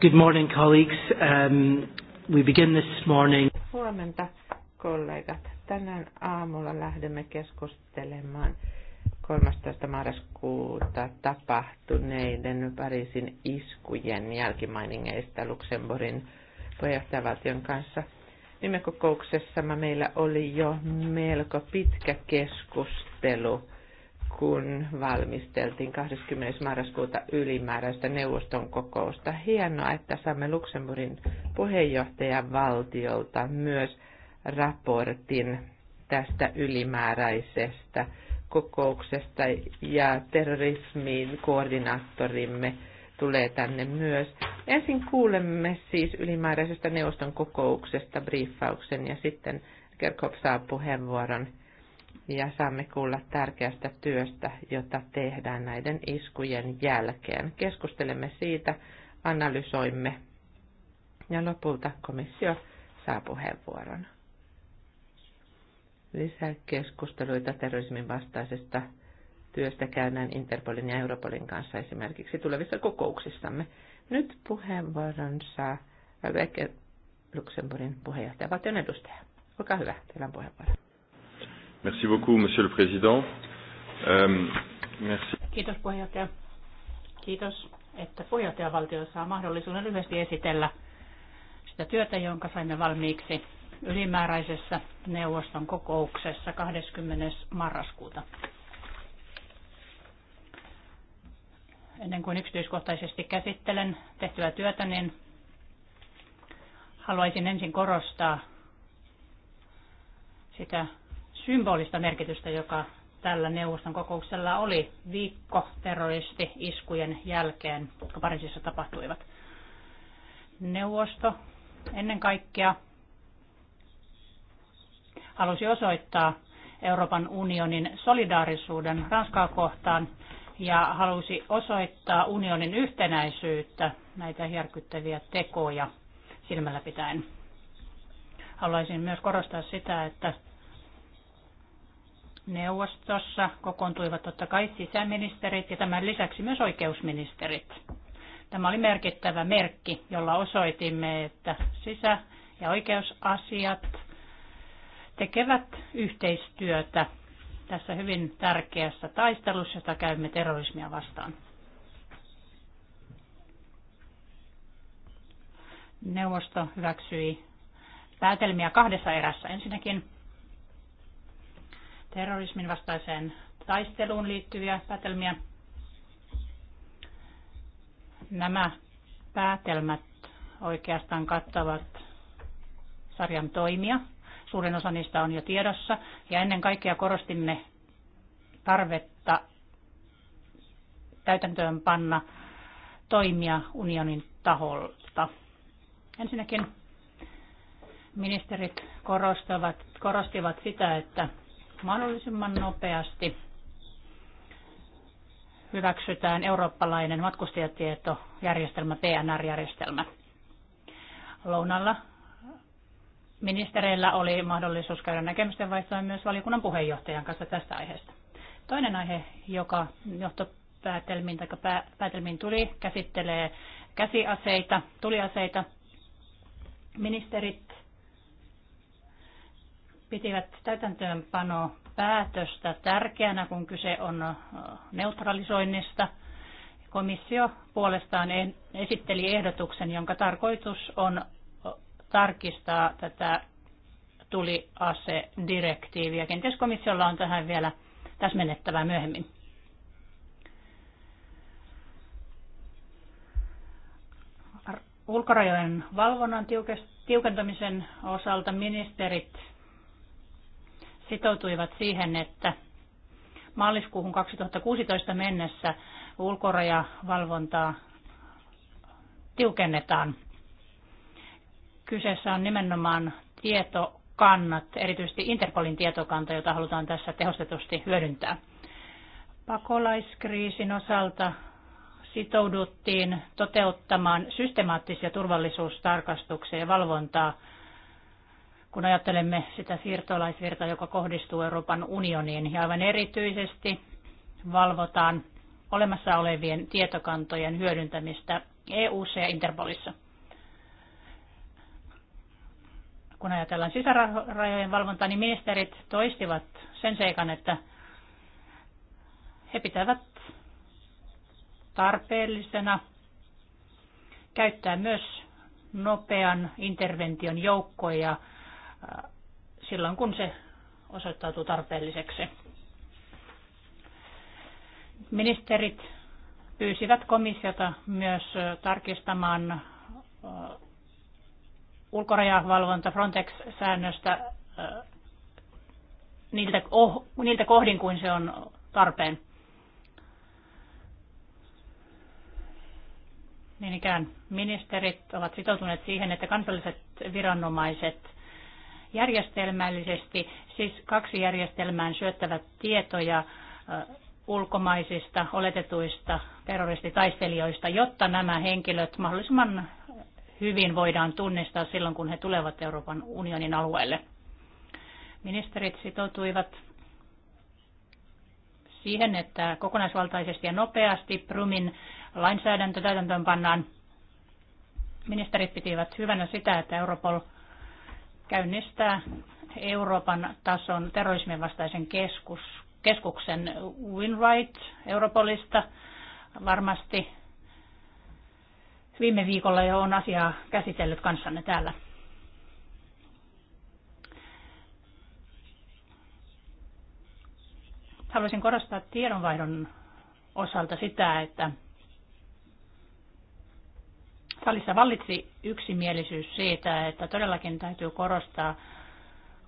Good morning, colleagues. Um, we begin this morning. Huomenta, kollegat. Tänään aamulla lähdemme keskustelemaan 13. marraskuuta tapahtuneiden Pariisin iskujen jälkimainingeista Luxemburgin puheenjohtajavaltion kanssa. Viime kokouksessa meillä oli jo melko pitkä keskustelu kun valmisteltiin 20. marraskuuta ylimääräistä neuvoston kokousta. Hienoa, että saamme Luxemburgin puheenjohtajan valtiolta myös raportin tästä ylimääräisestä kokouksesta ja terrorismin koordinaattorimme tulee tänne myös. Ensin kuulemme siis ylimääräisestä neuvoston kokouksesta briefauksen ja sitten Kerkop saa puheenvuoron ja saamme kuulla tärkeästä työstä, jota tehdään näiden iskujen jälkeen. Keskustelemme siitä, analysoimme ja lopulta komissio saa puheenvuoron. Lisää keskusteluita terrorismin vastaisesta työstä käydään Interpolin ja Europolin kanssa esimerkiksi tulevissa kokouksissamme. Nyt puheenvuoron saa Luxemburgin puheenjohtaja, valtion edustaja. Olkaa hyvä, teillä on puheenvuoro. Merci beaucoup, Monsieur le Président. Euh, merci. Kiitos puheenjohtaja. Kiitos, että puheenjohtajavaltio saa mahdollisuuden lyhyesti esitellä sitä työtä, jonka saimme valmiiksi ylimääräisessä neuvoston kokouksessa 20. marraskuuta. Ennen kuin yksityiskohtaisesti käsittelen tehtyä työtä, niin haluaisin ensin korostaa sitä symbolista merkitystä, joka tällä neuvoston kokouksella oli viikko terroristi-iskujen jälkeen, jotka Pariisissa tapahtuivat. Neuvosto ennen kaikkea halusi osoittaa Euroopan unionin solidaarisuuden Ranskaa kohtaan ja halusi osoittaa unionin yhtenäisyyttä näitä järkyttäviä tekoja silmällä pitäen. Haluaisin myös korostaa sitä, että neuvostossa kokoontuivat totta kai sisäministerit ja tämän lisäksi myös oikeusministerit. Tämä oli merkittävä merkki, jolla osoitimme, että sisä- ja oikeusasiat tekevät yhteistyötä tässä hyvin tärkeässä taistelussa, jota käymme terrorismia vastaan. Neuvosto hyväksyi päätelmiä kahdessa erässä. Ensinnäkin terrorismin vastaiseen taisteluun liittyviä päätelmiä. Nämä päätelmät oikeastaan kattavat sarjan toimia. Suurin osa niistä on jo tiedossa. Ja ennen kaikkea korostimme tarvetta täytäntöön panna toimia unionin taholta. Ensinnäkin ministerit korostavat, korostivat sitä, että mahdollisimman nopeasti hyväksytään eurooppalainen matkustajatietojärjestelmä, PNR-järjestelmä. Lounalla ministereillä oli mahdollisuus käydä näkemysten vaihtoa myös valiokunnan puheenjohtajan kanssa tästä aiheesta. Toinen aihe, joka johtopäätelmiin tai päätelmiin tuli, käsittelee käsiaseita, tuliaseita. Ministerit pitivät täytäntöönpano päätöstä tärkeänä, kun kyse on neutralisoinnista. Komissio puolestaan esitteli ehdotuksen, jonka tarkoitus on tarkistaa tätä tuliasedirektiiviä. Kenties komissiolla on tähän vielä täsmennettävää myöhemmin. Ulkorajojen valvonnan tiukentamisen osalta ministerit sitoutuivat siihen, että maaliskuuhun 2016 mennessä ulkorajavalvontaa tiukennetaan. Kyseessä on nimenomaan tietokannat, erityisesti Interpolin tietokanta, jota halutaan tässä tehostetusti hyödyntää. Pakolaiskriisin osalta sitouduttiin toteuttamaan systemaattisia turvallisuustarkastuksia ja valvontaa kun ajattelemme sitä siirtolaisvirtaa, joka kohdistuu Euroopan unioniin, ja aivan erityisesti valvotaan olemassa olevien tietokantojen hyödyntämistä EU: ja Interpolissa. Kun ajatellaan sisärajojen valvontaa, niin ministerit toistivat sen seikan, että he pitävät tarpeellisena käyttää myös nopean intervention joukkoja silloin, kun se osoittautuu tarpeelliseksi. Ministerit pyysivät komissiota myös tarkistamaan ulkorajavalvonta Frontex-säännöstä niiltä, oh, niiltä kohdin, kuin se on tarpeen. Niin ikään ministerit ovat sitoutuneet siihen, että kansalliset viranomaiset järjestelmällisesti, siis kaksi järjestelmään syöttävät tietoja ulkomaisista oletetuista terroristitaistelijoista, jotta nämä henkilöt mahdollisimman hyvin voidaan tunnistaa silloin, kun he tulevat Euroopan unionin alueelle. Ministerit sitoutuivat siihen, että kokonaisvaltaisesti ja nopeasti Prumin lainsäädäntö täytäntöön pannaan. Ministerit pitivät hyvänä sitä, että Europol – käynnistää Euroopan tason terrorismin vastaisen keskus, keskuksen Winright Europolista. Varmasti viime viikolla jo on asiaa käsitellyt kanssanne täällä. Haluaisin korostaa tiedonvaihdon osalta sitä, että Salissa vallitsi yksimielisyys siitä, että todellakin täytyy korostaa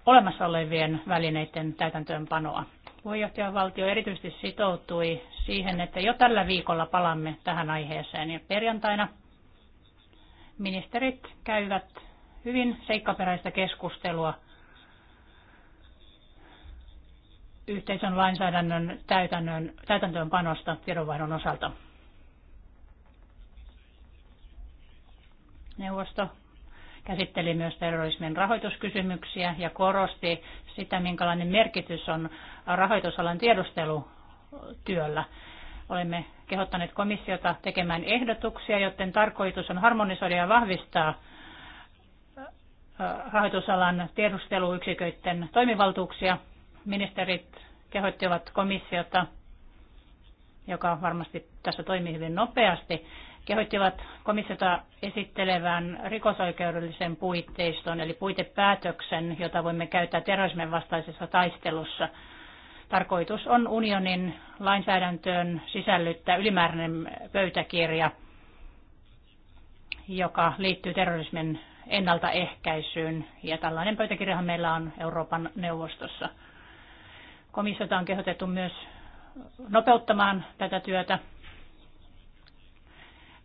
olemassa olevien välineiden täytäntöönpanoa. Puheenjohtajavaltio erityisesti sitoutui siihen, että jo tällä viikolla palamme tähän aiheeseen. Ja perjantaina ministerit käyvät hyvin seikkaperäistä keskustelua yhteisön lainsäädännön täytäntöönpanosta tiedonvaihdon osalta. Neuvosto käsitteli myös terrorismin rahoituskysymyksiä ja korosti sitä, minkälainen merkitys on rahoitusalan tiedustelutyöllä. Olemme kehottaneet komissiota tekemään ehdotuksia, joten tarkoitus on harmonisoida ja vahvistaa rahoitusalan tiedusteluyksiköiden toimivaltuuksia. Ministerit kehottivat komissiota, joka varmasti tässä toimii hyvin nopeasti, kehottivat komissiota esittelevän rikosoikeudellisen puitteiston, eli puitepäätöksen, jota voimme käyttää terrorismin vastaisessa taistelussa. Tarkoitus on unionin lainsäädäntöön sisällyttää ylimääräinen pöytäkirja, joka liittyy terrorismin ennaltaehkäisyyn, ja tällainen pöytäkirjahan meillä on Euroopan neuvostossa. Komissiota on kehotettu myös nopeuttamaan tätä työtä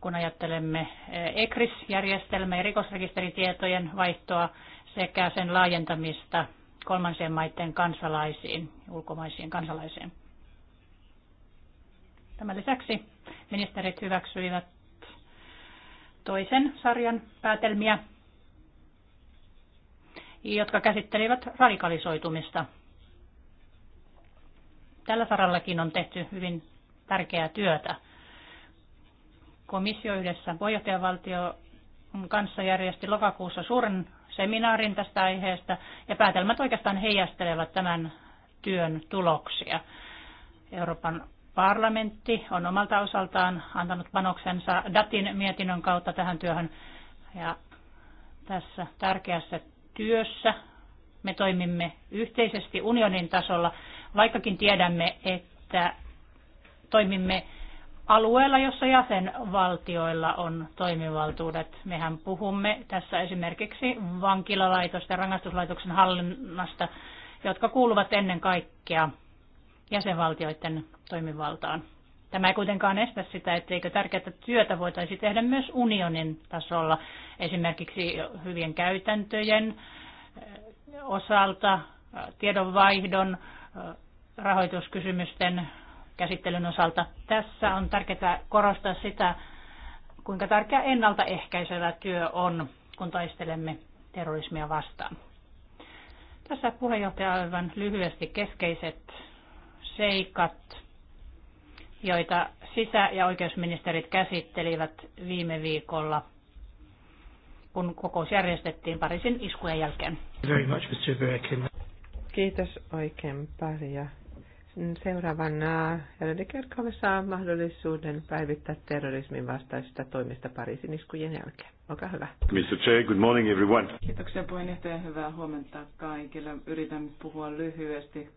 kun ajattelemme ECRIS-järjestelmää e ja rikosrekisteritietojen vaihtoa sekä sen laajentamista kolmansien maiden kansalaisiin, ulkomaisiin kansalaisiin. Tämän lisäksi ministerit hyväksyivät toisen sarjan päätelmiä, jotka käsittelivät radikalisoitumista. Tällä sarallakin on tehty hyvin tärkeää työtä. Komissio yhdessä puheenjohtajavaltio kanssa järjesti lokakuussa suuren seminaarin tästä aiheesta ja päätelmät oikeastaan heijastelevat tämän työn tuloksia. Euroopan parlamentti on omalta osaltaan antanut panoksensa DATin mietinnön kautta tähän työhön ja tässä tärkeässä työssä me toimimme yhteisesti unionin tasolla, vaikkakin tiedämme, että toimimme alueella, jossa jäsenvaltioilla on toimivaltuudet. Mehän puhumme tässä esimerkiksi vankilalaitosten ja rangaistuslaitoksen hallinnasta, jotka kuuluvat ennen kaikkea jäsenvaltioiden toimivaltaan. Tämä ei kuitenkaan estä sitä, etteikö tärkeää työtä voitaisiin tehdä myös unionin tasolla, esimerkiksi hyvien käytäntöjen eh, osalta, eh, tiedonvaihdon, eh, rahoituskysymysten käsittelyn osalta. Tässä on tärkeää korostaa sitä, kuinka tärkeä ennaltaehkäisevä työ on, kun taistelemme terrorismia vastaan. Tässä puheenjohtaja aivan lyhyesti keskeiset seikat, joita sisä- ja oikeusministerit käsittelivät viime viikolla, kun kokous järjestettiin Pariisin iskujen jälkeen. Kiitos oikein paljon Seuraavana Jörg äh, Kerkhove saa mahdollisuuden päivittää terrorismin vastaisista toimista Pariisin iskujen jälkeen. Olkaa hyvä. Mr. Chair, good morning everyone. Kiitoksia puheenjohtaja. Hyvää huomenta kaikille. Yritän puhua lyhyesti,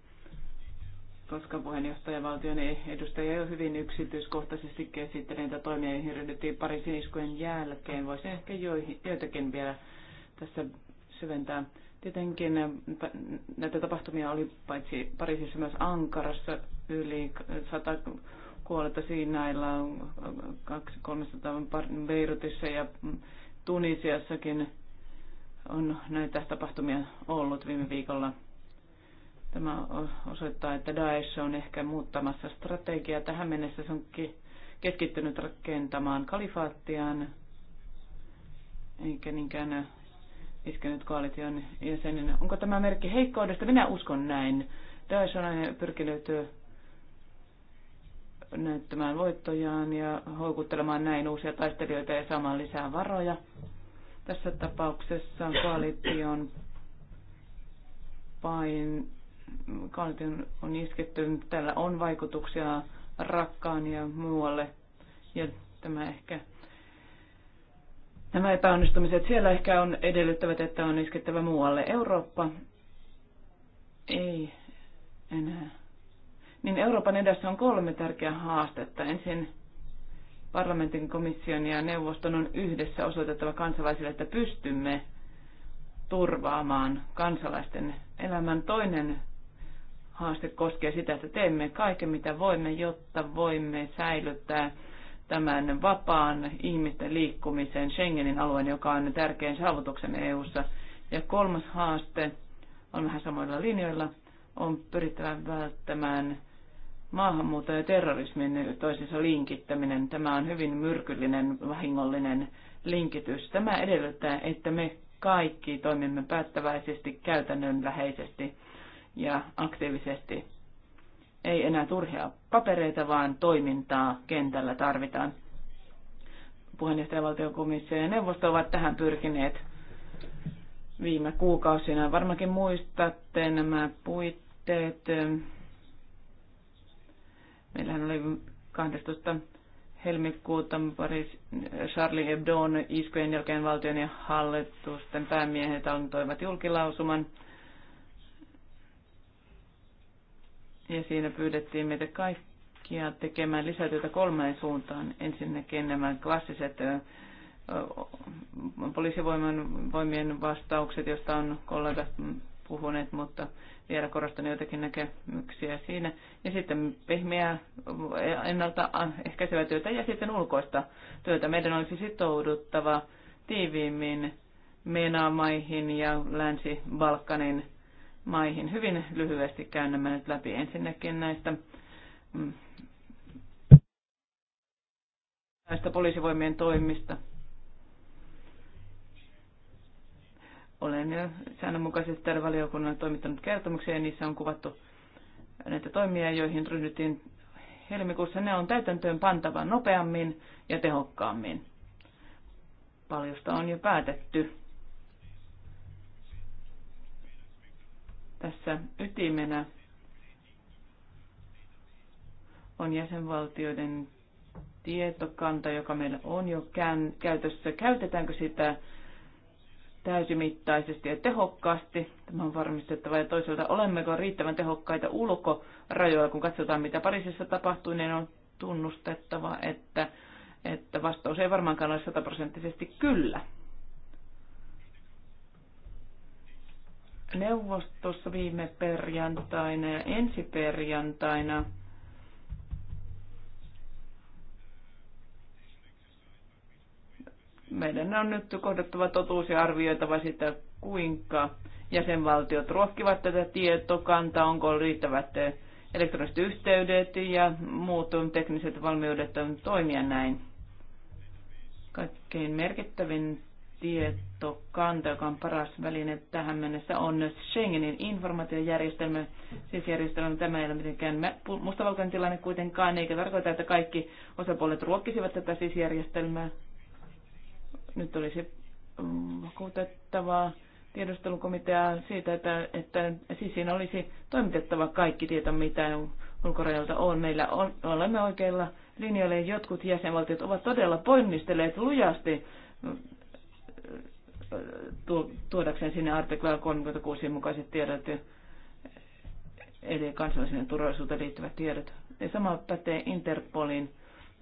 koska valtion edustaja jo hyvin yksityiskohtaisesti käsitteli niitä toimia, joihin ryhdyttiin Pariisin iskujen jälkeen. Voisin ehkä joitakin vielä tässä syventää Tietenkin näitä tapahtumia oli paitsi Pariisissa myös Ankarassa yli 100 kuolletta Siinailla, 300 Beirutissa ja Tunisiassakin on näitä tapahtumia ollut viime viikolla. Tämä osoittaa, että Daesh on ehkä muuttamassa strategiaa. Tähän mennessä se onkin keskittynyt rakentamaan kalifaattiaan, eikä niinkään iskenyt koalition jäsenen. Onko tämä merkki heikkoudesta? Minä uskon näin. Daesh on pyrkinyt näyttämään voittojaan ja houkuttelemaan näin uusia taistelijoita ja saamaan lisää varoja. Tässä tapauksessa koalition pain, koalition on isketty, tällä on vaikutuksia rakkaan ja muualle. Ja tämä ehkä Nämä epäonnistumiset siellä ehkä on edellyttävät, että on iskettävä muualle. Eurooppa ei enää. Niin Euroopan edessä on kolme tärkeää haastetta. Ensin parlamentin, komission ja neuvoston on yhdessä osoitettava kansalaisille, että pystymme turvaamaan kansalaisten elämän. Toinen haaste koskee sitä, että teemme kaiken mitä voimme, jotta voimme säilyttää tämän vapaan ihmisten liikkumisen Schengenin alueen, joka on tärkein eu EU:ssa. Ja kolmas haaste on vähän samoilla linjoilla, on pyrittävä välttämään maahanmuuton ja terrorismin toisensa linkittäminen. Tämä on hyvin myrkyllinen, vahingollinen linkitys. Tämä edellyttää, että me kaikki toimimme päättäväisesti, käytännönläheisesti ja aktiivisesti ei enää turhia papereita, vaan toimintaa kentällä tarvitaan. Puheenjohtajavaltiokomissio ja neuvosto ovat tähän pyrkineet viime kuukausina. Varmaankin muistatte nämä puitteet. Meillähän oli 12 helmikuuta Paris Charlie Hebdon iskujen jälkeen valtion ja hallitusten päämiehet antoivat julkilausuman, Ja siinä pyydettiin meitä kaikkia tekemään lisätyötä kolmeen suuntaan. Ensinnäkin nämä klassiset poliisivoimien vastaukset, joista on kollegat puhuneet, mutta vielä korostan joitakin näkemyksiä siinä. Ja sitten pehmeää ennalta ehkäisevää työtä ja sitten ulkoista työtä. Meidän olisi sitouduttava tiiviimmin Meenaamaihin ja Länsi-Balkanin maihin. Hyvin lyhyesti käyn nämä nyt läpi ensinnäkin näistä, mm, näistä poliisivoimien toimista. Olen jo säännönmukaisesti täällä valiokunnan toimittanut kertomuksia ja niissä on kuvattu näitä toimia, joihin ryhdyttiin helmikuussa. Ne on täytäntöön pantava nopeammin ja tehokkaammin. Paljosta on jo päätetty tässä ytimenä on jäsenvaltioiden tietokanta, joka meillä on jo käytössä. Käytetäänkö sitä täysimittaisesti ja tehokkaasti? Tämä on varmistettava. Ja toisaalta, olemmeko riittävän tehokkaita ulkorajoilla, kun katsotaan, mitä Pariisissa tapahtui, niin on tunnustettava, että, että vastaus ei varmaankaan ole sataprosenttisesti kyllä. neuvostossa viime perjantaina ja ensi perjantaina meidän on nyt kohdattava totuus ja arvioitava sitä, kuinka jäsenvaltiot ruokkivat tätä tietokantaa, onko riittävät elektroniset yhteydet ja muut tekniset valmiudet toimia näin. Kaikkein merkittävin tietokanta, joka on paras väline tähän mennessä, on Schengenin informaatiojärjestelmä. Siis järjestelmä tämä ei ole mitenkään mustavalkoinen tilanne kuitenkaan, eikä tarkoita, että kaikki osapuolet ruokkisivat tätä siis järjestelmää. Nyt olisi vakuutettavaa tiedustelukomitea siitä, että, että sisin siis olisi toimitettava kaikki tieto, mitä ulkorajalta on. Meillä on, olemme oikeilla linjoilla jotkut jäsenvaltiot ovat todella ponnistelleet lujasti tuodakseen sinne artiklaan 36 mukaiset tiedot, eli kansalliseen turvallisuuteen liittyvät tiedot. Ja sama pätee Interpolin.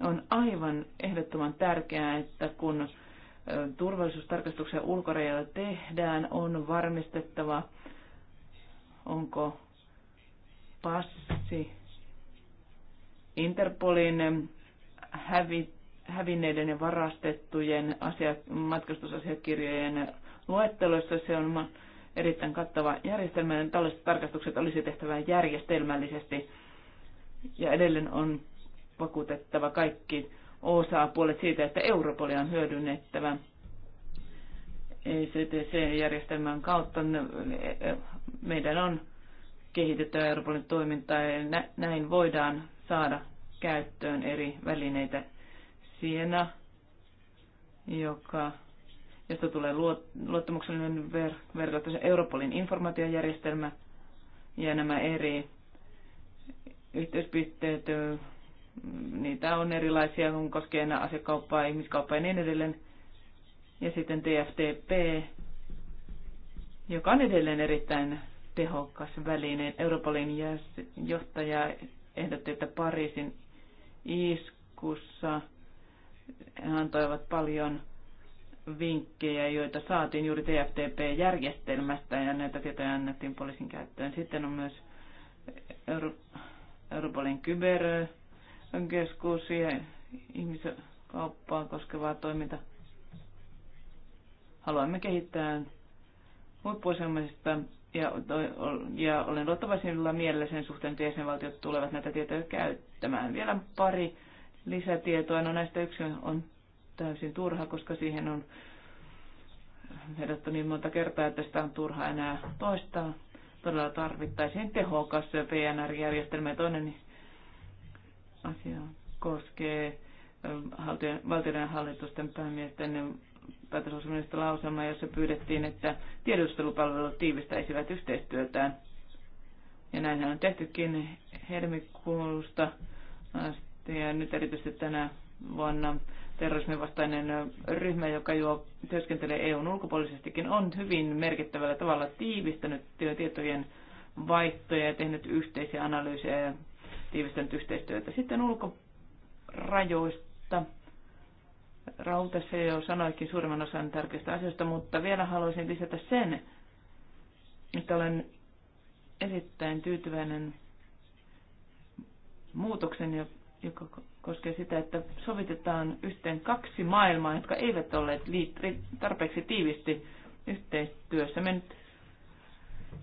On aivan ehdottoman tärkeää, että kun turvallisuustarkastuksia ulkorajalla tehdään, on varmistettava, onko passi Interpolin hävit, hävinneiden ja varastettujen asiat matkustusasiakirjojen luetteloissa. Se on erittäin kattava järjestelmä. Tällaiset tarkastukset olisi tehtävä järjestelmällisesti ja edelleen on vakuutettava kaikki osapuolet siitä, että Europolia on hyödynnettävä ECTC-järjestelmän kautta. E-, meidän on kehitettävä Europolin toimintaa ja näin voidaan saada käyttöön eri välineitä siena, joka, josta tulee luottamuksellinen ver, verkosto, Europolin informaatiojärjestelmä ja nämä eri yhteispisteet, niitä on erilaisia, kun koskee enää asiakauppaa, ihmiskauppaa ja niin edelleen. Ja sitten TFTP, joka on edelleen erittäin tehokas väline. Europolin johtaja ehdotti, että Pariisin iskussa he antoivat paljon vinkkejä, joita saatiin juuri TFTP-järjestelmästä ja näitä tietoja annettiin poliisin käyttöön. Sitten on myös Euro- Europolin kyberkeskus ja ihmiskauppaa koskevaa toiminta. Haluamme kehittää huippuosaamista ja, ja olen luottavaisilla mielellä sen suhteen, että jäsenvaltiot tulevat näitä tietoja käyttämään. Vielä pari lisätietoa. No näistä yksi on täysin turha, koska siihen on vedottu niin monta kertaa, että sitä on turha enää toistaa. Todella tarvittaisiin tehokas PNR-järjestelmä. Ja toinen asia koskee ähm, valtioiden hallitusten päämiesten päätösosuudesta lauselma, jossa pyydettiin, että tiedustelupalvelut tiivistäisivät yhteistyötään. Ja näinhän on tehtykin helmikuusta ja nyt erityisesti tänä vuonna terrorisminvastainen ryhmä, joka jo työskentelee EUn ulkopuolisestikin, on hyvin merkittävällä tavalla tiivistänyt tietojen vaihtoja ja tehnyt yhteisiä analyysejä ja tiivistänyt yhteistyötä. Sitten ulkorajoista. Raul tässä jo sanoikin suurimman osan tärkeistä asioista, mutta vielä haluaisin lisätä sen, että olen erittäin tyytyväinen muutoksen, joka koskee sitä, että sovitetaan yhteen kaksi maailmaa, jotka eivät olleet tarpeeksi tiivisti yhteistyössä. Me nyt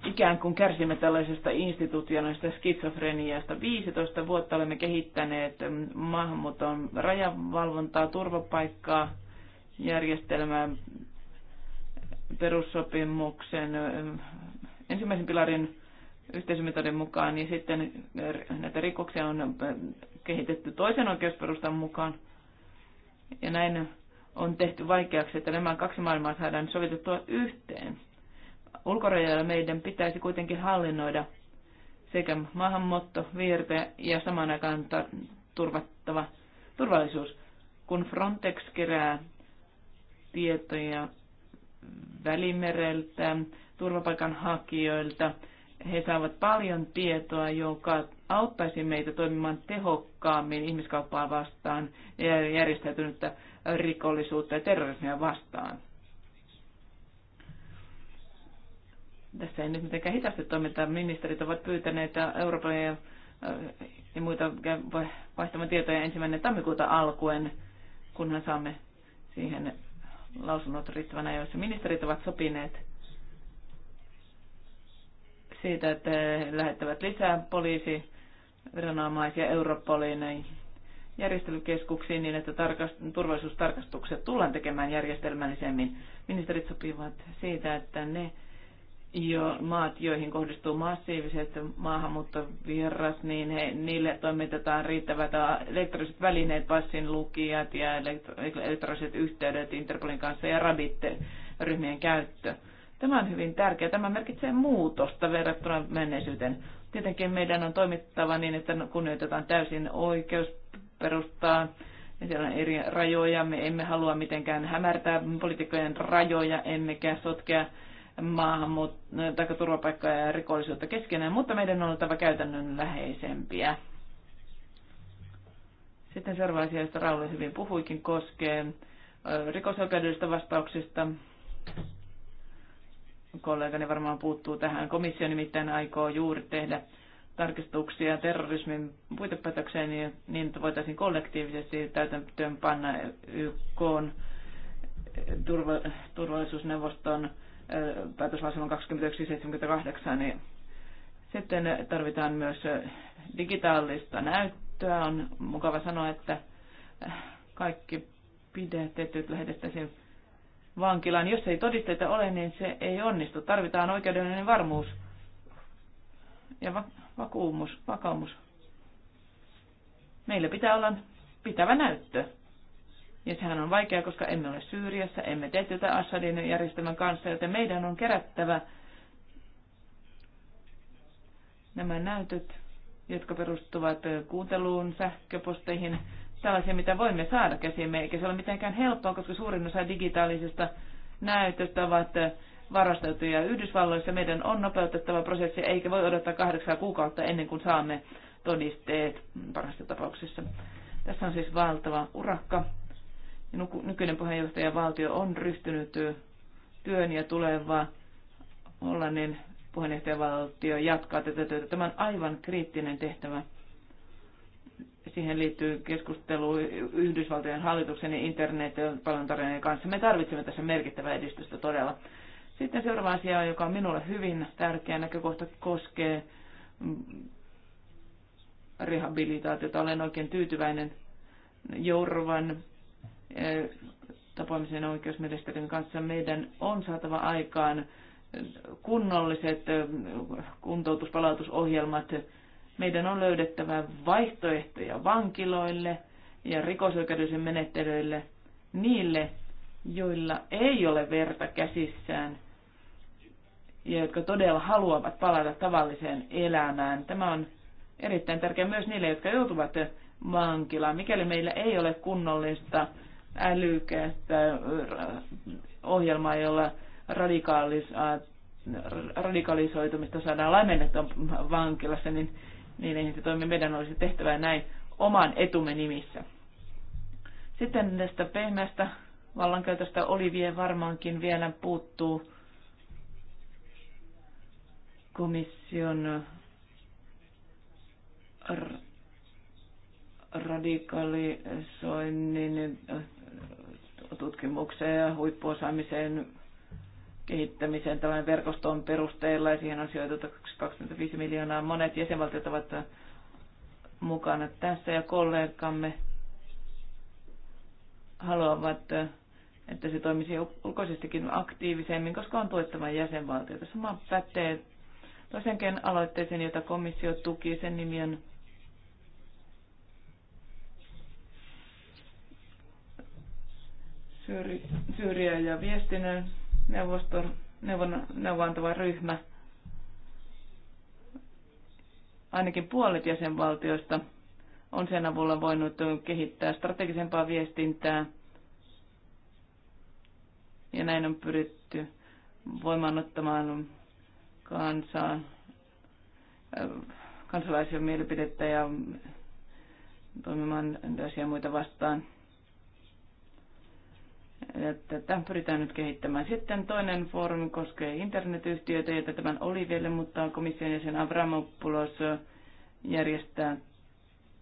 ikään kuin kärsimme tällaisesta instituutionaista skitsofreniasta. 15 vuotta olemme kehittäneet mm, maahanmuuton rajavalvontaa, turvapaikkaa, järjestelmää, perussopimuksen, mm, ensimmäisen pilarin yhteisömetodin mukaan, niin sitten näitä rikoksia on mm, kehitetty toisen oikeusperustan mukaan. Ja näin on tehty vaikeaksi, että nämä kaksi maailmaa saadaan sovitettua yhteen. Ulkorajoilla meidän pitäisi kuitenkin hallinnoida sekä maahanmuutto, viirte ja samaan aikaan turvattava turvallisuus. Kun Frontex kerää tietoja Välimereltä, turvapaikanhakijoilta, he saavat paljon tietoa, joka auttaisi meitä toimimaan tehokkaammin ihmiskauppaa vastaan, ja järjestäytynyttä rikollisuutta ja terrorismia vastaan. Tässä ei nyt mitenkään hitaasti toimita. Ministerit ovat pyytäneet Euroopan ja, äh, ja muita vaihtamaan tietoja ensimmäinen tammikuuta alkuen, kunhan saamme siihen lausunnot riittävän ajoissa. Ministerit ovat sopineet siitä, että he lähettävät lisää viranomaisia Europoliin järjestelykeskuksiin niin, että tarkast- turvallisuustarkastukset tullaan tekemään järjestelmällisemmin. Ministerit sopivat siitä, että ne jo, maat, joihin kohdistuu massiiviset maahanmuuttovirras, niin he, niille toimitetaan riittävät elektroniset välineet, passin lukijat ja elektroniset yhteydet Interpolin kanssa ja rabitte ryhmien käyttö. Tämä on hyvin tärkeää. Tämä merkitsee muutosta verrattuna menneisyyteen. Tietenkin meidän on toimittava niin, että kunnioitetaan täysin oikeusperustaa. Ja siellä on eri rajoja. Me emme halua mitenkään hämärtää poliitikkojen rajoja, emmekä sotkea maahanmuut- turvapaikkaa ja rikollisuutta keskenään, mutta meidän on oltava käytännönläheisempiä. Sitten seuraava asia, josta Rauli hyvin puhuikin, koskee rikosoikeudellisista vastauksista kollegani varmaan puuttuu tähän. Komissio nimittäin aikoo juuri tehdä tarkistuksia terrorismin puitepäätökseen niin, niin, että voitaisiin kollektiivisesti täytäntöön panna YK eh, turva, turvallisuusneuvoston eh, päätöslauselman 2178, niin sitten tarvitaan myös eh, digitaalista näyttöä. On mukava sanoa, että kaikki pidetetyt lähetettäisiin vankilaan. Jos ei todisteita ole, niin se ei onnistu. Tarvitaan oikeudellinen varmuus ja va- vakuumus, vakaumus. Meillä pitää olla pitävä näyttö. Ja sehän on vaikeaa, koska emme ole Syyriassa, emme tee tätä Assadin järjestelmän kanssa, joten meidän on kerättävä nämä näytöt, jotka perustuvat kuunteluun, sähköposteihin, tällaisia, mitä voimme saada käsimme, eikä se ole mitenkään helppoa, koska suurin osa digitaalisista näytöstä ovat varasteltuja Yhdysvalloissa. Meidän on nopeutettava prosessi, eikä voi odottaa kahdeksan kuukautta ennen kuin saamme todisteet parhaassa tapauksessa. Tässä on siis valtava urakka. Nykyinen valtio on ryhtynyt työn ja tuleva Hollannin puheenjohtajavaltio jatkaa tätä työtä. Tämä on aivan kriittinen tehtävä siihen liittyy keskustelu Yhdysvaltojen hallituksen ja internet-palveluntarjoajien kanssa. Me tarvitsemme tässä merkittävää edistystä todella. Sitten seuraava asia, joka on minulle hyvin tärkeä näkökohta, koskee rehabilitaatiota. Olen oikein tyytyväinen Jourovan eh, tapaamisen oikeusministerin kanssa. Meidän on saatava aikaan kunnolliset eh, kuntoutuspalautusohjelmat, palautusohjelmat meidän on löydettävä vaihtoehtoja vankiloille ja rikosoikeudellisen menettelyille niille, joilla ei ole verta käsissään ja jotka todella haluavat palata tavalliseen elämään. Tämä on erittäin tärkeää myös niille, jotka joutuvat vankilaan. Mikäli meillä ei ole kunnollista älykästä äh, ohjelmaa, jolla radikaalis, äh, radikalisoitumista saadaan laimennettua vankilassa, niin niin eihän se toimi. Meidän olisi tehtävä näin oman etumme nimissä. Sitten tästä pehmeästä vallankäytöstä Olivie varmaankin vielä puuttuu komission radikalisoinnin tutkimukseen ja huippuosaamiseen kehittämiseen tämän verkoston perusteella ja siihen on sijoitettu 25 miljoonaa. Monet jäsenvaltiot ovat mukana tässä ja kollegamme haluavat, että se toimisi ulkoisestikin aktiivisemmin, koska on tuettava jäsenvaltioita. Sama pätee toisenkin aloitteeseen, jota komissio tuki. Sen nimi on Syyriä ja viestinnän neuvoston neuvon, neuvontava ryhmä, ainakin puolet jäsenvaltioista on sen avulla voinut kehittää strategisempaa viestintää. Ja näin on pyritty voimaanottamaan kansaa, äh, kansalaisia mielipidettä ja toimimaan tällaisia muita vastaan. Tätä pyritään nyt kehittämään. Sitten toinen foorumi koskee internetyhtiöitä, joita tämän oli vielä, mutta komission jäsen Avramopoulos järjestää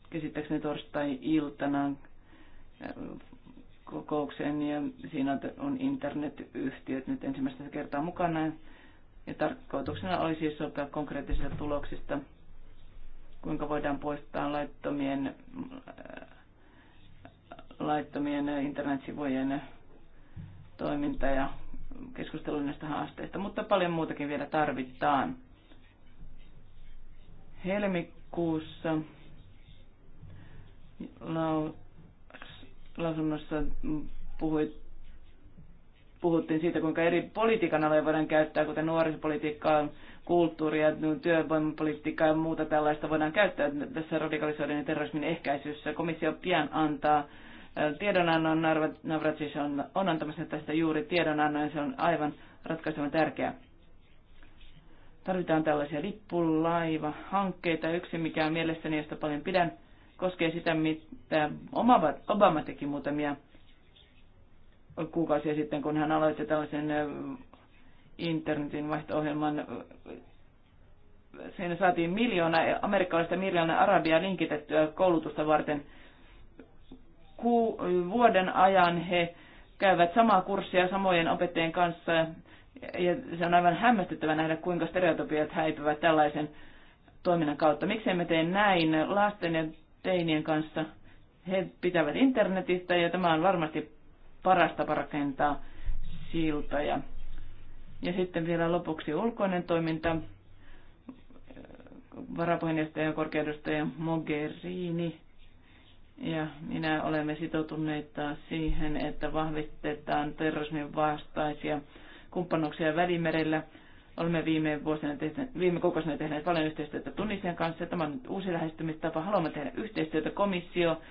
käsittääkseni torstai-iltana äh, kokoukseen ja siinä on internetyhtiöt nyt ensimmäistä kertaa mukana. Ja tarkoituksena oli siis sopia konkreettisista tuloksista, kuinka voidaan poistaa laittomien, äh, laittomien internetsivujen toiminta ja keskustelu näistä haasteista, mutta paljon muutakin vielä tarvitaan. Helmikuussa lausunnossa puhuit, puhuttiin siitä, kuinka eri politiikan aloja voidaan käyttää, kuten nuorisopolitiikkaa, kulttuuria, työvoimapolitiikkaa ja muuta tällaista voidaan käyttää tässä radikalisoiden ja terrorismin ehkäisyssä. Komissio pian antaa tiedonannon. Navratsis on, on antamassa tästä juuri tiedonannon ja se on aivan ratkaisevan tärkeää. Tarvitaan tällaisia lippulaiva-hankkeita. Yksi, mikä on mielestäni, josta paljon pidän, koskee sitä, mitä Obama, Obama teki muutamia kuukausia sitten, kun hän aloitti tällaisen internetin vaihto-ohjelman. Siinä saatiin miljoona, amerikkalaista miljoona arabia linkitettyä koulutusta varten – ku, vuoden ajan he käyvät samaa kurssia samojen opettajien kanssa. Ja se on aivan hämmästyttävä nähdä, kuinka stereotypiat häipyvät tällaisen toiminnan kautta. Miksi emme tee näin lasten ja teinien kanssa? He pitävät internetistä ja tämä on varmasti paras tapa rakentaa siltoja. Ja sitten vielä lopuksi ulkoinen toiminta. Varapuheenjohtaja ja korkeudustaja Mogherini ja minä olemme sitoutuneet siihen, että vahvistetaan terrorismin vastaisia kumppanuuksia välimerellä. Olemme viime, vuosina tehneet, viime kuukausina tehneet paljon yhteistyötä Tunisian kanssa. Tämä on nyt uusi lähestymistapa. Haluamme tehdä yhteistyötä komissio,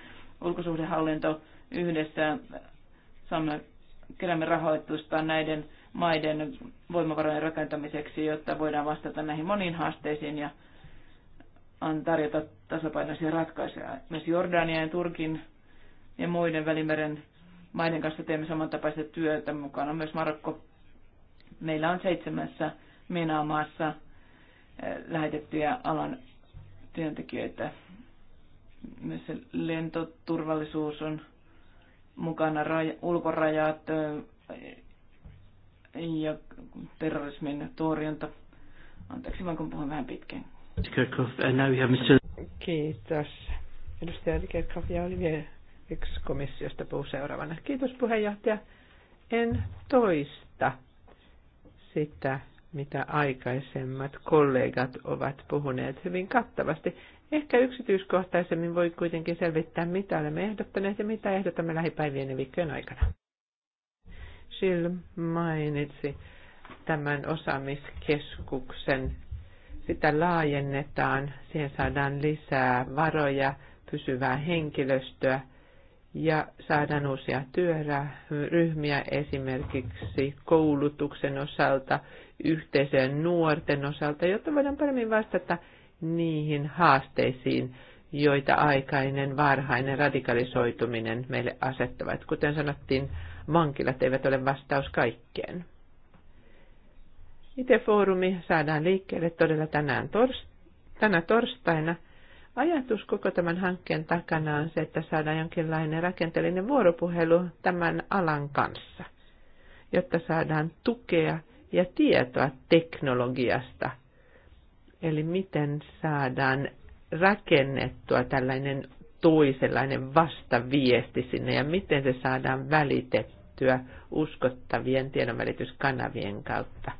ulkosuhdehallinto yhdessä. Saamme, keräämme rahoitusta näiden maiden voimavarojen rakentamiseksi, jotta voidaan vastata näihin moniin haasteisiin ja haasteisiin on tarjota tasapainoisia ratkaisuja. Myös Jordanian ja Turkin ja muiden välimeren maiden kanssa teemme samantapaista työtä. Mukana myös Marokko. Meillä on seitsemässä mena eh, lähetettyjä alan työntekijöitä. Myös lentoturvallisuus on mukana, raja, ulkorajat eh, ja terrorismin torjunta. Anteeksi vaan, kun puhun vähän pitkään. Kiitos. Edustaja Kirchhoff ja Olivier yksi komissiosta puhuu seuraavana. Kiitos puheenjohtaja. En toista sitä, mitä aikaisemmat kollegat ovat puhuneet hyvin kattavasti. Ehkä yksityiskohtaisemmin voi kuitenkin selvittää, mitä olemme ehdottaneet ja mitä ehdotamme lähipäivien ja viikkojen aikana. Jill mainitsi tämän osaamiskeskuksen sitä laajennetaan, siihen saadaan lisää varoja, pysyvää henkilöstöä ja saadaan uusia työryhmiä esimerkiksi koulutuksen osalta, yhteisöjen nuorten osalta, jotta voidaan paremmin vastata niihin haasteisiin, joita aikainen varhainen radikalisoituminen meille asettavat. Kuten sanottiin, vankilat eivät ole vastaus kaikkeen. IT-foorumi saadaan liikkeelle todella tänään tors- tänä torstaina. Ajatus koko tämän hankkeen takana on se, että saadaan jonkinlainen rakenteellinen vuoropuhelu tämän alan kanssa, jotta saadaan tukea ja tietoa teknologiasta. Eli miten saadaan rakennettua tällainen toisenlainen vastaviesti sinne ja miten se saadaan välitettyä uskottavien tiedonvälityskanavien kautta –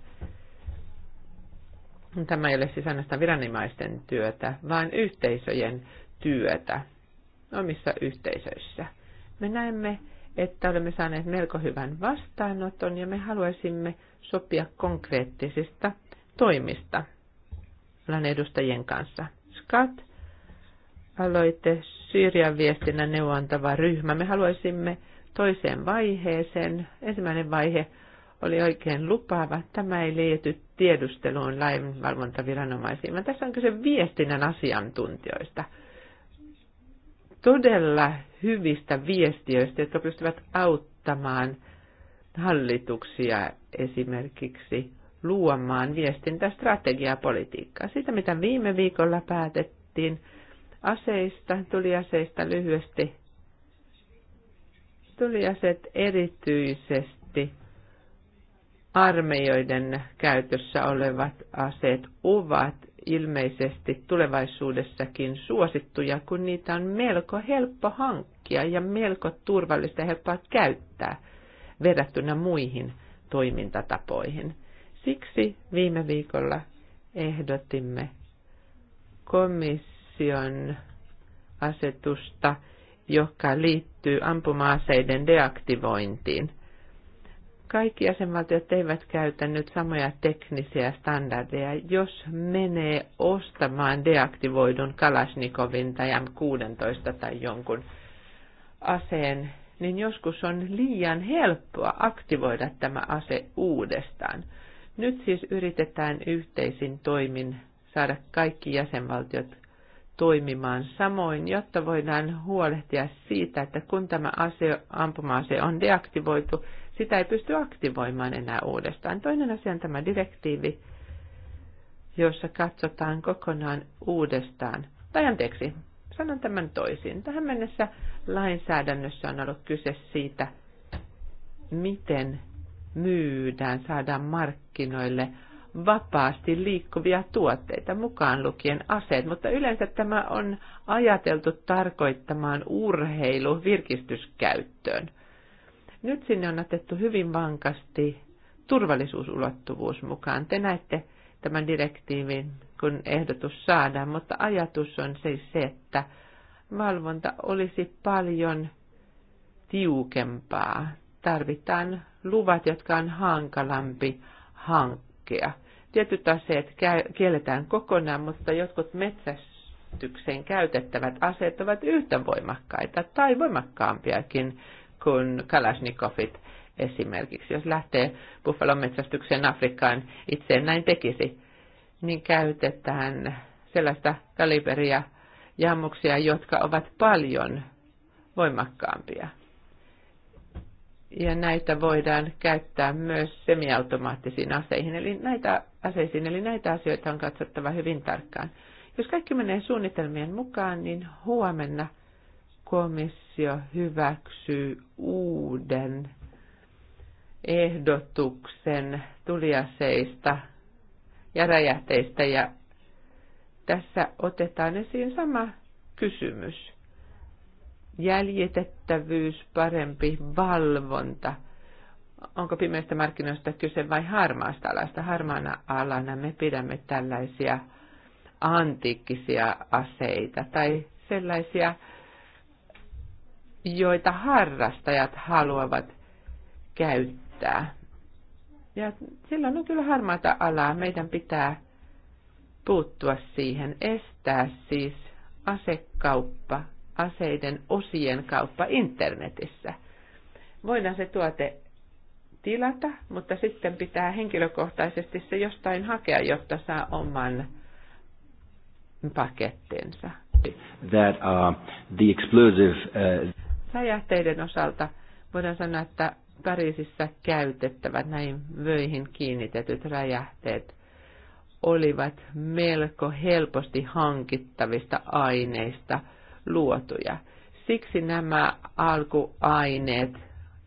Tämä ei ole siis ainoastaan viranimaisten työtä, vaan yhteisöjen työtä omissa yhteisöissä. Me näemme, että olemme saaneet melko hyvän vastaanoton ja me haluaisimme sopia konkreettisista toimista alan edustajien kanssa. Skat aloite Syyrian viestinnän neuvontava ryhmä. Me haluaisimme toiseen vaiheeseen. Ensimmäinen vaihe oli oikein lupaava. Tämä ei liity tiedusteluun lainvalvontaviranomaisiin, vaan tässä on kyse viestinnän asiantuntijoista. Todella hyvistä viestiöistä, jotka pystyvät auttamaan hallituksia esimerkiksi luomaan viestintästrategiaa politiikkaa. Siitä, mitä viime viikolla päätettiin aseista, tuli aseista lyhyesti. Tuliaset erityisesti armeijoiden käytössä olevat aseet ovat ilmeisesti tulevaisuudessakin suosittuja, kun niitä on melko helppo hankkia ja melko turvallista ja helppoa käyttää verrattuna muihin toimintatapoihin. Siksi viime viikolla ehdotimme komission asetusta, joka liittyy ampumaaseiden deaktivointiin kaikki jäsenvaltiot eivät käytä nyt samoja teknisiä standardeja. Jos menee ostamaan deaktivoidun Kalashnikovin tai M16 tai jonkun aseen, niin joskus on liian helppoa aktivoida tämä ase uudestaan. Nyt siis yritetään yhteisin toimin saada kaikki jäsenvaltiot toimimaan samoin, jotta voidaan huolehtia siitä, että kun tämä ase, ampuma-ase on deaktivoitu, sitä ei pysty aktivoimaan enää uudestaan. Toinen asia on tämä direktiivi, jossa katsotaan kokonaan uudestaan. Tai anteeksi, sanon tämän toisin. Tähän mennessä lainsäädännössä on ollut kyse siitä, miten myydään, saadaan markkinoille vapaasti liikkuvia tuotteita, mukaan lukien aseet, mutta yleensä tämä on ajateltu tarkoittamaan urheilu virkistyskäyttöön. Nyt sinne on otettu hyvin vankasti turvallisuusulottuvuus mukaan. Te näette tämän direktiivin, kun ehdotus saadaan, mutta ajatus on siis se, että valvonta olisi paljon tiukempaa. Tarvitaan luvat, jotka on hankalampi hankkea. Tietyt aseet kielletään kokonaan, mutta jotkut metsästykseen käytettävät aseet ovat yhtä voimakkaita tai voimakkaampiakin kuin Kalashnikovit esimerkiksi. Jos lähtee buffalon metsästykseen Afrikkaan, itse en näin tekisi, niin käytetään sellaista kaliberia ja ammuksia, jotka ovat paljon voimakkaampia. Ja näitä voidaan käyttää myös semiautomaattisiin aseihin, eli näitä aseisiin, eli näitä asioita on katsottava hyvin tarkkaan. Jos kaikki menee suunnitelmien mukaan, niin huomenna – komissio hyväksyy uuden ehdotuksen tuliaseista ja räjähteistä ja tässä otetaan esiin sama kysymys. Jäljitettävyys, parempi valvonta. Onko pimeistä markkinoista kyse vai harmaasta alasta? Harmaana alana me pidämme tällaisia antiikkisia aseita tai sellaisia joita harrastajat haluavat käyttää. Ja silloin on kyllä harmaata alaa. Meidän pitää puuttua siihen, estää siis asekauppa, aseiden osien kauppa internetissä. Voidaan se tuote tilata, mutta sitten pitää henkilökohtaisesti se jostain hakea, jotta saa oman pakettinsa. That, uh, the explosive, uh... Räjähteiden osalta voidaan sanoa, että Pariisissa käytettävät näin vöihin kiinnitetyt räjähteet olivat melko helposti hankittavista aineista luotuja. Siksi nämä alkuaineet,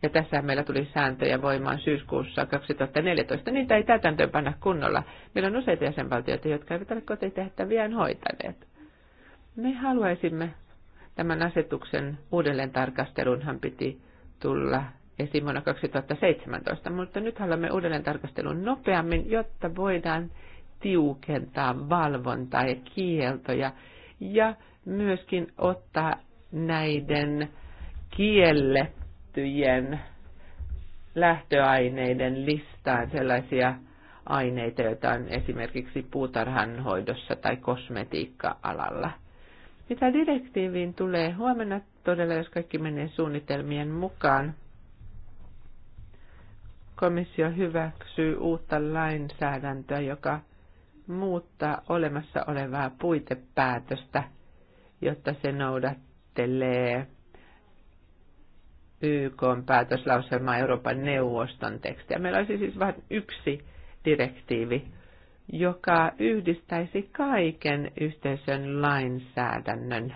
ja tässä meillä tuli sääntöjä voimaan syyskuussa 2014, niitä ei täytäntöönpanna kunnolla. Meillä on useita jäsenvaltioita, jotka eivät ole kotitehtäviään hoitaneet. Me haluaisimme Tämän asetuksen uudelleen hän piti tulla esiin vuonna 2017, mutta nyt haluamme uudelleen tarkastelun nopeammin, jotta voidaan tiukentaa valvontaa ja kieltoja ja myöskin ottaa näiden kiellettyjen lähtöaineiden listaan sellaisia aineita, joita on esimerkiksi puutarhanhoidossa tai kosmetiikka-alalla – mitä direktiiviin tulee huomenna todella, jos kaikki menee suunnitelmien mukaan, komissio hyväksyy uutta lainsäädäntöä, joka muuttaa olemassa olevaa puitepäätöstä, jotta se noudattelee YK päätöslauselmaa Euroopan neuvoston tekstiä. Meillä olisi siis vain yksi direktiivi joka yhdistäisi kaiken yhteisön lainsäädännön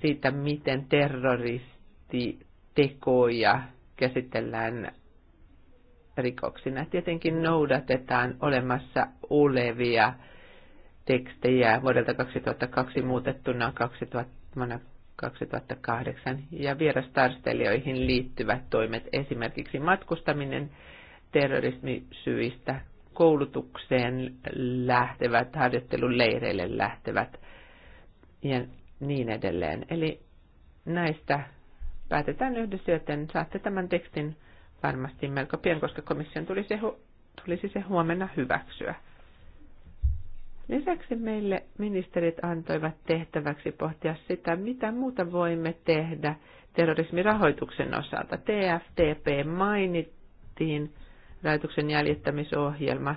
siitä, miten terroristitekoja käsitellään rikoksina. Tietenkin noudatetaan olemassa olevia tekstejä vuodelta 2002 muutettuna 2000, 2008 ja vierastarstelijoihin liittyvät toimet, esimerkiksi matkustaminen terrorismisyistä koulutukseen lähtevät, harjoittelun leireille lähtevät ja niin edelleen. Eli näistä päätetään yhdessä, joten saatte tämän tekstin varmasti melko pian, koska komission tulisi, hu- tulisi se huomenna hyväksyä. Lisäksi meille ministerit antoivat tehtäväksi pohtia sitä, mitä muuta voimme tehdä terrorismirahoituksen osalta. TFTP mainittiin rahoituksen jäljittämisohjelma.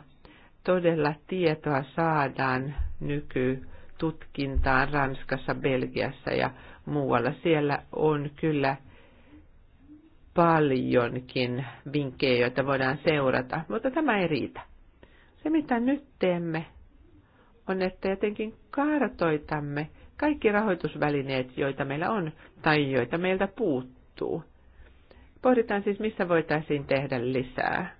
Todella tietoa saadaan nykytutkintaan Ranskassa, Belgiassa ja muualla. Siellä on kyllä paljonkin vinkkejä, joita voidaan seurata, mutta tämä ei riitä. Se, mitä nyt teemme, on, että jotenkin kartoitamme kaikki rahoitusvälineet, joita meillä on tai joita meiltä puuttuu. Pohditaan siis, missä voitaisiin tehdä lisää.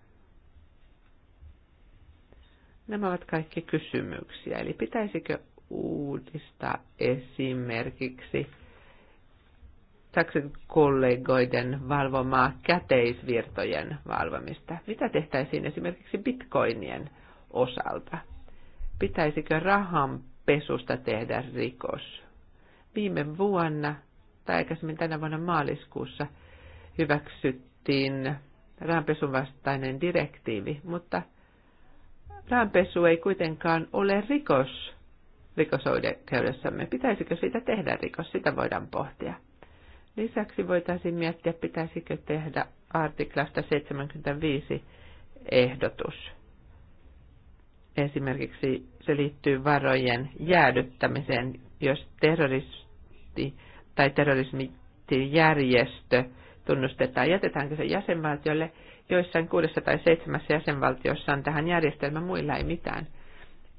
Nämä ovat kaikki kysymyksiä. Eli pitäisikö uudistaa esimerkiksi taksin kollegoiden valvomaa käteisvirtojen valvomista? Mitä tehtäisiin esimerkiksi bitcoinien osalta? Pitäisikö rahan pesusta tehdä rikos? Viime vuonna tai aikaisemmin tänä vuonna maaliskuussa hyväksyttiin rahanpesun vastainen direktiivi, mutta – Rahanpesu ei kuitenkaan ole rikos rikosoikeudessamme. Pitäisikö siitä tehdä rikos? Sitä voidaan pohtia. Lisäksi voitaisiin miettiä, pitäisikö tehdä artiklasta 75 ehdotus. Esimerkiksi se liittyy varojen jäädyttämiseen, jos terroristi tai terrorismijärjestö tunnustetaan, jätetäänkö se jäsenvaltiolle joissain kuudessa tai seitsemässä jäsenvaltiossa on tähän järjestelmä, muilla ei mitään.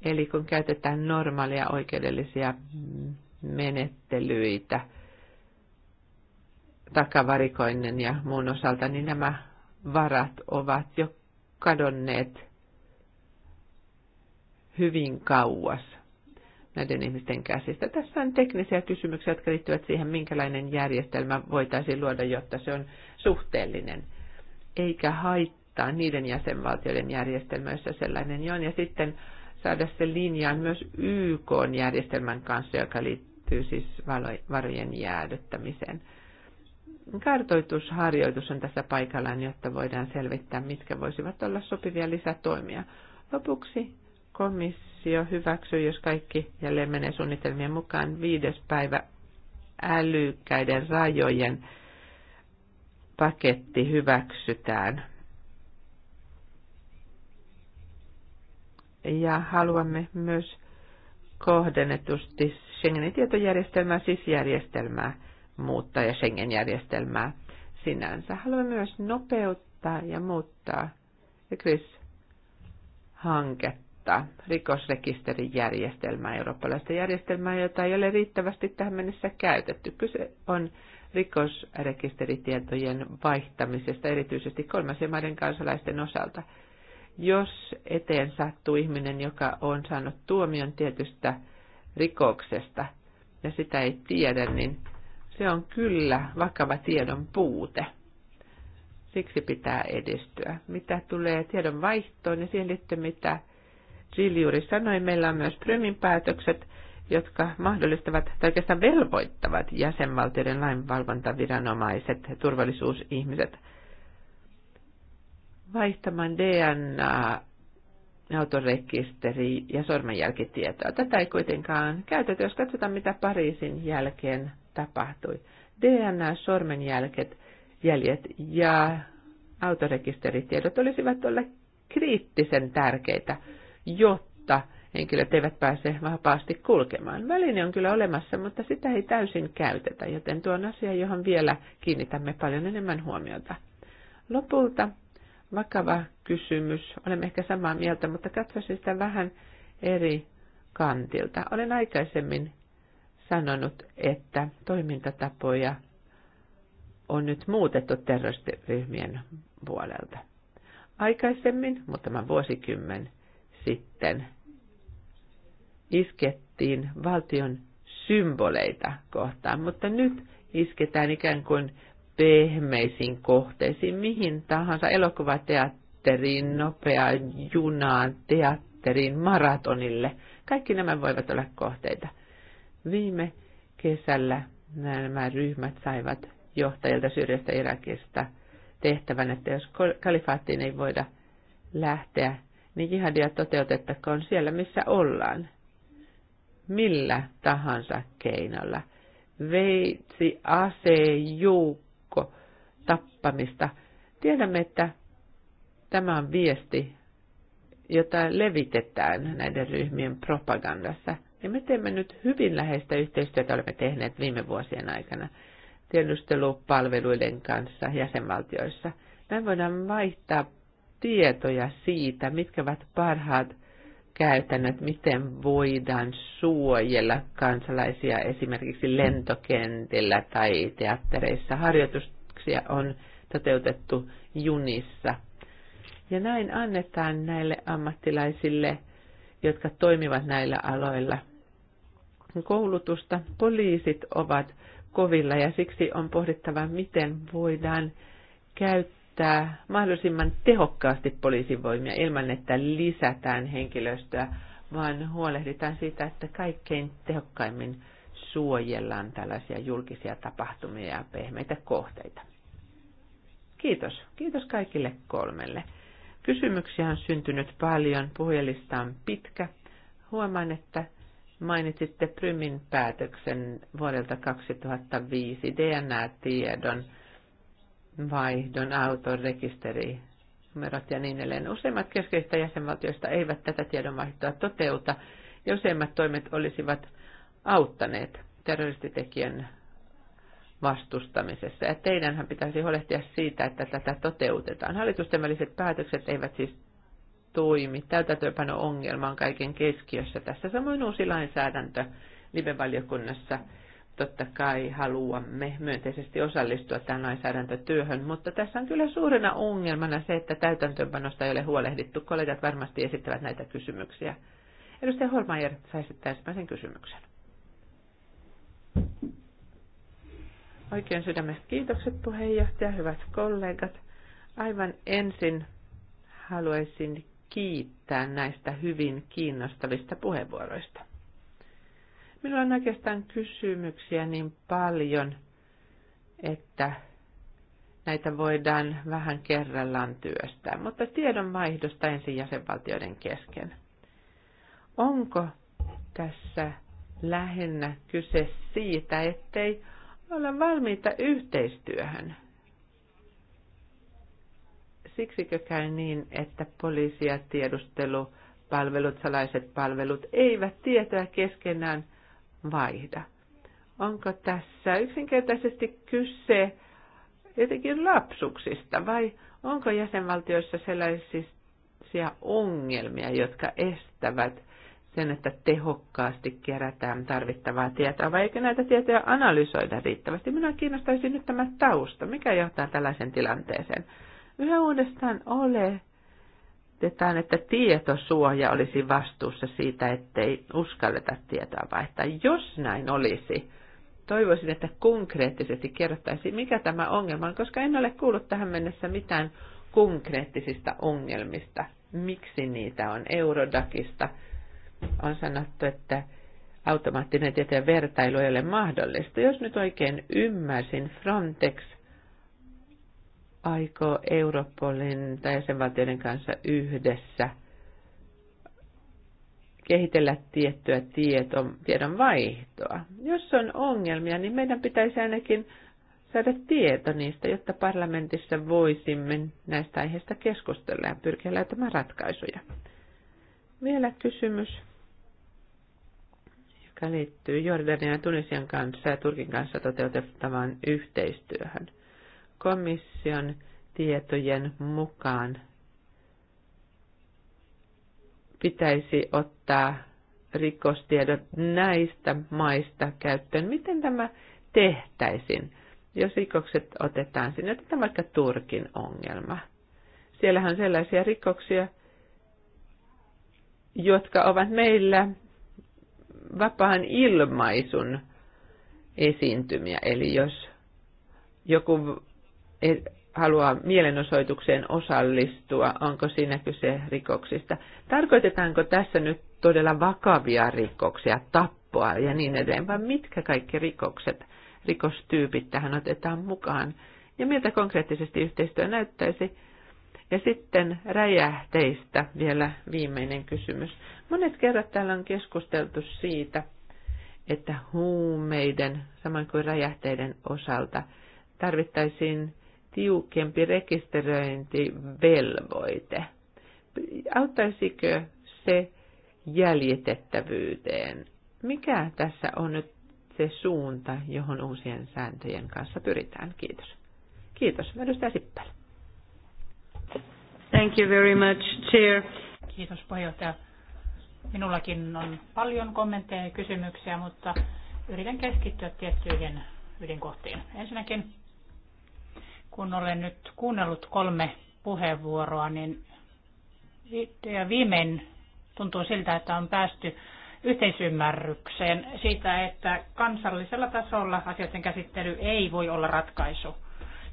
Eli kun käytetään normaaleja oikeudellisia menettelyitä takavarikoinnin ja muun osalta, niin nämä varat ovat jo kadonneet hyvin kauas näiden ihmisten käsistä. Tässä on teknisiä kysymyksiä, jotka liittyvät siihen, minkälainen järjestelmä voitaisiin luoda, jotta se on suhteellinen – eikä haittaa niiden jäsenvaltioiden järjestelmä, jossa sellainen on. Ja sitten saada se linjaan myös YK-järjestelmän kanssa, joka liittyy siis varojen jäädyttämiseen. Kartoitusharjoitus on tässä paikallaan, jotta voidaan selvittää, mitkä voisivat olla sopivia lisätoimia. Lopuksi komissio hyväksyy, jos kaikki jälleen menee suunnitelmien mukaan, viides päivä älykkäiden rajojen paketti hyväksytään. Ja haluamme myös kohdennetusti Schengenin tietojärjestelmää, siis järjestelmää muuttaa ja Schengen-järjestelmää sinänsä. Haluamme myös nopeuttaa ja muuttaa ECRIS-hanketta, rikosrekisterijärjestelmää, eurooppalaista järjestelmää, jota ei ole riittävästi tähän mennessä käytetty. Kyse on rikosrekisteritietojen vaihtamisesta, erityisesti kolmansien maiden kansalaisten osalta. Jos eteen sattuu ihminen, joka on saanut tuomion tietystä rikoksesta ja sitä ei tiedä, niin se on kyllä vakava tiedon puute. Siksi pitää edistyä. Mitä tulee tiedon vaihtoon ja niin siihen liittyy, mitä Jill juuri sanoi, meillä on myös Prymin päätökset – jotka mahdollistavat tai oikeastaan velvoittavat jäsenvaltioiden lainvalvontaviranomaiset, turvallisuusihmiset vaihtamaan DNA autorekisteri- ja sormenjälkitietoa. Tätä ei kuitenkaan käytetä, jos katsotaan mitä Pariisin jälkeen tapahtui. DNA-sormenjälket, jäljet ja autorekisteritiedot olisivat olleet kriittisen tärkeitä, jotta – henkilöt eivät pääse vapaasti kulkemaan. Väline on kyllä olemassa, mutta sitä ei täysin käytetä, joten tuo asia, johon vielä kiinnitämme paljon enemmän huomiota. Lopulta vakava kysymys. Olemme ehkä samaa mieltä, mutta katsoisin sitä vähän eri kantilta. Olen aikaisemmin sanonut, että toimintatapoja on nyt muutettu terroristiryhmien puolelta. Aikaisemmin, muutama vuosikymmen sitten, iskettiin valtion symboleita kohtaan, mutta nyt isketään ikään kuin pehmeisiin kohteisiin, mihin tahansa elokuvateatteriin, nopeaan junaan, teatteriin, maratonille. Kaikki nämä voivat olla kohteita. Viime kesällä nämä ryhmät saivat johtajilta syrjästä Irakista tehtävän, että jos kalifaattiin ei voida lähteä, niin jihadia toteutettakoon siellä, missä ollaan millä tahansa keinolla. Veitsi, ase, juukko, tappamista. Tiedämme, että tämä on viesti, jota levitetään näiden ryhmien propagandassa. Ja me teemme nyt hyvin läheistä yhteistyötä, olemme tehneet viime vuosien aikana tiedustelupalveluiden kanssa jäsenvaltioissa. Näin voidaan vaihtaa tietoja siitä, mitkä ovat parhaat käytännöt, miten voidaan suojella kansalaisia esimerkiksi lentokentillä tai teattereissa. Harjoituksia on toteutettu junissa. Ja näin annetaan näille ammattilaisille, jotka toimivat näillä aloilla, koulutusta. Poliisit ovat kovilla ja siksi on pohdittava, miten voidaan käyttää käyttää mahdollisimman tehokkaasti poliisivoimia ilman, että lisätään henkilöstöä, vaan huolehditaan siitä, että kaikkein tehokkaimmin suojellaan tällaisia julkisia tapahtumia ja pehmeitä kohteita. Kiitos. Kiitos kaikille kolmelle. Kysymyksiä on syntynyt paljon, puhujalista on pitkä. Huomaan, että mainitsitte Prymin päätöksen vuodelta 2005 DNA-tiedon vaihdon auton numerot ja niin edelleen. Useimmat keskeisistä jäsenvaltioista eivät tätä tiedonvaihtoa toteuta ja useimmat toimet olisivat auttaneet terroristitekijän vastustamisessa. Ja teidänhän pitäisi huolehtia siitä, että tätä toteutetaan. Hallitusten väliset päätökset eivät siis toimi. Täytäntöönpano-ongelma on kaiken keskiössä tässä. Samoin uusi lainsäädäntö live-valiokunnassa totta kai haluamme myönteisesti osallistua tähän lainsäädäntötyöhön, mutta tässä on kyllä suurena ongelmana se, että täytäntöönpanosta ei ole huolehdittu. Kollegat varmasti esittävät näitä kysymyksiä. Edustaja Holmaier sai sitten ensimmäisen kysymyksen. Oikein sydämestä kiitokset puheenjohtaja, hyvät kollegat. Aivan ensin haluaisin kiittää näistä hyvin kiinnostavista puheenvuoroista. Minulla on oikeastaan kysymyksiä niin paljon, että näitä voidaan vähän kerrallaan työstää, mutta tiedonvaihdosta ensin jäsenvaltioiden kesken. Onko tässä lähinnä kyse siitä, ettei olla valmiita yhteistyöhön? Siksikö käy niin, että poliisi ja tiedustelu palvelut, salaiset palvelut eivät tietää keskenään vaihda. Onko tässä yksinkertaisesti kyse jotenkin lapsuksista vai onko jäsenvaltioissa sellaisia ongelmia, jotka estävät sen, että tehokkaasti kerätään tarvittavaa tietoa, vai eikö näitä tietoja analysoida riittävästi? Minua kiinnostaisi nyt tämä tausta, mikä johtaa tällaisen tilanteeseen. Yhä uudestaan ole väitetään, että tietosuoja olisi vastuussa siitä, ettei uskalleta tietoa vaihtaa. Jos näin olisi, toivoisin, että konkreettisesti kerrottaisiin, mikä tämä ongelma on, koska en ole kuullut tähän mennessä mitään konkreettisista ongelmista. Miksi niitä on Eurodakista? On sanottu, että automaattinen tieteen vertailu ei ole mahdollista. Jos nyt oikein ymmärsin, Frontex – aikoo Europolin tai jäsenvaltioiden kanssa yhdessä kehitellä tiettyä tieto, tiedon vaihtoa. Jos on ongelmia, niin meidän pitäisi ainakin saada tieto niistä, jotta parlamentissa voisimme näistä aiheista keskustella ja pyrkiä löytämään ratkaisuja. Vielä kysymys, joka liittyy Jordanian ja Tunisian kanssa ja Turkin kanssa toteutettavaan yhteistyöhön. Komission tietojen mukaan pitäisi ottaa rikostiedot näistä maista käyttöön. Miten tämä tehtäisiin, jos rikokset otetaan sinne? Otetaan vaikka Turkin ongelma. Siellähän on sellaisia rikoksia, jotka ovat meillä vapaan ilmaisun esiintymiä. Eli jos joku haluaa mielenosoitukseen osallistua, onko siinä kyse rikoksista. Tarkoitetaanko tässä nyt todella vakavia rikoksia, tappoa ja niin edelleen, vai mitkä kaikki rikokset, rikostyypit tähän otetaan mukaan? Ja miltä konkreettisesti yhteistyö näyttäisi? Ja sitten räjähteistä vielä viimeinen kysymys. Monet kerrat täällä on keskusteltu siitä, että huumeiden, samoin kuin räjähteiden osalta, tarvittaisiin tiukempi rekisteröintivelvoite. Auttaisiko se jäljitettävyyteen? Mikä tässä on nyt se suunta, johon uusien sääntöjen kanssa pyritään? Kiitos. Kiitos. Edustaja Sippel. Thank you very much, Chair. Kiitos puheenjohtaja. Minullakin on paljon kommentteja ja kysymyksiä, mutta yritän keskittyä tiettyihin ydinkohtiin. Ensinnäkin kun olen nyt kuunnellut kolme puheenvuoroa, niin ja viimein tuntuu siltä, että on päästy yhteisymmärrykseen siitä, että kansallisella tasolla asioiden käsittely ei voi olla ratkaisu.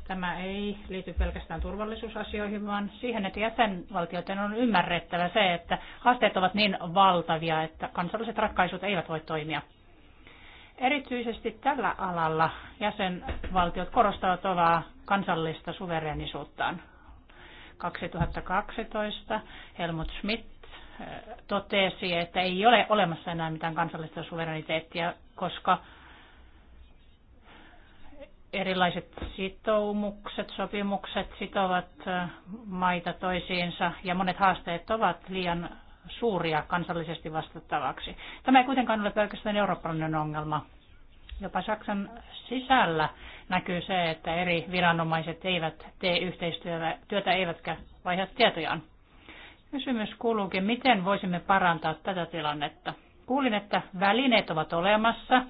Tämä ei liity pelkästään turvallisuusasioihin, vaan siihen, että jäsenvaltioiden on ymmärrettävä se, että haasteet ovat niin valtavia, että kansalliset ratkaisut eivät voi toimia. Erityisesti tällä alalla jäsenvaltiot korostavat ovaa kansallista suverenisuuttaan. 2012 Helmut Schmidt eh, totesi, että ei ole olemassa enää mitään kansallista suvereniteettia, koska erilaiset sitoumukset, sopimukset sitovat eh, maita toisiinsa ja monet haasteet ovat liian suuria kansallisesti vastattavaksi. Tämä ei kuitenkaan ole pelkästään eurooppalainen ongelma. Jopa Saksan sisällä näkyy se, että eri viranomaiset eivät tee yhteistyötä eivätkä vaihda tietojaan. Kysymys kuuluukin, miten voisimme parantaa tätä tilannetta? Kuulin, että välineet ovat olemassa,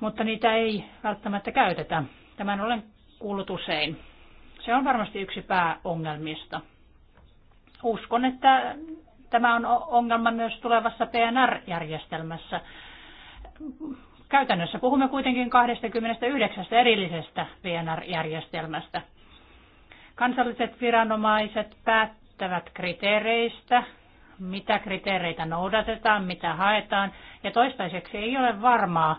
mutta niitä ei välttämättä käytetä. Tämän olen kuullut usein. Se on varmasti yksi pääongelmista. Uskon, että tämä on ongelma myös tulevassa PNR-järjestelmässä. Käytännössä puhumme kuitenkin 29 erillisestä PNR-järjestelmästä. Kansalliset viranomaiset päättävät kriteereistä, mitä kriteereitä noudatetaan, mitä haetaan, ja toistaiseksi ei ole varmaa,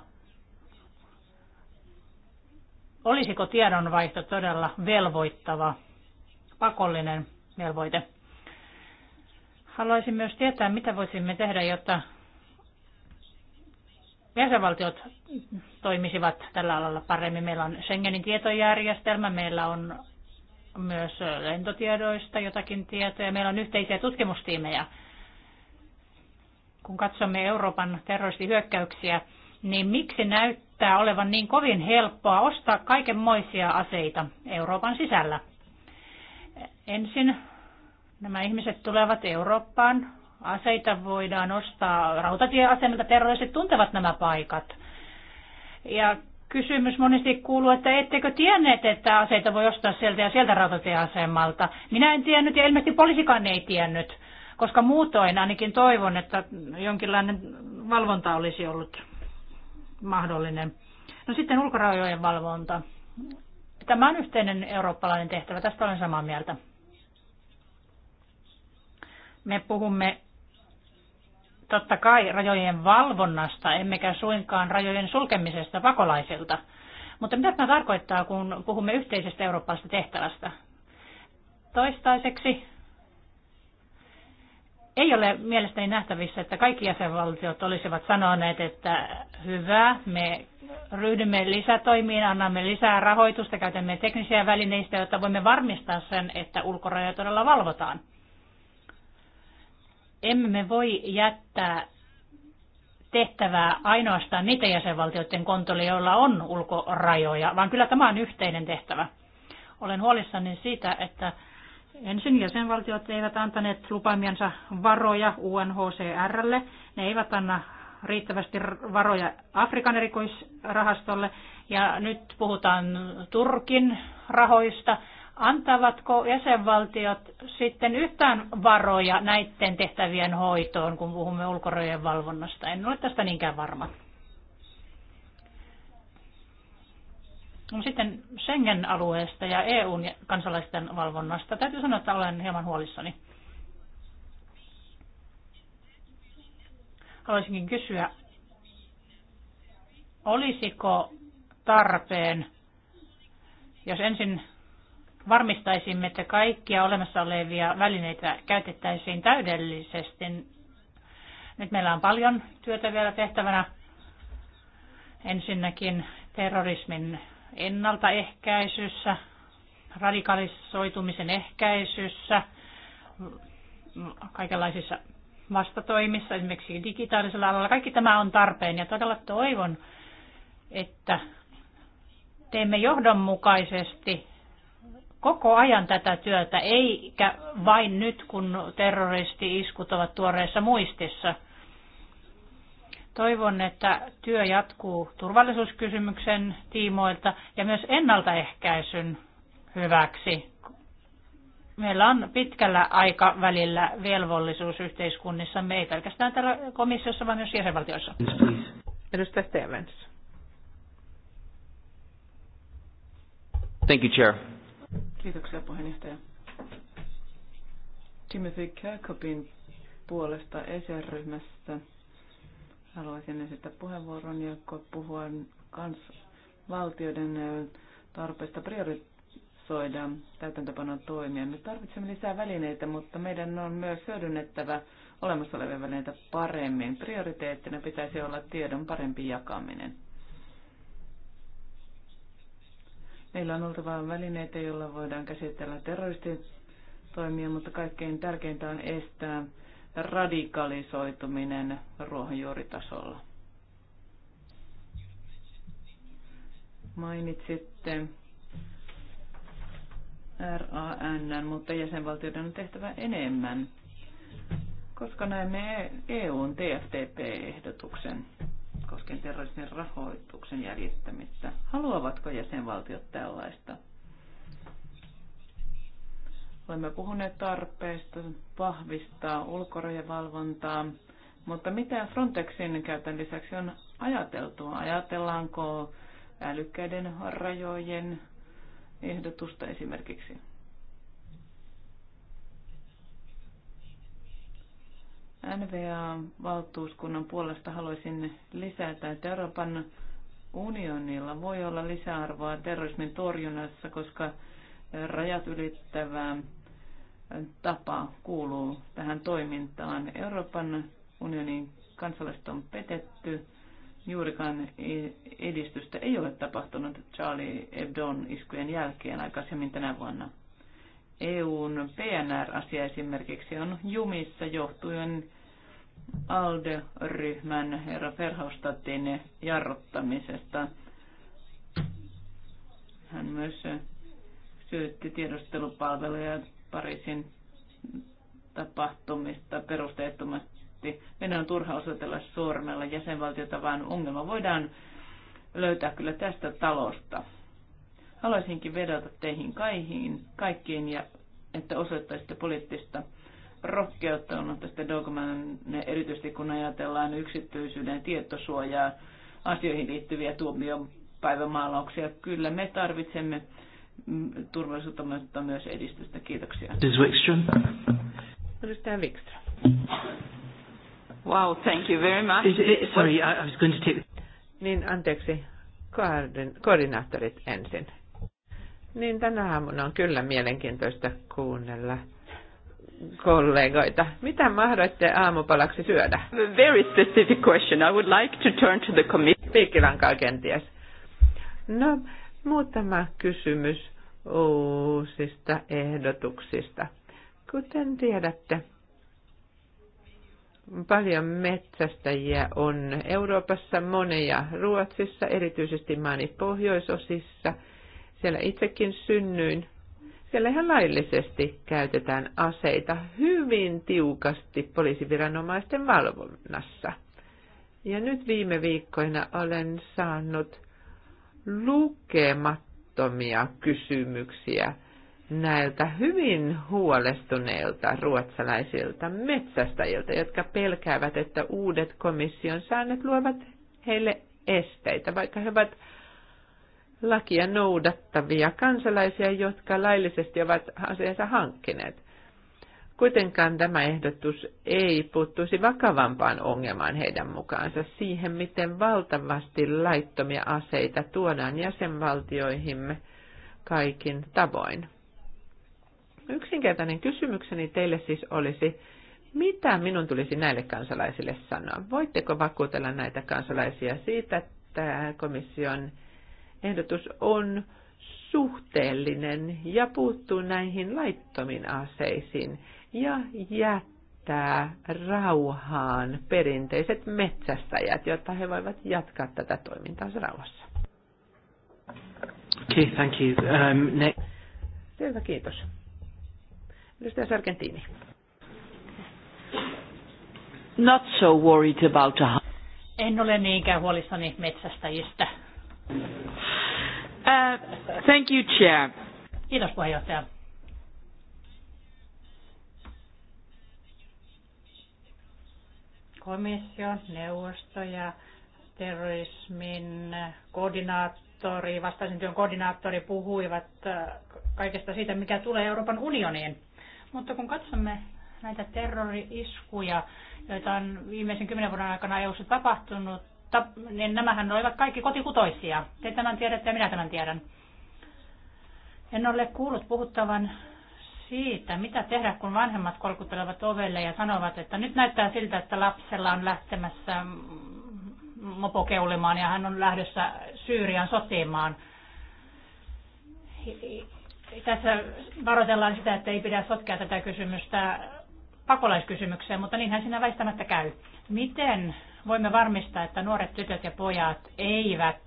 olisiko tiedonvaihto todella velvoittava, pakollinen velvoite. Haluaisin myös tietää, mitä voisimme tehdä, jotta jäsenvaltiot toimisivat tällä alalla paremmin. Meillä on Schengenin tietojärjestelmä, meillä on myös lentotiedoista jotakin tietoja, meillä on yhteisiä tutkimustiimejä. Kun katsomme Euroopan terroristihyökkäyksiä, niin miksi näyttää olevan niin kovin helppoa ostaa kaikenmoisia aseita Euroopan sisällä? Ensin nämä ihmiset tulevat Eurooppaan, aseita voidaan ostaa rautatieasemilta. Terroristit tuntevat nämä paikat. Ja kysymys monesti kuuluu, että ettekö tienneet, että aseita voi ostaa sieltä ja sieltä rautatieasemalta. Minä en tiennyt ja ilmeisesti poliisikaan ei tiennyt, koska muutoin ainakin toivon, että jonkinlainen valvonta olisi ollut mahdollinen. No sitten ulkorajojen valvonta. Tämä on yhteinen eurooppalainen tehtävä, tästä olen samaa mieltä. Me puhumme totta kai rajojen valvonnasta, emmekä suinkaan rajojen sulkemisesta pakolaisilta. Mutta mitä tämä tarkoittaa, kun puhumme yhteisestä eurooppalaisesta tehtävästä? Toistaiseksi ei ole mielestäni nähtävissä, että kaikki jäsenvaltiot olisivat sanoneet, että hyvä, me ryhdymme lisätoimiin, annamme lisää rahoitusta, käytämme teknisiä välineistä, jotta voimme varmistaa sen, että ulkorajoja todella valvotaan emme me voi jättää tehtävää ainoastaan niiden jäsenvaltioiden kontolle, joilla on ulkorajoja, vaan kyllä tämä on yhteinen tehtävä. Olen huolissani siitä, että ensin jäsenvaltiot eivät antaneet lupaamiansa varoja UNHCRlle, ne eivät anna riittävästi varoja Afrikan erikoisrahastolle ja nyt puhutaan Turkin rahoista – Antavatko jäsenvaltiot sitten yhtään varoja näiden tehtävien hoitoon, kun puhumme ulkorajojen valvonnasta? En ole tästä niinkään varma. No sitten Schengen-alueesta ja EUn kansalaisten valvonnasta. Täytyy sanoa, että olen hieman huolissani. Haluaisinkin kysyä, olisiko tarpeen, jos ensin varmistaisimme, että kaikkia olemassa olevia välineitä käytettäisiin täydellisesti. Nyt meillä on paljon työtä vielä tehtävänä. Ensinnäkin terrorismin ennaltaehkäisyssä, radikalisoitumisen ehkäisyssä, kaikenlaisissa vastatoimissa, esimerkiksi digitaalisella alalla. Kaikki tämä on tarpeen ja todella toivon, että teemme johdonmukaisesti koko ajan tätä työtä, eikä vain nyt, kun terroristi-iskut ovat tuoreessa muistissa. Toivon, että työ jatkuu turvallisuuskysymyksen tiimoilta ja myös ennaltaehkäisyn hyväksi. Meillä on pitkällä aikavälillä velvollisuus me ei pelkästään täällä komissiossa, vaan myös jäsenvaltioissa. Edustaja Stevens. Thank you, Chair. Kiitoksia puheenjohtaja. Timothy Kirkhopin puolesta ESR-ryhmästä haluaisin esittää puheenvuoron ja puhua valtioiden tarpeesta priorisoida täytäntöpanon toimia. Me tarvitsemme lisää välineitä, mutta meidän on myös hyödynnettävä olemassa olevia välineitä paremmin. Prioriteettina pitäisi olla tiedon parempi jakaminen. Meillä on oltava välineitä, joilla voidaan käsitellä toimia, mutta kaikkein tärkeintä on estää radikalisoituminen ruohonjuuritasolla. Mainitsitte RAN, mutta jäsenvaltioiden on tehtävä enemmän, koska näemme EUn TFTP-ehdotuksen koskien terrorismin rahoituksen jäljittämistä. Haluavatko jäsenvaltiot tällaista? Olemme puhuneet tarpeesta vahvistaa ulkorajavalvontaa, mutta mitä Frontexin käytön lisäksi on ajateltua? Ajatellaanko älykkäiden rajojen ehdotusta esimerkiksi? NVA-valtuuskunnan puolesta haluaisin lisätä, että Euroopan unionilla voi olla lisäarvoa terrorismin torjunnassa, koska rajat ylittävä tapa kuuluu tähän toimintaan. Euroopan unionin kansalaiset on petetty, juurikaan e- edistystä ei ole tapahtunut Charlie Hebdon iskujen jälkeen aikaisemmin tänä vuonna. EUn PNR-asia esimerkiksi on jumissa johtuen ALDE-ryhmän herra Ferhaustatin jarruttamisesta. Hän myös syytti tiedustelupalveluja Pariisin tapahtumista perusteettomasti. Meidän on turha osoitella sormella jäsenvaltiota, vaan ongelma voidaan löytää kyllä tästä talosta. Haluaisinkin vedota teihin kaihin, kaikkiin ja että osoittaisitte poliittista rohkeutta on tästä dogman, erityisesti kun ajatellaan yksityisyyden ja tietosuojaa, asioihin liittyviä tuomiopäivämaalauksia. Kyllä me tarvitsemme mm, turvallisuutta, mutta myös edistystä. Kiitoksia. Edustaja Wikström. Wow, thank you very much. It, sorry, I was going to take... Niin, anteeksi. Koordinaattorit ensin. Niin tänä aamuna on kyllä mielenkiintoista kuunnella kollegoita. Mitä mahdoitte aamupalaksi syödä? A very specific question. I would like to turn to the committee. Piikkilankaa kenties. No, muutama kysymys uusista ehdotuksista. Kuten tiedätte, paljon metsästäjiä on Euroopassa, monia Ruotsissa, erityisesti maani pohjoisosissa – siellä itsekin synnyin. Siellä ihan laillisesti käytetään aseita hyvin tiukasti poliisiviranomaisten valvonnassa. Ja nyt viime viikkoina olen saanut lukemattomia kysymyksiä näiltä hyvin huolestuneilta ruotsalaisilta metsästäjiltä, jotka pelkäävät, että uudet komission säännöt luovat heille esteitä, vaikka he ovat lakia noudattavia kansalaisia, jotka laillisesti ovat asiansa hankkineet. Kuitenkaan tämä ehdotus ei puuttuisi vakavampaan ongelmaan heidän mukaansa siihen, miten valtavasti laittomia aseita tuodaan jäsenvaltioihimme kaikin tavoin. Yksinkertainen kysymykseni teille siis olisi, mitä minun tulisi näille kansalaisille sanoa? Voitteko vakuutella näitä kansalaisia siitä, että komission ehdotus on suhteellinen ja puuttuu näihin laittomin aseisiin ja jättää rauhaan perinteiset metsästäjät, jotta he voivat jatkaa tätä toimintaa rauhassa. Okay, thank you. Um, ne- Selvä, kiitos. Edustaja Sargentini. Not so worried about a... En ole niinkään huolissani metsästäjistä Uh, thank you, Chair. Kiitos puheenjohtaja. Komissio, neuvosto ja terrorismin koordinaattori, vastaisen työn koordinaattori puhuivat äh, kaikesta siitä, mikä tulee Euroopan unioniin. Mutta kun katsomme näitä terrori-iskuja, joita on viimeisen kymmenen vuoden aikana eu tapahtunut, niin nämähän olivat kaikki kotikutoisia. Te tämän tiedätte ja minä tämän tiedän. En ole kuullut puhuttavan siitä, mitä tehdä, kun vanhemmat kolkuttelevat ovelle ja sanovat, että nyt näyttää siltä, että lapsella on lähtemässä mopokeulimaan ja hän on lähdössä Syyrian sotimaan. Tässä varoitellaan sitä, että ei pidä sotkea tätä kysymystä pakolaiskysymykseen, mutta niinhän siinä väistämättä käy. Miten voimme varmistaa, että nuoret tytöt ja pojat eivät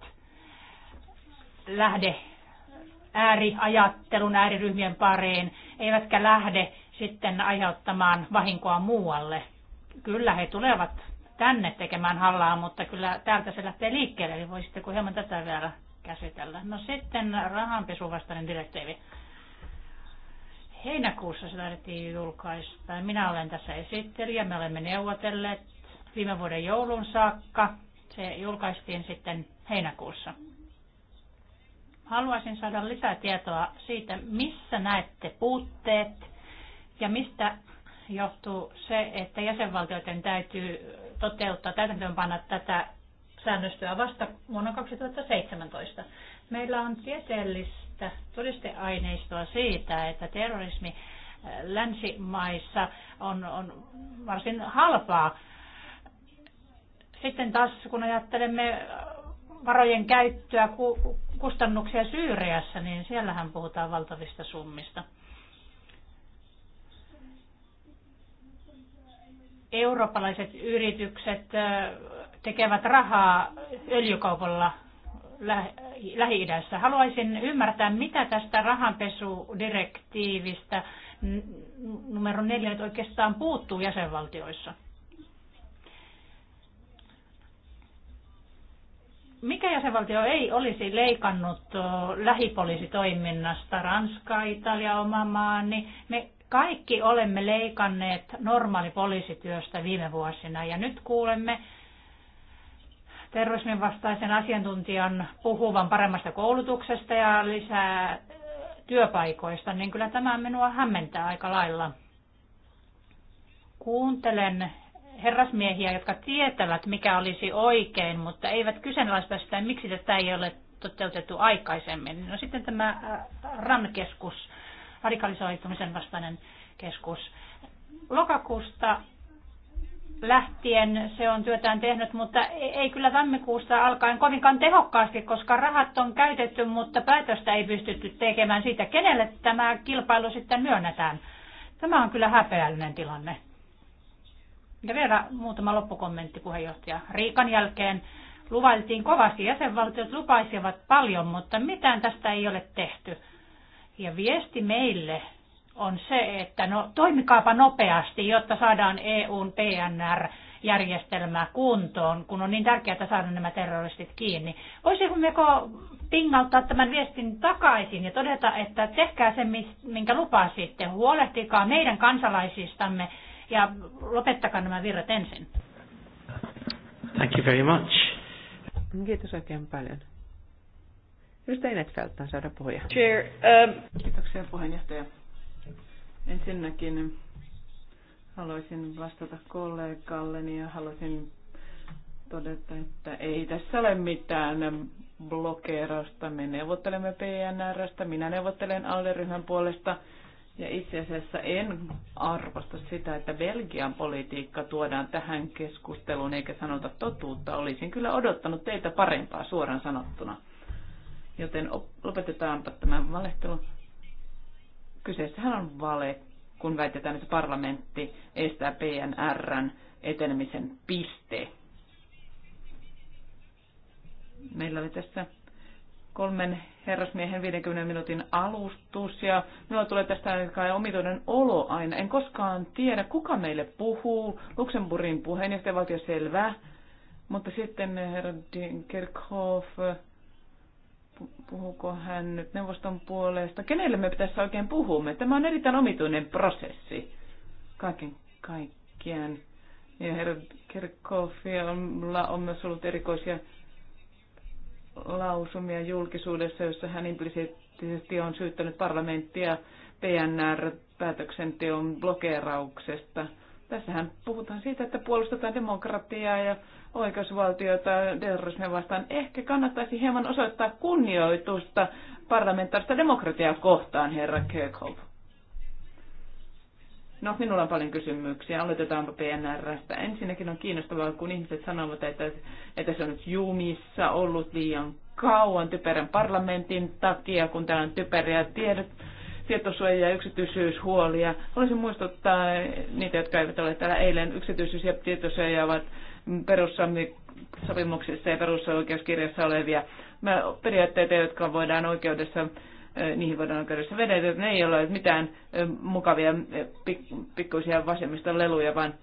lähde ääriajattelun, ääriryhmien pariin, eivätkä lähde sitten aiheuttamaan vahinkoa muualle. Kyllä he tulevat tänne tekemään hallaa, mutta kyllä täältä se lähtee liikkeelle, eli voisitteko hieman tätä vielä käsitellä. No sitten rahanpesuvastainen direktiivi. Heinäkuussa se lähdettiin julkaista. Minä olen tässä esittelijä, me olemme neuvotelleet viime vuoden joulun saakka. Se julkaistiin sitten heinäkuussa. Haluaisin saada lisää tietoa siitä, missä näette puutteet ja mistä johtuu se, että jäsenvaltioiden täytyy toteuttaa täytäntöönpanna tätä säännöstöä vasta vuonna 2017. Meillä on tieteellistä todisteaineistoa siitä, että terrorismi eh, länsimaissa on, on varsin halpaa sitten taas kun ajattelemme varojen käyttöä, kustannuksia Syyriassa, niin siellähän puhutaan valtavista summista. Eurooppalaiset yritykset tekevät rahaa öljykaupalla Lähi-idässä. Haluaisin ymmärtää, mitä tästä rahanpesudirektiivistä numero neljä oikeastaan puuttuu jäsenvaltioissa. mikä jäsenvaltio ei olisi leikannut lähipoliisitoiminnasta, Ranska, Italia, oma maa, niin me kaikki olemme leikanneet normaali poliisityöstä viime vuosina ja nyt kuulemme terrorismin vastaisen asiantuntijan puhuvan paremmasta koulutuksesta ja lisää työpaikoista, niin kyllä tämä minua hämmentää aika lailla. Kuuntelen herrasmiehiä, jotka tietävät, mikä olisi oikein, mutta eivät kyseenalaista sitä, miksi tätä ei ole toteutettu aikaisemmin. No sitten tämä äh, RAN-keskus, radikalisoitumisen vastainen keskus. Lokakuusta lähtien se on työtään tehnyt, mutta e-, ei kyllä tammikuusta alkaen kovinkaan tehokkaasti, koska rahat on käytetty, mutta päätöstä ei pystytty tekemään siitä, kenelle tämä kilpailu sitten myönnetään. Tämä on kyllä häpeällinen tilanne. Ja vielä muutama loppukommentti puheenjohtaja. Riikan jälkeen luvailtiin kovasti, jäsenvaltiot lupaisivat paljon, mutta mitään tästä ei ole tehty. Ja viesti meille on se, että no, toimikaapa nopeasti, jotta saadaan EUn PNR-järjestelmää kuntoon, kun on niin tärkeää saada nämä terroristit kiinni. Voisimmeko pingauttaa tämän viestin takaisin ja todeta, että tehkää se, minkä lupasitte, huolehtikaa meidän kansalaisistamme ja lopettakaa nämä virrat ensin. Thank you very much. Kiitos oikein paljon. Edustaja Netfeldt on saada puhuja. Chair, um... Kiitoksia puheenjohtaja. Ensinnäkin haluaisin vastata kollegalleni ja haluaisin todeta, että ei tässä ole mitään blokeerausta. Me neuvottelemme PNRstä, minä neuvottelen alderyhmän puolesta ja itse asiassa en arvosta sitä, että Belgian politiikka tuodaan tähän keskusteluun eikä sanota totuutta. Olisin kyllä odottanut teitä parempaa suoraan sanottuna. Joten lopetetaanpa tämä valehtelu. Kyseessähän on vale, kun väitetään, että parlamentti estää PNRn etenemisen piste. Meillä oli tässä kolmen herrasmiehen 50 minuutin alustus ja minulla tulee tästä kai omituinen olo aina. En koskaan tiedä, kuka meille puhuu. Luxemburgin valtio selvä, mutta sitten eh, herra Kirchhoff, puhuuko hän nyt neuvoston puolesta? Kenelle me tässä oikein puhumme? Tämä on erittäin omituinen prosessi kaiken kaikkiaan. Ja herra Kirchhoffilla on myös ollut erikoisia lausumia julkisuudessa, jossa hän implisiittisesti on syyttänyt parlamenttia PNR-päätöksenteon blokeerauksesta. Tässähän puhutaan siitä, että puolustetaan demokratiaa ja oikeusvaltiota terrorismia vastaan. Ehkä kannattaisi hieman osoittaa kunnioitusta parlamentaarista demokratiaa kohtaan, herra Kirkhope. No, minulla on paljon kysymyksiä. Aloitetaanpa PNRstä. Ensinnäkin on kiinnostavaa, kun ihmiset sanovat, että, että se on nyt jumissa ollut liian kauan typerän parlamentin takia, kun täällä on typeriä tiedot, tietosuoja- ja yksityisyyshuolia. Haluaisin muistuttaa niitä, jotka eivät ole täällä eilen. Yksityisyys ja tietosuoja ovat perussopimuksissa ja perusoikeuskirjassa olevia periaatteita, jotka voidaan oikeudessa niihin voidaan oikeudessa vedetä. Ne ei ole mitään mukavia pikkuisia vasemmista leluja, vaan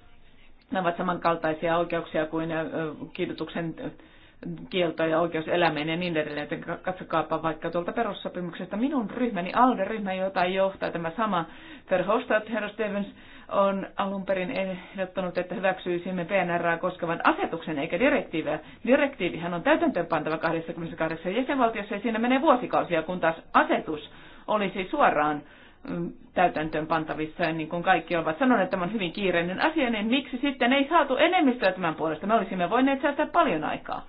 ne ovat samankaltaisia oikeuksia kuin kiitotuksen kielto ja oikeus elämään ja niin edelleen, joten katsokaapa vaikka tuolta perussopimuksesta minun ryhmäni, ALDE-ryhmä, jota johtaa tämä sama Verhofstadt, herra Stevens, on alun perin ehdottanut, että hyväksyisimme PNR koskevan asetuksen eikä direktiiviä. Direktiivihän on täytäntöönpantava 28 jäsenvaltiossa ja siinä menee vuosikausia, kun taas asetus olisi suoraan mm, täytäntöön pantavissa, ja niin kuin kaikki ovat sanoneet, että tämä on hyvin kiireinen asia, niin miksi sitten ei saatu enemmistöä tämän puolesta? Me olisimme voineet säästää paljon aikaa.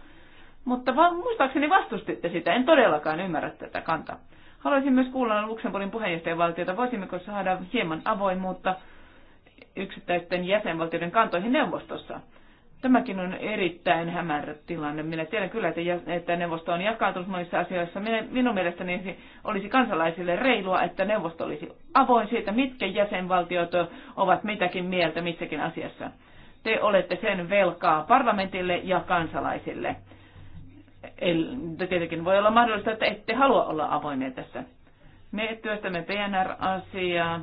Mutta va- muistaakseni vastustitte sitä, en todellakaan ymmärrä tätä kantaa. Haluaisin myös kuulla Luxemburgin puheenjohtajavaltiota, voisimmeko saada hieman avoimuutta yksittäisten jäsenvaltioiden kantoihin neuvostossa. Tämäkin on erittäin hämärä tilanne. Minä tiedän kyllä, että neuvosto on jakautunut monissa asioissa. Minun mielestäni olisi kansalaisille reilua, että neuvosto olisi avoin siitä, mitkä jäsenvaltiot ovat mitäkin mieltä missäkin asiassa. Te olette sen velkaa parlamentille ja kansalaisille. Tietenkin voi olla mahdollista, että ette halua olla avoimia tässä. Me työstämme PNR-asiaa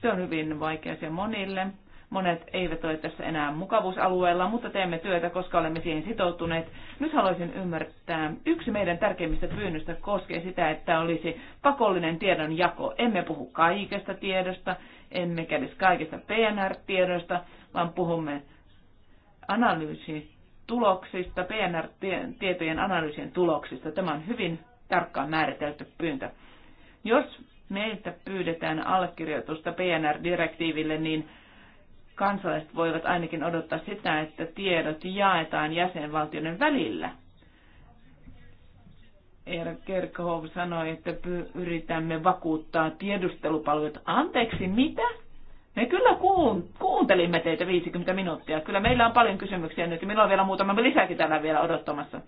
se on hyvin vaikea se monille. Monet eivät ole tässä enää mukavuusalueella, mutta teemme työtä, koska olemme siihen sitoutuneet. Nyt haluaisin ymmärtää, yksi meidän tärkeimmistä pyynnöistä koskee sitä, että olisi pakollinen tiedonjako. Emme puhu kaikesta tiedosta, emmekä edes kaikista pnr tiedosta vaan puhumme analyysituloksista, tuloksista, PNR-tietojen analyysien tuloksista. Tämä on hyvin tarkkaan määritelty pyyntö. Jos meiltä pyydetään allekirjoitusta PNR-direktiiville, niin kansalaiset voivat ainakin odottaa sitä, että tiedot jaetaan jäsenvaltioiden välillä. Eero Kerkhov sanoi, että yritämme vakuuttaa tiedustelupalvelut. Anteeksi, mitä? Me kyllä kuuntelimme teitä 50 minuuttia. Kyllä meillä on paljon kysymyksiä nyt ja meillä on vielä muutama lisääkin täällä vielä odottamassa.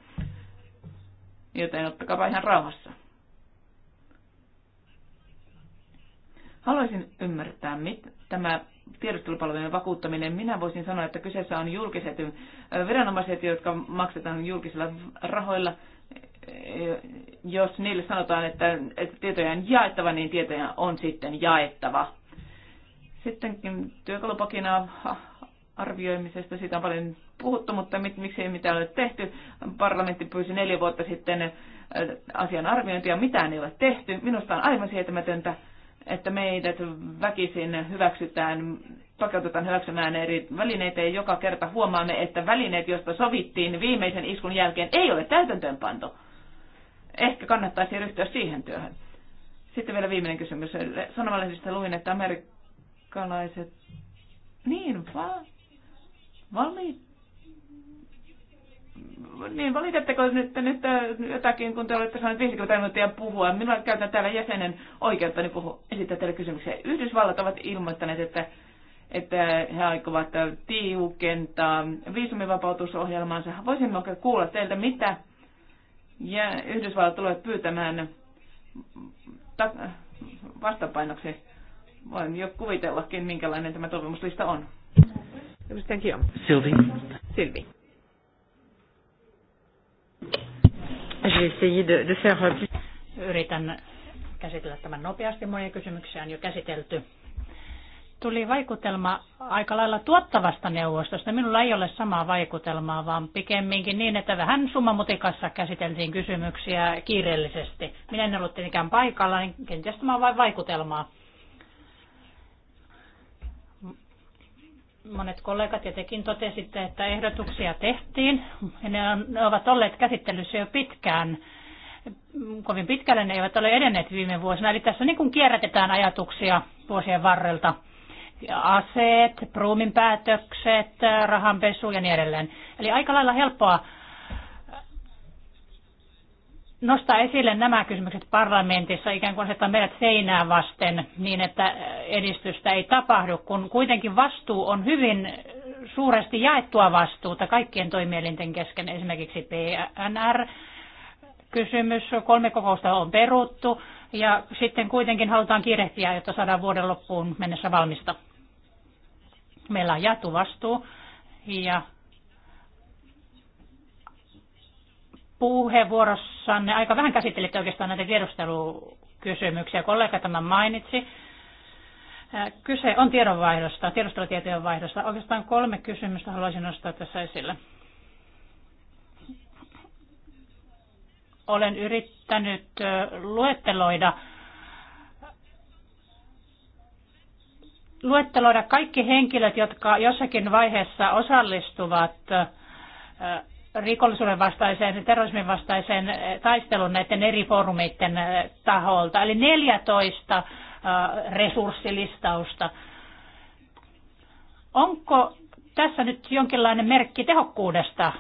Joten ottakaa ihan rauhassa. Haluaisin ymmärtää, mitä tämä tiedustelupalvelujen vakuuttaminen, minä voisin sanoa, että kyseessä on julkiset viranomaiset, jotka maksetaan julkisilla rahoilla. E, jos niille sanotaan, että, että tietoja on jaettava, niin tietoja on sitten jaettava. Sittenkin työkalupakina arvioimisesta, siitä on paljon puhuttu, mutta mit, miksi ei mitään ole tehty. Parlamentti pyysi neljä vuotta sitten asian arviointia, mitään ei ole tehty. Minusta on aivan sietämätöntä että meidät väkisin hyväksytään, pakeutetaan hyväksymään eri välineitä ja joka kerta huomaamme, että välineet, joista sovittiin viimeisen iskun jälkeen, ei ole täytäntöönpanto. Ehkä kannattaisi ryhtyä siihen työhön. Sitten vielä viimeinen kysymys. Sanomalehdestä luin, että amerikkalaiset niin vaan valmiit niin valitetteko nyt, nyt äh, jotakin, kun te olette saaneet 50 minuuttia puhua? Minä käytän täällä jäsenen oikeutta niin puhua, esittää teille kysymyksiä. Yhdysvallat ovat ilmoittaneet, että, että he aikovat tiukentaa viisumivapautusohjelmaansa. Voisimmeko kuulla teiltä, mitä ja Yhdysvallat tulee pyytämään ta- vastapainoksi? Voin jo kuvitellakin, minkälainen tämä toivomuslista on. Silvi. Silvi. Yritän käsitellä tämän nopeasti. Monia kysymyksiä on jo käsitelty. Tuli vaikutelma aika lailla tuottavasta neuvostosta. Minulla ei ole samaa vaikutelmaa, vaan pikemminkin niin, että vähän summamutikassa käsiteltiin kysymyksiä kiireellisesti. Minä en ollut tietenkään paikalla, niin kenties tämä on vain vaikutelmaa. monet kollegat ja tekin totesitte, että ehdotuksia tehtiin. Ne, on, ne ovat olleet käsittelyssä jo pitkään. Kovin pitkälle ne eivät ole edenneet viime vuosina. Eli tässä niin kuin kierrätetään ajatuksia vuosien varrelta. Aseet, pruumin päätökset, rahanpesu ja niin edelleen. Eli aika lailla helppoa nostaa esille nämä kysymykset parlamentissa, ikään kuin asettaa meidät seinää vasten niin, että edistystä ei tapahdu, kun kuitenkin vastuu on hyvin suuresti jaettua vastuuta kaikkien toimielinten kesken, esimerkiksi PNR, kysymys, kolme kokousta on peruttu ja sitten kuitenkin halutaan kiirehtiä, jotta saadaan vuoden loppuun mennessä valmista. Meillä on jatuvastuu ja puheenvuorossanne aika vähän käsittelitte oikeastaan näitä tiedustelukysymyksiä. Kollega tämän mainitsi. Kyse on tiedonvaihdosta, tiedustelutietojen vaihdosta. Oikeastaan kolme kysymystä haluaisin nostaa tässä esille. Olen yrittänyt luetteloida luetteloida kaikki henkilöt, jotka jossakin vaiheessa osallistuvat rikollisuuden vastaiseen ja terrorismin vastaiseen eh, taisteluun näiden eri foorumeiden eh, taholta. Eli 14 eh, resurssilistausta. Onko tässä nyt jonkinlainen merkki tehokkuudesta?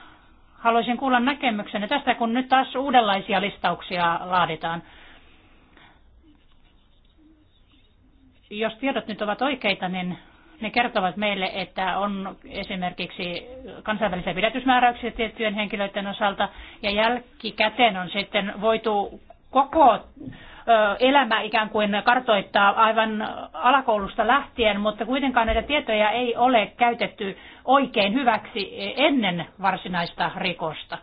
Haluaisin kuulla näkemyksenne tästä, kun nyt taas uudenlaisia listauksia laaditaan. Jos tiedot nyt ovat oikeita, niin ne kertovat meille, että on esimerkiksi kansainvälisiä pidätysmääräyksiä tiettyjen henkilöiden osalta, ja jälkikäteen on sitten voitu koko elämä ikään kuin kartoittaa aivan alakoulusta lähtien, mutta kuitenkaan näitä tietoja ei ole käytetty oikein hyväksi ennen varsinaista rikosta.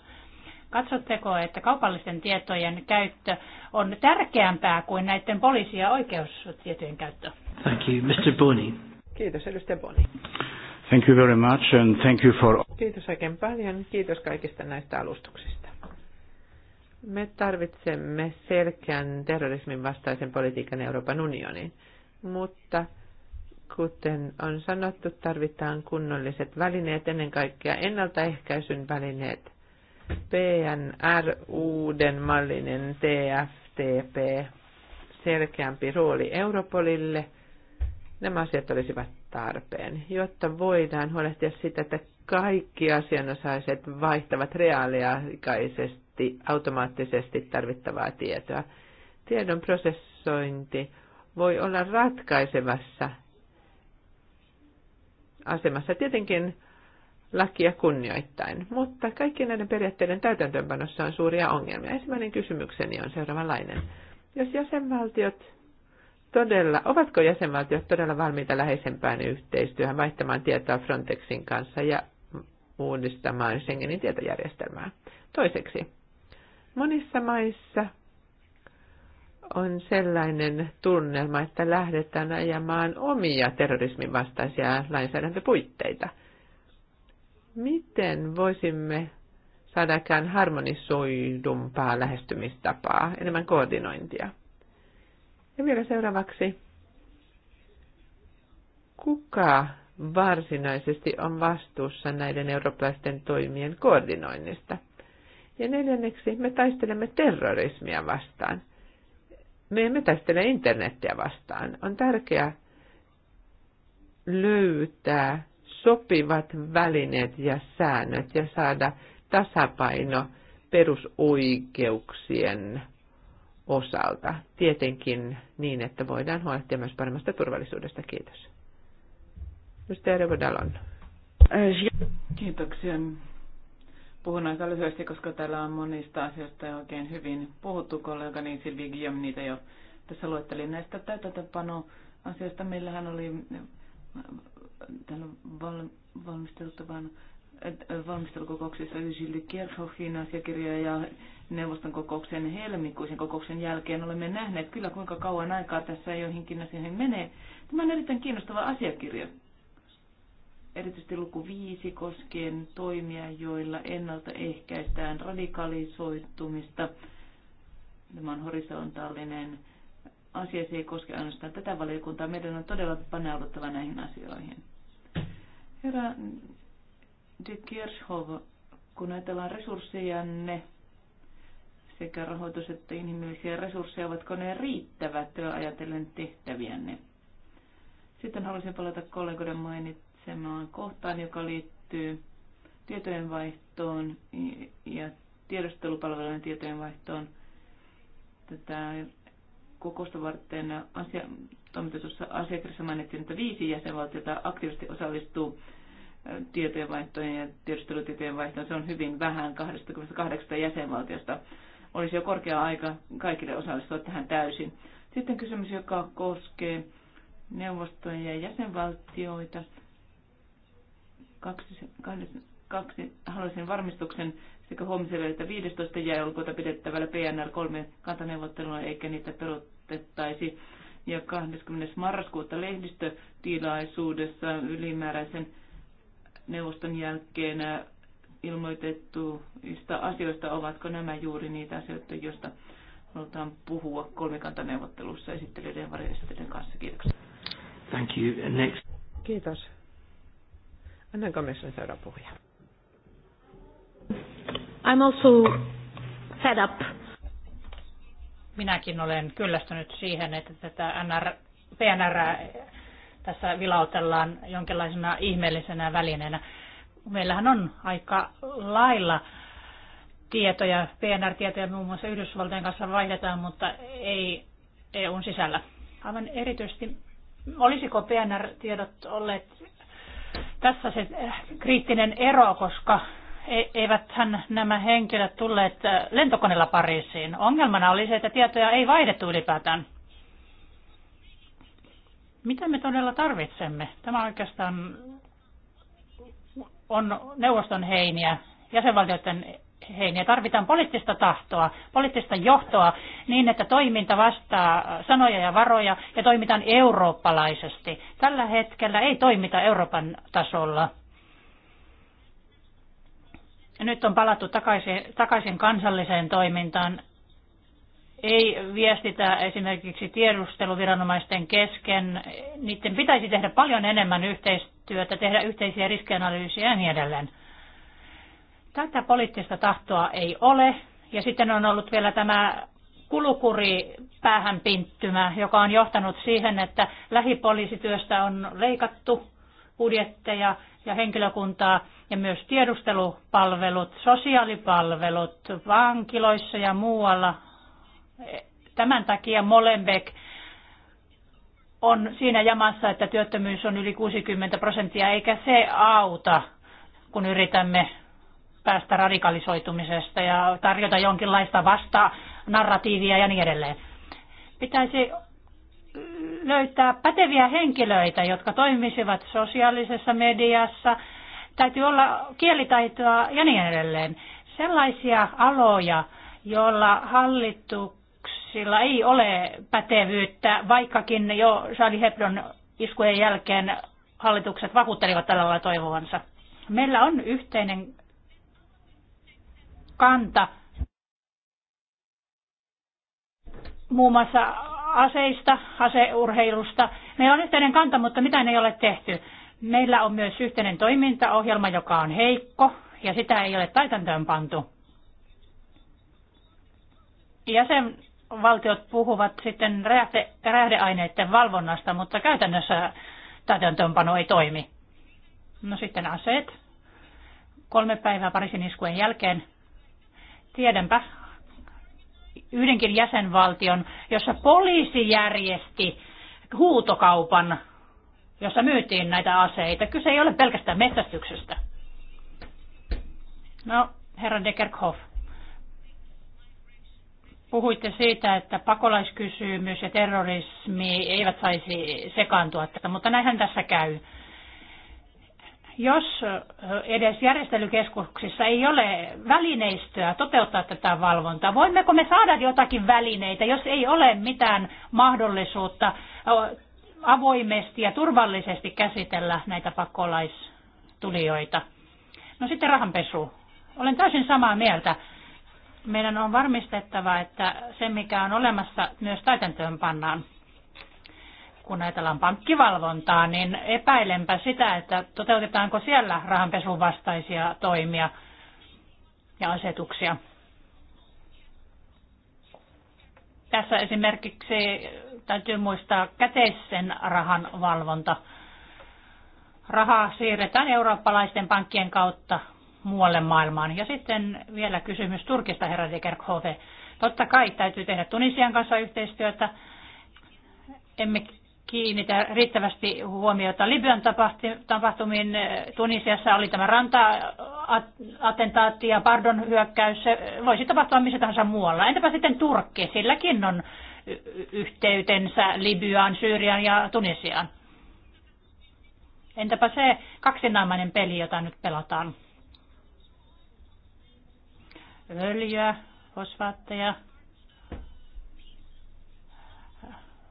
Katsotteko, että kaupallisten tietojen käyttö on tärkeämpää kuin näiden poliisi- ja oikeustietojen käyttö? Thank you. Mr. Boni. Kiitos edustaja Boni. Thank you very much and thank you for... Kiitos oikein paljon. Kiitos kaikista näistä alustuksista. Me tarvitsemme selkeän terrorismin vastaisen politiikan Euroopan unioniin, mutta kuten on sanottu, tarvitaan kunnolliset välineet, ennen kaikkea ennaltaehkäisyn välineet, PNR, uuden mallinen TFTP, selkeämpi rooli Europolille – nämä asiat olisivat tarpeen, jotta voidaan huolehtia sitä, että kaikki asianosaiset vaihtavat reaaliaikaisesti automaattisesti tarvittavaa tietoa. Tiedon prosessointi voi olla ratkaisevassa asemassa tietenkin lakia kunnioittain, mutta kaikkien näiden periaatteiden täytäntöönpanossa on suuria ongelmia. Ensimmäinen kysymykseni on seuraavanlainen. Jos jäsenvaltiot todella, ovatko jäsenvaltiot todella valmiita läheisempään yhteistyöhön, vaihtamaan tietoa Frontexin kanssa ja uudistamaan Schengenin tietojärjestelmää. Toiseksi, monissa maissa on sellainen tunnelma, että lähdetään ajamaan omia terrorismin vastaisia lainsäädäntöpuitteita. Miten voisimme saadakään harmonisoidumpaa lähestymistapaa, enemmän koordinointia? Ja vielä seuraavaksi. Kuka varsinaisesti on vastuussa näiden eurooppalaisten toimien koordinoinnista? Ja neljänneksi, me taistelemme terrorismia vastaan. Me emme taistele internettiä vastaan. On tärkeää löytää sopivat välineet ja säännöt ja saada tasapaino perusoikeuksien osalta. Tietenkin niin, että voidaan huolehtia myös paremmasta turvallisuudesta. Kiitos. Mr. Revodalon. Kiitoksia. Puhun aika lyhyesti, koska täällä on monista asioista oikein hyvin puhuttu kollega, niin Silvi Guillaume niitä jo tässä luettelin. Näistä täytäntöpano asioista meillähän oli täällä valmisteltavan valmistelukokouksissa Jyli Kerhofin asiakirjoja ja neuvoston kokouksen helmikuisen kokouksen jälkeen olemme nähneet kyllä kuinka kauan aikaa tässä joihinkin asioihin menee. Tämä on erittäin kiinnostava asiakirja. Erityisesti luku viisi koskien toimia, joilla ennaltaehkäistään radikalisoitumista. Tämä on horisontaalinen asia, se ei koske ainoastaan tätä valiokuntaa. Meidän on todella paneuduttava näihin asioihin. Herra de Kirchhoff, kun ajatellaan resurssejanne sekä rahoitus- että inhimillisiä resursseja, ovatko ne riittävät ajatellen tehtäviänne? Sitten haluaisin palata kollegoiden mainitsemaan kohtaan, joka liittyy tietojenvaihtoon ja tiedostelupalvelujen tietojenvaihtoon. Tätä kokousta varten asia, toimitetussa asiakirjassa mainittiin, että viisi jäsenvaltiota aktiivisesti osallistuu tietojenvaihtojen ja tiedustelutietojenvaihtoon. Se on hyvin vähän 28 jäsenvaltiosta. Olisi jo korkea aika kaikille osallistua tähän täysin. Sitten kysymys, joka koskee neuvostojen ja jäsenvaltioita. Kaksi, kahdessa, kaksi, haluaisin varmistuksen sekä huomiselle että 15. joulukuuta pidettävällä PNR3 kantaneuvottelua, eikä niitä peruutettaisi. Ja 20. marraskuuta lehdistötilaisuudessa ylimääräisen neuvoston jälkeen äh, ilmoitettuista asioista, ovatko nämä juuri niitä asioita, joista halutaan puhua kolmikantaneuvottelussa esittelyiden ja varjoesittelyiden kanssa. Kiitoksia. Thank you. Next. Kiitos. Annan komission seuraava puhuja. I'm also fed up. Minäkin olen kyllästynyt siihen, että tätä NR, PNR tässä vilautellaan jonkinlaisena ihmeellisenä välineenä. Meillähän on aika lailla tietoja, PNR-tietoja muun muassa Yhdysvaltojen kanssa vaihdetaan, mutta ei EUn sisällä. Aivan erityisesti, olisiko PNR-tiedot olleet tässä se äh, kriittinen ero, koska e, eiväthän nämä henkilöt tulleet äh, lentokoneella Pariisiin. Ongelmana oli se, että tietoja ei vaihdettu ylipäätään. Mitä me todella tarvitsemme? Tämä oikeastaan on neuvoston heiniä, jäsenvaltioiden heiniä. Tarvitaan poliittista tahtoa, poliittista johtoa niin, että toiminta vastaa sanoja ja varoja ja toimitaan eurooppalaisesti. Tällä hetkellä ei toimita Euroopan tasolla. Nyt on palattu takaisin, takaisin kansalliseen toimintaan ei viestitä esimerkiksi tiedusteluviranomaisten kesken. Niiden pitäisi tehdä paljon enemmän yhteistyötä, tehdä yhteisiä riskianalyysiä ja niin edelleen. Tätä poliittista tahtoa ei ole. Ja sitten on ollut vielä tämä kulukuri päähänpinttymä, joka on johtanut siihen, että lähipoliisityöstä on leikattu budjetteja ja henkilökuntaa ja myös tiedustelupalvelut, sosiaalipalvelut vankiloissa ja muualla Tämän takia Molenbeek on siinä jamassa, että työttömyys on yli 60 prosenttia, eikä se auta, kun yritämme päästä radikalisoitumisesta ja tarjota jonkinlaista vasta narratiivia ja niin edelleen. Pitäisi löytää päteviä henkilöitä, jotka toimisivat sosiaalisessa mediassa. Täytyy olla kielitaitoa ja niin edelleen. Sellaisia aloja, joilla hallittu sillä ei ole pätevyyttä, vaikkakin jo Charlie Hebdon iskujen jälkeen hallitukset vakuuttelivat tällä lailla toivovansa. Meillä on yhteinen kanta muun muassa aseista, aseurheilusta. Meillä on yhteinen kanta, mutta mitään ei ole tehty. Meillä on myös yhteinen toimintaohjelma, joka on heikko ja sitä ei ole taitantöön pantu. Jäsen valtiot puhuvat sitten räjähte, räjähdeaineiden valvonnasta, mutta käytännössä täytäntöönpano ei toimi. No sitten aseet. Kolme päivää Pariisin iskujen jälkeen. Tiedänpä yhdenkin jäsenvaltion, jossa poliisi järjesti huutokaupan, jossa myytiin näitä aseita. Kyse ei ole pelkästään metsästyksestä. No, herra Kerkhoff, Puhuitte siitä, että pakolaiskysymys ja terrorismi eivät saisi sekaantua tätä, mutta näinhän tässä käy. Jos edes järjestelykeskuksissa ei ole välineistöä toteuttaa tätä valvontaa, voimmeko me saada jotakin välineitä, jos ei ole mitään mahdollisuutta avoimesti ja turvallisesti käsitellä näitä pakolaistulijoita? No sitten rahanpesu. Olen täysin samaa mieltä meidän on varmistettava, että se mikä on olemassa myös täytäntöön pannaan. Kun ajatellaan pankkivalvontaa, niin epäilenpä sitä, että toteutetaanko siellä rahanpesun vastaisia toimia ja asetuksia. Tässä esimerkiksi täytyy muistaa käteisen rahan valvonta. Rahaa siirretään eurooppalaisten pankkien kautta muualle maailmaan. Ja sitten vielä kysymys Turkista, herra de Kerkhove. Totta kai täytyy tehdä Tunisian kanssa yhteistyötä. Emme kiinnitä riittävästi huomiota Libyan tapahtumiin. Tunisiassa oli tämä ranta-attentaatti ja pardon hyökkäys. Se voisi tapahtua missä tahansa muualla. Entäpä sitten Turkki? Silläkin on yhteytensä Libyaan, Syyrian ja Tunisiaan. Entäpä se kaksinaamainen peli, jota nyt pelataan? öljyä, fosfaatteja,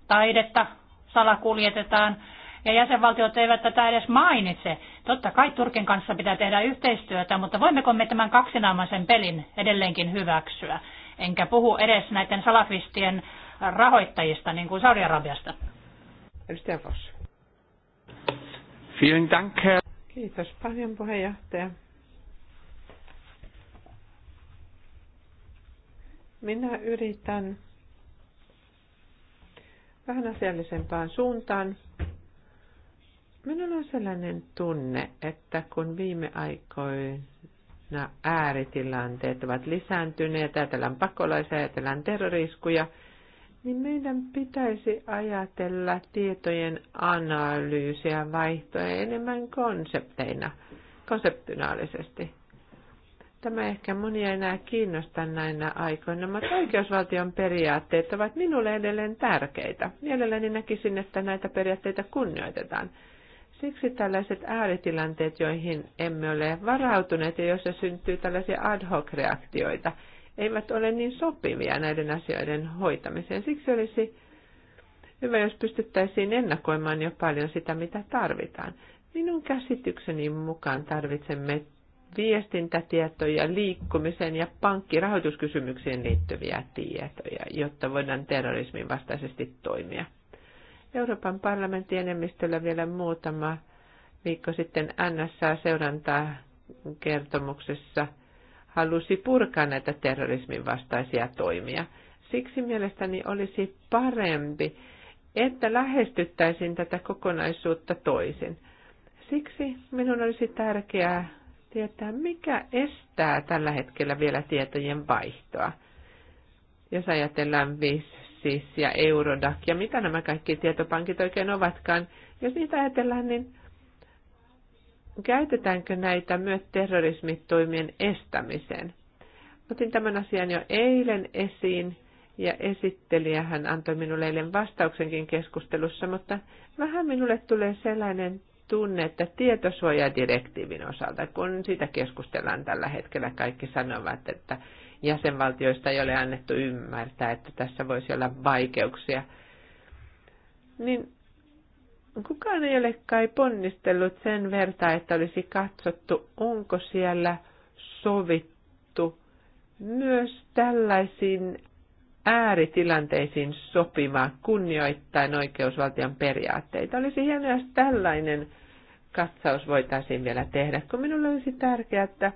taidetta salakuljetetaan ja jäsenvaltiot eivät tätä edes mainitse. Totta kai Turkin kanssa pitää tehdä yhteistyötä, mutta voimmeko me tämän kaksinaamaisen pelin edelleenkin hyväksyä? Enkä puhu edes näiden salafistien rahoittajista, niin kuin Saudi-Arabiasta. Edustaja Voss. Vielen Dank. Kiitos paljon puheenjohtaja. Minä yritän vähän asiallisempaan suuntaan. Minulla on sellainen tunne, että kun viime aikoina ääritilanteet ovat lisääntyneet, ajatellaan pakolaisia, ajatellaan terroriskuja, niin meidän pitäisi ajatella tietojen analyysiä vaihtoja enemmän konsepteina, konseptinaalisesti. Tämä ehkä monia enää kiinnosta näinä aikoina, mutta oikeusvaltion periaatteet ovat minulle edelleen tärkeitä. Mielelläni näkisin, että näitä periaatteita kunnioitetaan. Siksi tällaiset ääritilanteet, joihin emme ole varautuneet ja joissa syntyy tällaisia ad hoc-reaktioita, eivät ole niin sopivia näiden asioiden hoitamiseen. Siksi olisi hyvä, jos pystyttäisiin ennakoimaan jo paljon sitä, mitä tarvitaan. Minun käsitykseni mukaan tarvitsemme viestintätietoja, liikkumisen ja pankkirahoituskysymyksiin liittyviä tietoja, jotta voidaan terrorismin vastaisesti toimia. Euroopan parlamentin enemmistöllä vielä muutama viikko sitten NSA-seurantaa kertomuksessa halusi purkaa näitä terrorismin vastaisia toimia. Siksi mielestäni olisi parempi, että lähestyttäisiin tätä kokonaisuutta toisin. Siksi minun olisi tärkeää tietää, mikä estää tällä hetkellä vielä tietojen vaihtoa. Jos ajatellaan VISIS ja Eurodac ja mitä nämä kaikki tietopankit oikein ovatkaan, jos niitä ajatellaan, niin käytetäänkö näitä myös terrorismitoimien estämiseen? Otin tämän asian jo eilen esiin ja esittelijä hän antoi minulle eilen vastauksenkin keskustelussa, mutta vähän minulle tulee sellainen tunnetta tietosuojadirektiivin osalta, kun sitä keskustellaan tällä hetkellä. Kaikki sanovat, että jäsenvaltioista ei ole annettu ymmärtää, että tässä voisi olla vaikeuksia. Niin kukaan ei ole kai ponnistellut sen verta, että olisi katsottu, onko siellä sovittu myös tällaisiin ääritilanteisiin sopiva kunnioittain oikeusvaltion periaatteita. Olisi hienoa, jos tällainen katsaus voitaisiin vielä tehdä, kun minulle olisi tärkeää, että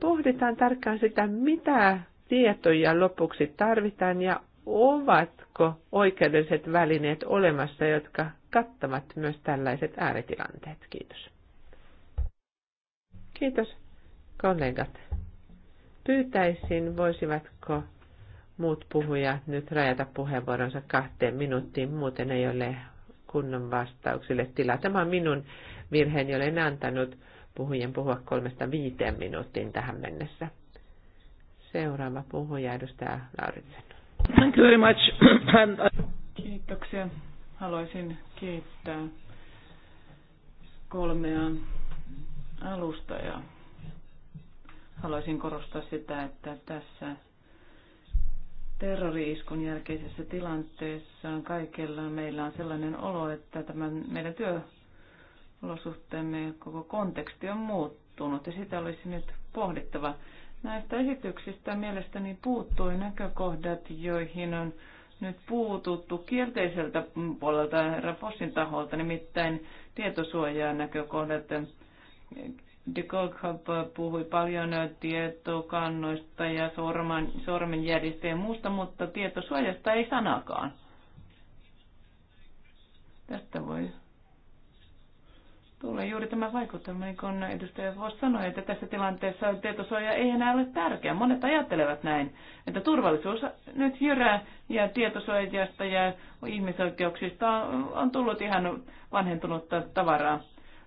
pohditaan tarkkaan sitä, mitä tietoja lopuksi tarvitaan ja ovatko oikeudelliset välineet olemassa, jotka kattavat myös tällaiset ääritilanteet. Kiitos. Kiitos, kollegat. Pyytäisin, voisivatko muut puhujat nyt rajata puheenvuoronsa kahteen minuuttiin, muuten ei ole kunnon vastauksille tilaa. Tämä on minun virheeni, olen antanut puhujien puhua kolmesta viiteen minuuttiin tähän mennessä. Seuraava puhuja, edustaja Lauritsen. Thank you very much. Kiitoksia. Haluaisin kiittää kolmea alustajaa. Haluaisin korostaa sitä, että tässä terrori-iskun jälkeisessä tilanteessa kaikilla meillä on sellainen olo, että tämän meidän työolosuhteemme koko konteksti on muuttunut ja sitä olisi nyt pohdittava. Näistä esityksistä mielestäni puuttui näkökohdat, joihin on nyt puututtu kielteiseltä puolelta Fossin taholta, nimittäin tietosuojaa näkökohdat de Gogh puhui paljon tietokannoista ja sorman, sormenjäljistä ja muusta, mutta tietosuojasta ei sanakaan. Tästä voi tulla juuri tämä vaikutelma, niin kuin edustaja voisi sanoi, että tässä tilanteessa tietosuoja ei enää ole tärkeä. Monet ajattelevat näin, että turvallisuus nyt jyrää ja tietosuojasta ja ihmisoikeuksista on tullut ihan vanhentunutta tavaraa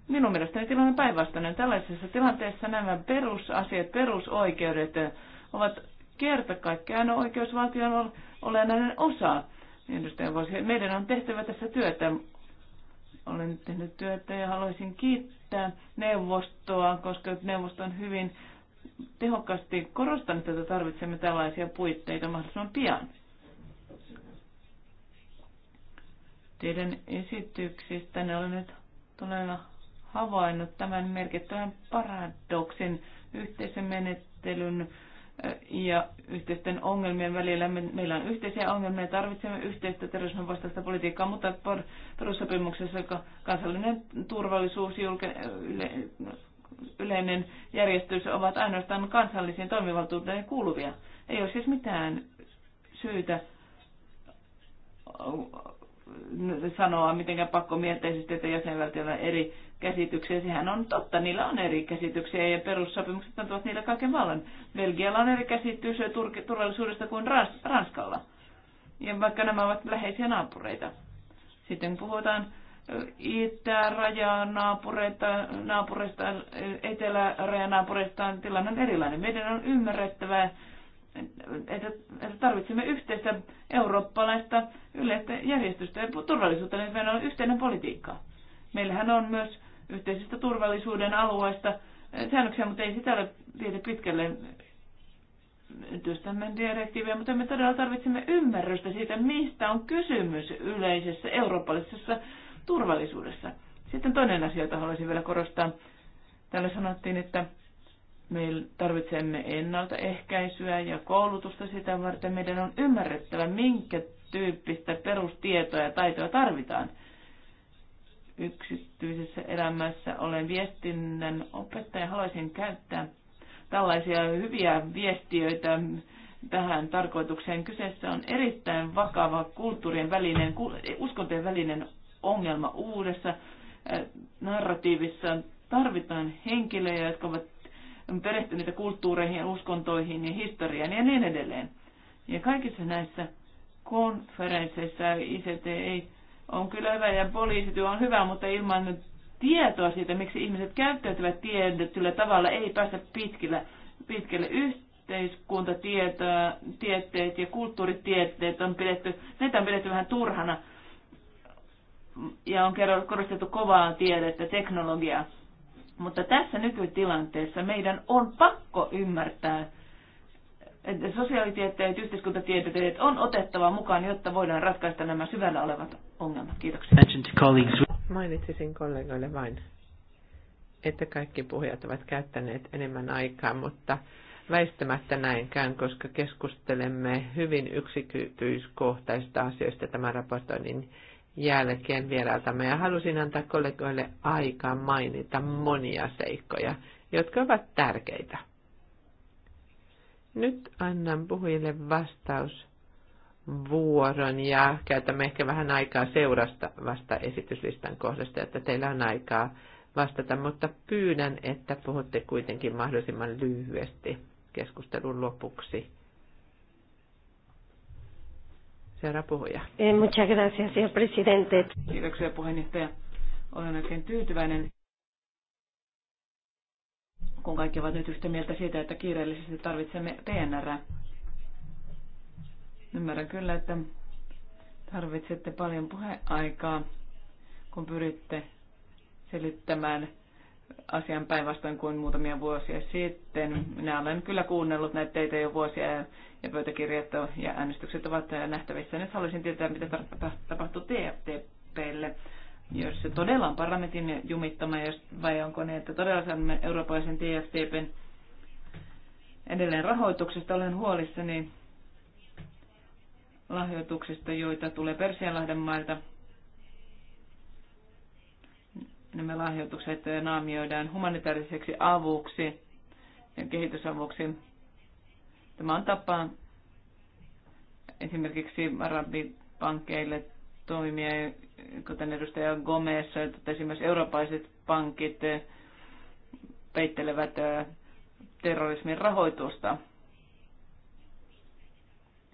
Minun mielestäni tilanne päinvastainen. Tällaisessa tilanteessa nämä perusasiat, perusoikeudet ovat kerta kaikkiaan oikeusvaltion olennainen osa. Meidän on tehtävä tässä työtä. Olen tehnyt työtä ja haluaisin kiittää neuvostoa, koska neuvosto on hyvin tehokkaasti korostanut, että tarvitsemme tällaisia puitteita mahdollisimman pian. Teidän esityksistänne olen nyt todella havainnut tämän merkittävän paradoksin yhteisen menettelyn eh, ja yhteisten ongelmien välillä. Meillä on yhteisiä ongelmia, tarvitsemme yhteistä terrorismin vastaista politiikkaa, mutta perussopimuksessa kansallinen turvallisuus, julke, yle, yleinen järjestys ovat ainoastaan kansallisiin toimivaltuuteen kuuluvia. Ei ole siis mitään syytä eh, sanoa mitenkään pakkomielteisesti, että jäsenvaltioilla eri käsityksiä. Sehän on totta, niillä on eri käsityksiä ja perussopimukset antavat niillä kaiken vallan. Belgialla on eri käsitys turvallisuudesta kuin Ranskalla. Ja vaikka nämä ovat läheisiä naapureita. Sitten puhutaan itärajaa naapureita, naapureista, etelärajan naapureista, tilanne on erilainen. Meidän on ymmärrettävää, että, että tarvitsemme yhteistä eurooppalaista yleistä järjestystä ja turvallisuutta, niin meillä on yhteinen politiikka. Meillähän on myös yhteisestä turvallisuuden alueesta eh, säännöksiä, mutta ei sitä ole viety pitkälle työstämme direktiiviä, mutta me todella tarvitsemme ymmärrystä siitä, mistä on kysymys yleisessä eurooppalaisessa turvallisuudessa. Sitten toinen asia, jota haluaisin vielä korostaa. Täällä sanottiin, että me tarvitsemme ennaltaehkäisyä ja koulutusta sitä varten. Meidän on ymmärrettävä, minkä tyyppistä perustietoa ja taitoa tarvitaan – yksityisessä elämässä. Olen viestinnän opettaja. Haluaisin käyttää tällaisia hyviä viestiöitä tähän tarkoitukseen. Kyseessä on erittäin vakava kulttuurien välinen, uskontojen välinen ongelma uudessa eh, narratiivissa. Tarvitaan henkilöjä, jotka ovat perehtyneitä kulttuureihin ja uskontoihin ja historiaan ja niin edelleen. Ja kaikissa näissä konferensseissa ICT ei on kyllä hyvä ja poliisityö on hyvä, mutta ilman tietoa siitä, miksi ihmiset käyttäytyvät tietyllä tavalla, ei päästä pitkille, pitkille yhteiskuntatieteet ja kulttuuritieteet on pidetty, näitä on pidetty vähän turhana ja on korostettu kovaa tiedettä, teknologiaa. Mutta tässä nykytilanteessa meidän on pakko ymmärtää, että sosiaalitieteet, yhteiskuntatieteet on otettava mukaan, jotta voidaan ratkaista nämä syvällä olevat ongelma. Kiitoksia. Mainitsisin kollegoille vain, että kaikki puhujat ovat käyttäneet enemmän aikaa, mutta väistämättä näinkään, koska keskustelemme hyvin yksityiskohtaisista asioista tämän raportoinnin jälkeen vierailtamme. Ja halusin antaa kollegoille aikaa mainita monia seikkoja, jotka ovat tärkeitä. Nyt annan puhujille vastaus vuoron ja käytämme ehkä vähän aikaa seurasta vasta esityslistan kohdasta, että teillä on aikaa vastata, mutta pyydän, että puhutte kuitenkin mahdollisimman lyhyesti keskustelun lopuksi. Seuraava puhuja. Eh, muchas gracias, señor presidente. Kiitoksia puheenjohtaja. Olen oikein tyytyväinen, kun kaikki ovat nyt yhtä mieltä siitä, että kiireellisesti tarvitsemme PNR. Ymmärrän kyllä, että tarvitsette paljon puheaikaa, kun pyritte selittämään asian päinvastoin kuin muutamia vuosia sitten. Minä olen kyllä kuunnellut näitä teitä jo vuosia ja pöytäkirjat ja äänestykset ovat nähtävissä. Nyt haluaisin tietää, mitä tapahtuu TFTPlle. Jos se todella on parlamentin jumittama vai onko ne, niin, että todella saamme eurooppalaisen TFTPn edelleen rahoituksesta, olen huolissani lahjoituksista, joita tulee Persianlahden mailta. Nämä lahjoitukset naamioidaan humanitaariseksi avuksi ja kehitysavuksi. Tämä on tapa esimerkiksi arabipankkeille toimia, kuten edustaja Gomez totesi, myös eurooppalaiset pankit peittelevät terrorismin rahoitusta.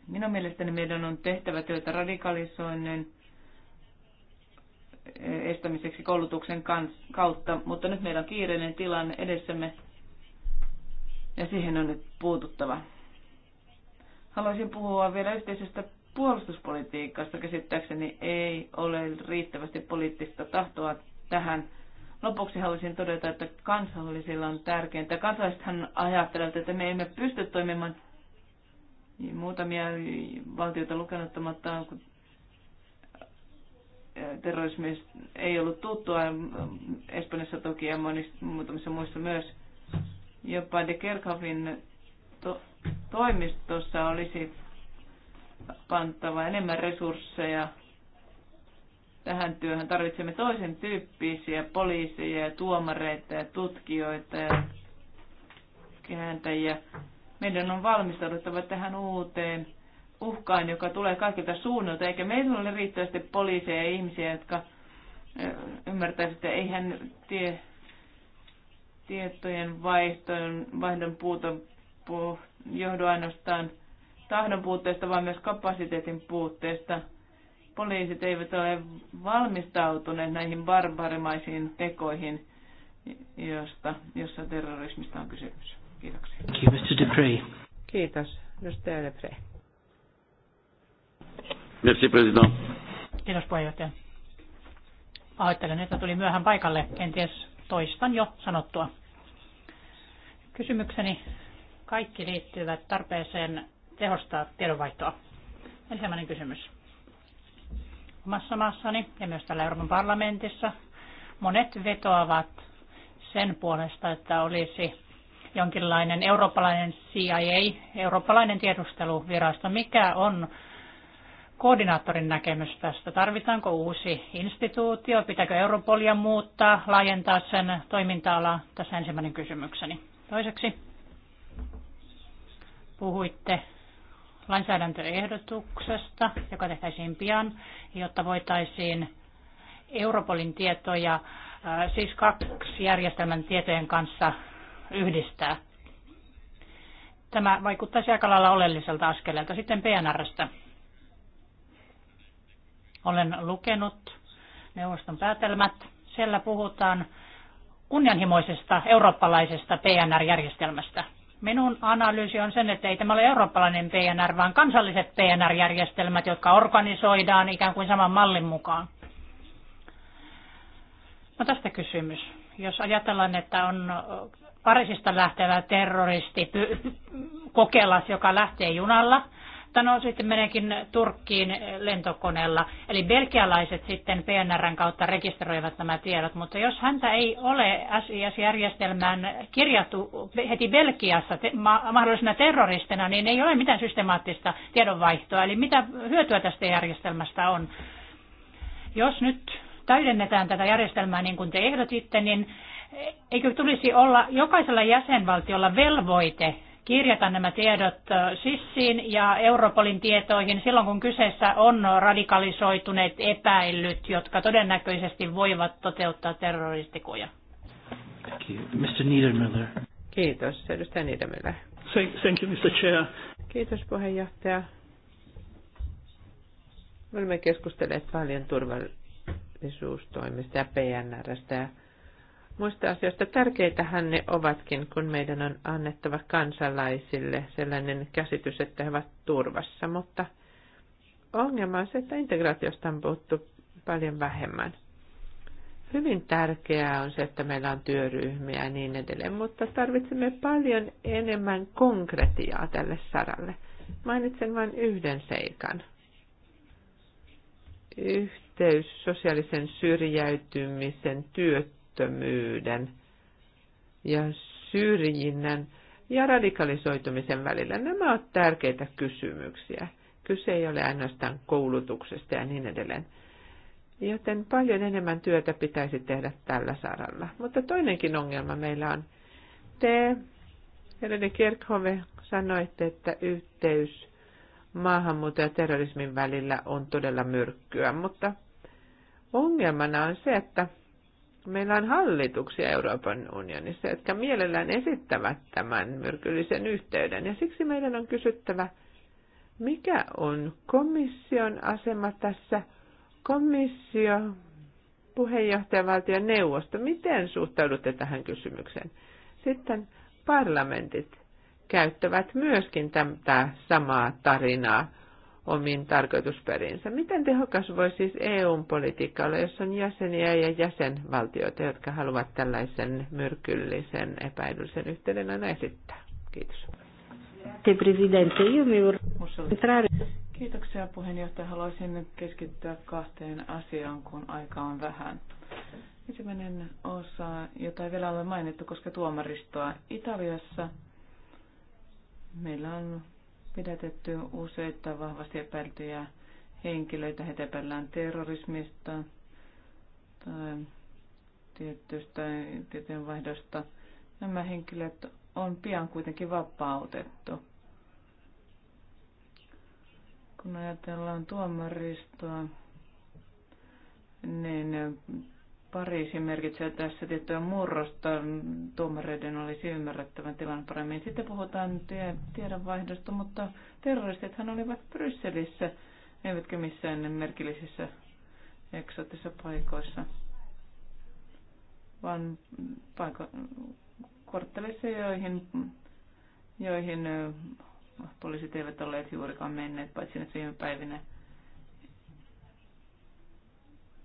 Minun mielestäni meidän on tehtävä työtä radikalisoinnin e, estämiseksi koulutuksen kautta, mutta nyt meillä on kiireinen tilanne edessämme ja siihen on nyt puututtava. Haluaisin puhua vielä yhteisestä puolustuspolitiikasta. Käsittääkseni ei ole riittävästi poliittista tahtoa tähän. Lopuksi haluaisin todeta, että kansallisilla on tärkeintä. Kansalaisethan ajattelevat, että me emme pysty toimimaan Muutamia valtioita kun terrorismi ei ollut tuttua, Espanjassa toki ja monissa, muutamissa muissa myös. Jopa de Kerkhoffin to- toimistossa olisi pantava enemmän resursseja tähän työhön. Tarvitsemme toisen tyyppisiä poliiseja ja tuomareita ja tutkijoita ja kääntäjiä. Meidän on valmistauduttava tähän uuteen uhkaan, joka tulee kaikilta suunnilta, eikä meillä ole riittävästi poliiseja ja ihmisiä, jotka ymmärtäisivät, että eihän tie, tietojen vaihtoon, vaihdon puuta johdu ainoastaan tahdon puutteesta, vaan myös kapasiteetin puutteesta. Poliisit eivät ole valmistautuneet näihin barbarimaisiin tekoihin, josta, jossa terrorismista on kysymys. Kiitoksia. Thank you, Mr. Dupree. Kiitos, Mr. Dupree. Merci, president. Kiitos, puheenjohtaja. Pahoittelen, että tuli myöhään paikalle. Kenties toistan jo sanottua. Kysymykseni kaikki liittyvät tarpeeseen tehostaa tiedonvaihtoa. Ensimmäinen kysymys. Omassa maassani ja myös täällä Euroopan parlamentissa monet vetoavat sen puolesta, että olisi jonkinlainen eurooppalainen CIA, eurooppalainen tiedusteluvirasto. Mikä on koordinaattorin näkemys tästä? Tarvitaanko uusi instituutio? Pitääkö Europolia muuttaa, laajentaa sen toiminta-alaa? Tässä ensimmäinen kysymykseni. Toiseksi puhuitte lainsäädäntöehdotuksesta, joka tehtäisiin pian, jotta voitaisiin Europolin tietoja, äh, siis kaksi järjestelmän tietojen kanssa yhdistää. Tämä vaikuttaisi aika lailla oleelliselta askeleelta. Sitten PNRstä. Olen lukenut neuvoston päätelmät. Siellä puhutaan kunnianhimoisesta eurooppalaisesta PNR-järjestelmästä. Minun analyysi on sen, että ei tämä ole eurooppalainen PNR, vaan kansalliset PNR-järjestelmät, jotka organisoidaan ikään kuin saman mallin mukaan. No tästä kysymys. Jos ajatellaan, että on Pariisista lähtevä terroristi, kokelas, joka lähtee junalla, mutta no sitten meneekin Turkkiin lentokoneella. Eli belgialaiset sitten PNRn kautta rekisteröivät nämä tiedot, mutta jos häntä ei ole SIS-järjestelmään kirjattu heti Belgiassa te- ma- mahdollisena terroristina, niin ei ole mitään systemaattista tiedonvaihtoa. Eli mitä hyötyä tästä järjestelmästä on? Jos nyt täydennetään tätä järjestelmää niin kuin te ehdotitte, niin eikö tulisi olla jokaisella jäsenvaltiolla velvoite kirjata nämä tiedot SISSiin ja Europolin tietoihin silloin, kun kyseessä on radikalisoituneet epäillyt, jotka todennäköisesti voivat toteuttaa terroristikuja. Mr. Niedermüller. Kiitos, edustaja Niedermüller. Thank you, Mr. Chair. Kiitos, puheenjohtaja. Me olemme keskustelleet paljon turvallisuustoimista ja PNRstä muista asioista. Tärkeitähän ne ovatkin, kun meidän on annettava kansalaisille sellainen käsitys, että he ovat turvassa, mutta ongelma on se, että integraatiosta on puhuttu paljon vähemmän. Hyvin tärkeää on se, että meillä on työryhmiä ja niin edelleen, mutta tarvitsemme paljon enemmän konkretiaa tälle saralle. Mainitsen vain yhden seikan. Yhteys sosiaalisen syrjäytymisen, työt työttömyyden ja syrjinnän ja radikalisoitumisen välillä. Nämä ovat tärkeitä kysymyksiä. Kyse ei ole ainoastaan koulutuksesta ja niin edelleen. Joten paljon enemmän työtä pitäisi tehdä tällä saralla. Mutta toinenkin ongelma meillä on. Te, Helene Kirkhove, sanoitte, että yhteys maahanmuuton ja terrorismin välillä on todella myrkkyä, mutta ongelmana on se, että meillä on hallituksia Euroopan unionissa, jotka mielellään esittävät tämän myrkyllisen yhteyden. Ja siksi meidän on kysyttävä, mikä on komission asema tässä? Komissio, puheenjohtajavaltion neuvosto, miten suhtaudutte tähän kysymykseen? Sitten parlamentit käyttävät myöskin tätä samaa tarinaa omiin tarkoitusperinsä. Miten tehokas voi siis EU-politiikka olla, jos on jäseniä ja jäsenvaltioita, jotka haluavat tällaisen myrkyllisen epäilyllisen yhteyden aina esittää? Kiitos. Kiitoksia puheenjohtaja. Haluaisin nyt keskittyä kahteen asiaan, kun aika on vähän. Ensimmäinen osa, jota ei vielä ole mainittu, koska tuomaristoa Italiassa meillä on pidätetty useita vahvasti epäiltyjä henkilöitä. Heitä epäillään terrorismista tai tietystä tietojenvaihdosta. Nämä henkilöt on pian kuitenkin vapautettu. Kun ajatellaan tuomaristoa, niin Pariisi merkitsee tässä tiettyä murrosta. Tuomareiden olisi ymmärrettävä tilanne paremmin. Sitten puhutaan tie- tiedonvaihdosta, mutta terroristithan olivat Brysselissä, eivätkä missään merkillisissä eksotissa paikoissa, vaan paiko- kortteleissa, joihin, joihin poliisit eivät olleet juurikaan menneet, paitsi ne viime päivinä –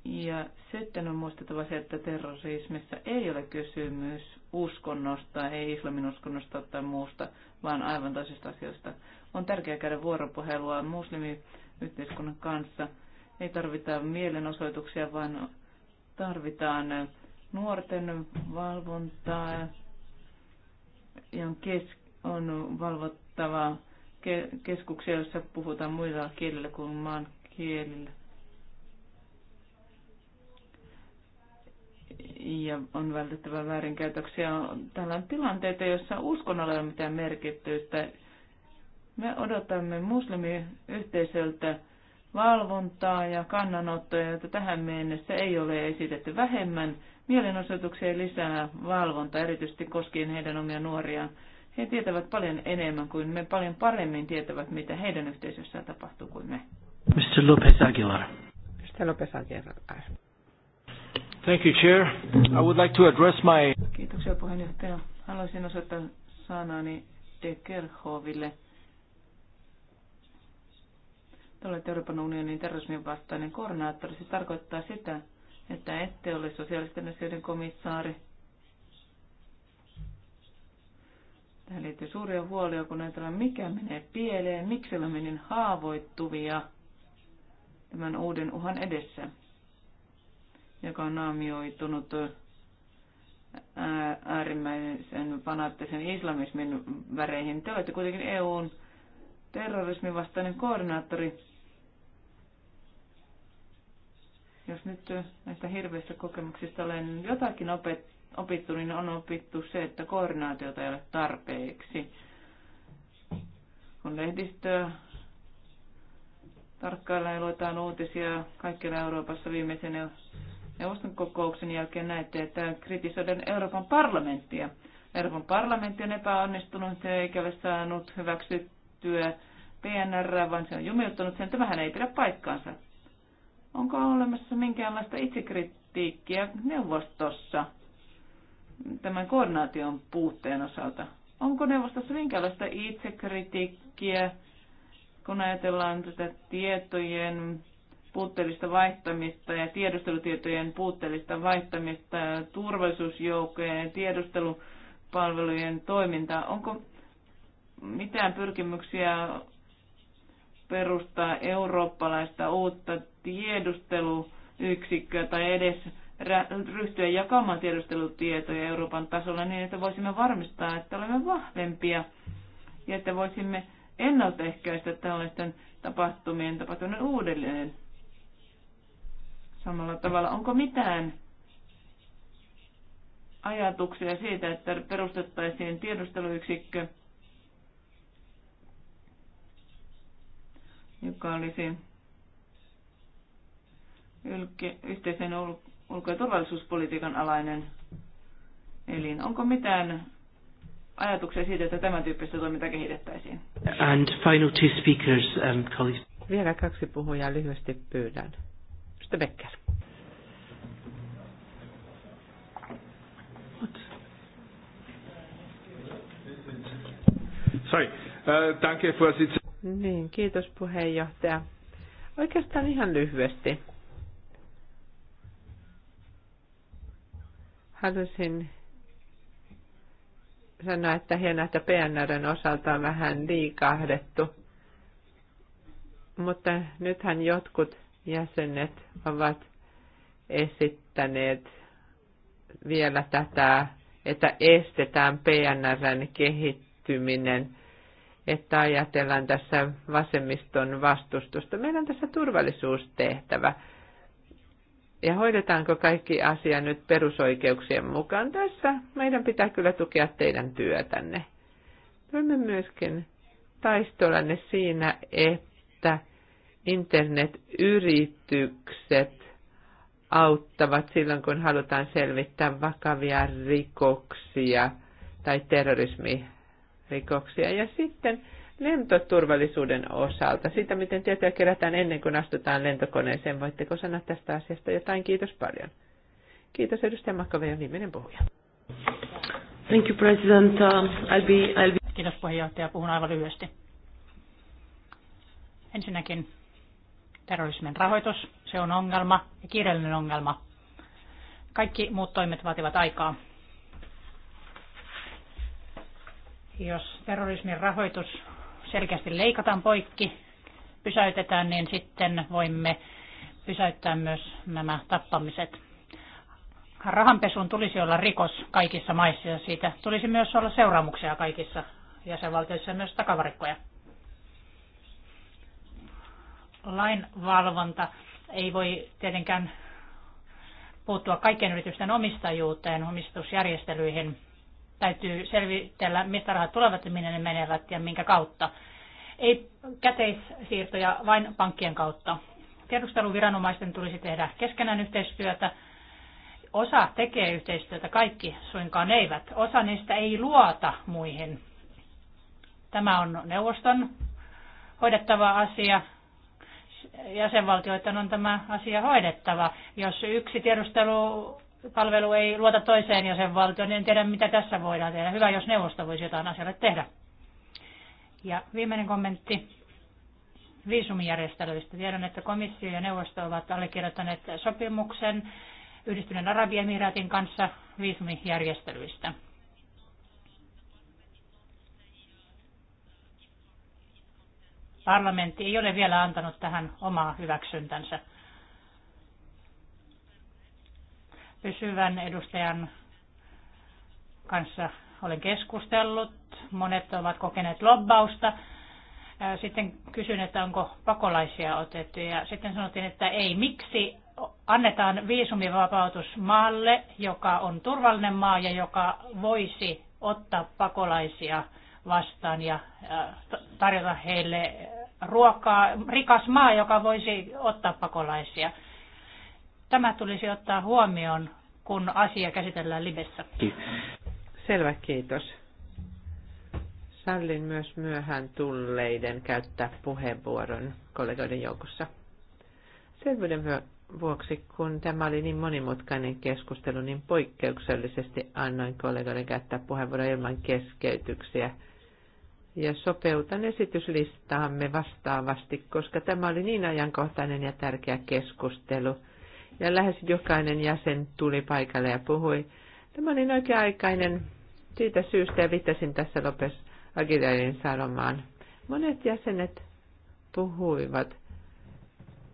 ja sitten on muistettava se, että terrorismissa ei ole kysymys uskonnosta, ei islamin uskonnosta tai muusta, vaan aivan toisista asioista. On tärkeää käydä vuoropuhelua muslimiyhteiskunnan kanssa. Ei tarvita mielenosoituksia, vaan tarvitaan nuorten valvontaa ja on, kes- on valvottava ke- keskuksia, joissa puhutaan muilla kielillä kuin maan kielillä ja on vältettävä väärinkäytöksiä. Täällä on tilanteita, joissa uskonnolla ei ole mitään merkitystä. Me odotamme muslimiyhteisöltä valvontaa ja kannanottoja, joita tähän mennessä ei ole esitetty vähemmän. Mielenosoituksia lisää valvonta, erityisesti koskien heidän omia nuoriaan. He tietävät paljon enemmän kuin me, paljon paremmin tietävät, mitä heidän yhteisössään tapahtuu kuin me. Mr. Lopez Aguilar. Mr. Lopez Aguilar. Thank you, Chair. I would like to address my... Kiitoksia puheenjohtaja. Haluaisin osoittaa sanani de Kerhoville. Te olette Euroopan unionin terrorismin vastainen koordinaattori. Se tarkoittaa sitä, että ette ole sosiaalisten asioiden komissaari. Tähän liittyy suuria huolia, kun ajatellaan, mikä menee pieleen, miksi olemme niin haavoittuvia tämän uuden uhan edessä joka on naamioitunut äh, äärimmäisen fanaattisen islamismin väreihin. Te olette kuitenkin EUn terrorismin vastainen koordinaattori. Jos nyt äh, näistä hirveistä kokemuksista olen jotakin opittu, niin on opittu se, että koordinaatiota ei ole tarpeeksi. Kun lehdistöä tarkkaillaan ja luetaan uutisia kaikkialla Euroopassa viimeisenä neuvoston kokouksen jälkeen näette, että kritisoidaan Euroopan parlamenttia. Euroopan parlamentti on epäonnistunut eikä ole saanut hyväksyttyä PNR, vaan se on jumiuttanut sen. vähän ei pidä paikkaansa. Onko olemassa minkäänlaista itsekritiikkiä neuvostossa tämän koordinaation puutteen osalta? Onko neuvostossa minkäänlaista itsekritiikkiä, kun ajatellaan tätä tietojen puutteellista vaihtamista ja tiedustelutietojen puutteellista vaihtamista, turvallisuusjoukkojen ja tiedustelupalvelujen toimintaa. Onko mitään pyrkimyksiä perustaa eurooppalaista uutta tiedusteluyksikköä tai edes ryhtyä jakamaan tiedustelutietoja Euroopan tasolla niin, että voisimme varmistaa, että olemme vahvempia ja että voisimme ennaltaehkäistä tällaisten tapahtumien, tapahtuminen uudelleen samalla tavalla. Onko mitään ajatuksia siitä, että perustettaisiin tiedusteluyksikkö, joka olisi yhteisen ulko- ja turvallisuuspolitiikan alainen elin. Onko mitään ajatuksia siitä, että tämän tyyppistä toimintaa kehitettäisiin? And final two speakers, um, colleagues. Vielä kaksi puhujaa lyhyesti pyydän. Mr. Becker. Sorry. Uh, danke, niin, kiitos puheenjohtaja. Oikeastaan ihan lyhyesti. Halusin sanoa, että hienoa, että PNRn osalta on vähän liikahdettu. Mutta nythän jotkut jäsenet ovat esittäneet vielä tätä, että estetään PNRn kehittyminen, että ajatellaan tässä vasemmiston vastustusta. Meillä on tässä turvallisuustehtävä. Ja hoidetaanko kaikki asia nyt perusoikeuksien mukaan? Tässä meidän pitää kyllä tukea teidän työtänne. Voimme myöskin taistolanne siinä, että internetyritykset auttavat silloin, kun halutaan selvittää vakavia rikoksia tai terrorismirikoksia. Ja sitten lentoturvallisuuden osalta, siitä miten tietoja kerätään ennen kuin astutaan lentokoneeseen. Voitteko sanoa tästä asiasta jotain? Kiitos paljon. Kiitos edustaja Makkava ja viimeinen puhuja. Thank you, President. Uh, I'll be, I'll be... Kiitos puheenjohtaja. Puhun aivan lyhyesti. Ensinnäkin Terrorismin rahoitus, se on ongelma ja kiireellinen ongelma. Kaikki muut toimet vaativat aikaa. Jos terrorismin rahoitus selkeästi leikataan poikki, pysäytetään, niin sitten voimme pysäyttää myös nämä tappamiset. Rahanpesun tulisi olla rikos kaikissa maissa ja siitä tulisi myös olla seuraamuksia kaikissa jäsenvaltioissa ja myös takavarikkoja lainvalvonta ei voi tietenkään puuttua kaikkien yritysten omistajuuteen, omistusjärjestelyihin. Täytyy selvitellä, mistä rahat tulevat ja minne ne menevät ja minkä kautta. Ei käteissiirtoja vain pankkien kautta. Tiedusteluviranomaisten tulisi tehdä keskenään yhteistyötä. Osa tekee yhteistyötä, kaikki suinkaan eivät. Osa niistä ei luota muihin. Tämä on neuvoston hoidettava asia jäsenvaltioiden on tämä asia hoidettava. Jos yksi tiedustelupalvelu ei luota toiseen jäsenvaltioon, niin en tiedä mitä tässä voidaan tehdä. Hyvä, jos neuvosto voisi jotain asialle tehdä. Ja viimeinen kommentti viisumijärjestelyistä. Tiedän, että komissio ja neuvosto ovat allekirjoittaneet sopimuksen yhdistyneen Arabiemiraatin kanssa viisumijärjestelyistä. parlamentti ei ole vielä antanut tähän omaa hyväksyntänsä. Pysyvän edustajan kanssa olen keskustellut. Monet ovat kokeneet lobbausta. Sitten kysyin, että onko pakolaisia otettu ja sitten sanottiin, että ei. Miksi annetaan viisumivapautus maalle, joka on turvallinen maa ja joka voisi ottaa pakolaisia – vastaan ja äh, tarjota heille ruokaa, rikas maa, joka voisi ottaa pakolaisia. Tämä tulisi ottaa huomioon, kun asia käsitellään Libessä. Selvä, kiitos. Sallin myös myöhään tulleiden käyttää puheenvuoron kollegoiden joukossa. Selvyyden vuoksi, kun tämä oli niin monimutkainen keskustelu, niin poikkeuksellisesti annoin kollegoiden käyttää puheenvuoron ilman keskeytyksiä – ja sopeutan esityslistaamme vastaavasti, koska tämä oli niin ajankohtainen ja tärkeä keskustelu. Ja lähes jokainen jäsen tuli paikalle ja puhui. Tämä oli niin oikea-aikainen siitä syystä ja viittasin tässä Lopes Agilialin sanomaan. Monet jäsenet puhuivat,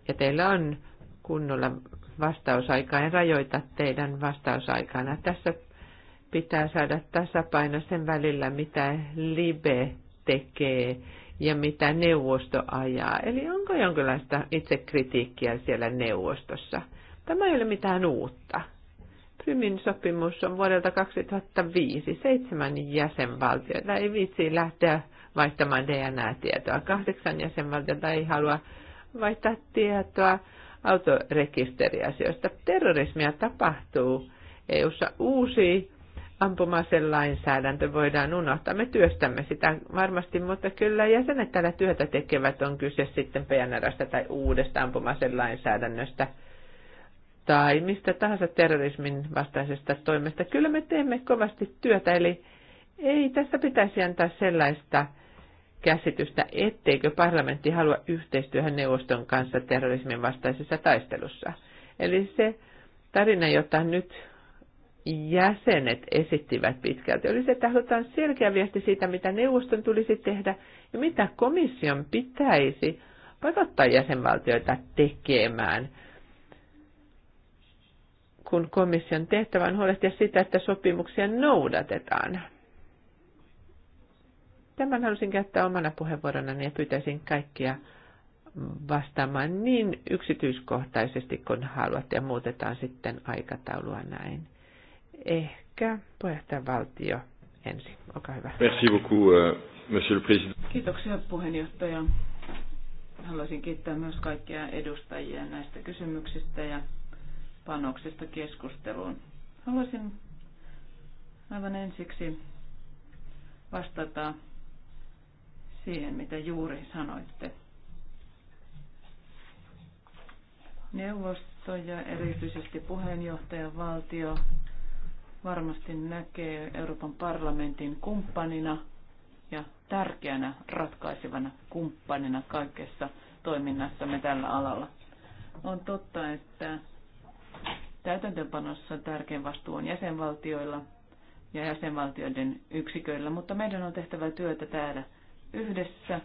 ja teillä on kunnolla vastausaikaa, ja rajoita teidän vastausaikana. Tässä pitää saada tasapaino sen välillä, mitä libe tekee ja mitä neuvosto ajaa. Eli onko jonkinlaista itsekritiikkiä siellä neuvostossa? Tämä ei ole mitään uutta. Prymin sopimus on vuodelta 2005. Seitsemän jäsenvaltiota ei viitsi lähteä vaihtamaan DNA-tietoa. Kahdeksan jäsenvaltiota ei halua vaihtaa tietoa autorekisteriasioista. Terrorismia tapahtuu EU-ssa uusi ampumasen lainsäädäntö voidaan unohtaa. Me työstämme sitä varmasti, mutta kyllä jäsenet täällä työtä tekevät on kyse sitten PNRstä tai uudesta ampumasen lainsäädännöstä tai mistä tahansa terrorismin vastaisesta toimesta. Kyllä me teemme kovasti työtä, eli ei tässä pitäisi antaa sellaista käsitystä, etteikö parlamentti halua yhteistyöhön neuvoston kanssa terrorismin vastaisessa taistelussa. Eli se tarina, jota nyt jäsenet esittivät pitkälti, oli se, että halutaan selkeä viesti siitä, mitä neuvoston tulisi tehdä ja mitä komission pitäisi pakottaa jäsenvaltioita tekemään, kun komission tehtävä on huolehtia sitä, että sopimuksia noudatetaan. Tämän halusin käyttää omana puheenvuoronani ja pyytäisin kaikkia vastaamaan niin yksityiskohtaisesti kuin haluatte ja muutetaan sitten aikataulua näin. Ehkä puheenjohtajavaltio ensin. Olkaa hyvä. Merci beaucoup, euh, monsieur le président. Kiitoksia puheenjohtaja. Haluaisin kiittää myös kaikkia edustajia näistä kysymyksistä ja panoksista keskusteluun. Haluaisin aivan ensiksi vastata siihen, mitä juuri sanoitte. Neuvosto ja erityisesti puheenjohtajan valtio varmasti näkee Euroopan parlamentin kumppanina ja tärkeänä ratkaisevana kumppanina kaikessa toiminnassamme tällä alalla. On totta, että täytäntöönpanossa tärkein vastuu on jäsenvaltioilla ja jäsenvaltioiden yksiköillä, mutta meidän on tehtävä työtä täällä yhdessä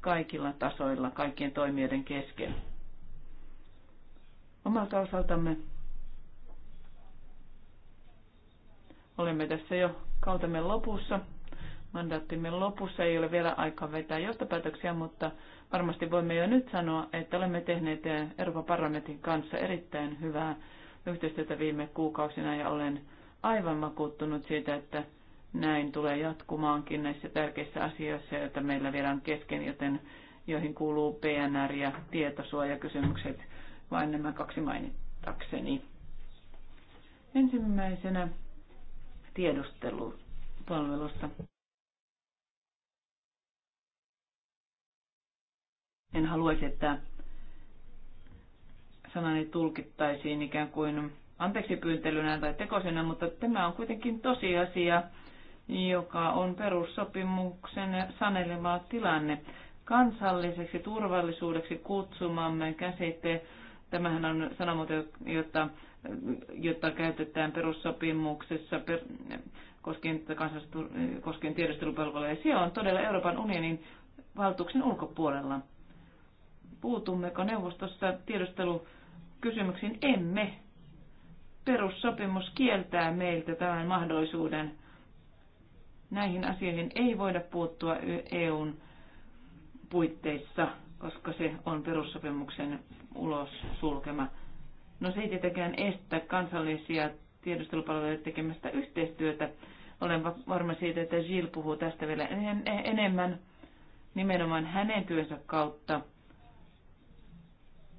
kaikilla tasoilla, kaikkien toimijoiden kesken. Omalta osaltamme Olemme tässä jo kautemme lopussa, mandaattimme lopussa. Ei ole vielä aika vetää johtopäätöksiä, mutta varmasti voimme jo nyt sanoa, että olemme tehneet Euroopan parlamentin kanssa erittäin hyvää yhteistyötä viime kuukausina ja olen aivan makuuttunut siitä, että näin tulee jatkumaankin näissä tärkeissä asioissa, joita meillä vielä on kesken, joten joihin kuuluu PNR ja tietosuojakysymykset, vain nämä kaksi mainittakseni. Ensimmäisenä tiedustelupalvelusta. En haluaisi, että sanani tulkittaisiin ikään kuin anteeksi pyyntelynä tai tekosena, mutta tämä on kuitenkin tosiasia, joka on perussopimuksen sanelema tilanne. Kansalliseksi turvallisuudeksi kutsumamme käsite, tämähän on sanamuoto, jota jota käytetään perussopimuksessa per, koskien, koskien tiedustelupalveluja. Se on todella Euroopan unionin valtuuksen ulkopuolella. Puutummeko neuvostossa tiedustelukysymyksiin? Emme. Perussopimus kieltää meiltä tämän mahdollisuuden. Näihin asioihin ei voida puuttua EUn puitteissa, koska se on perussopimuksen ulos sulkema No se ei tietenkään estä kansallisia tiedustelupalveluja tekemästä yhteistyötä. Olen varma siitä, että Jill puhuu tästä vielä enemmän nimenomaan hänen työnsä kautta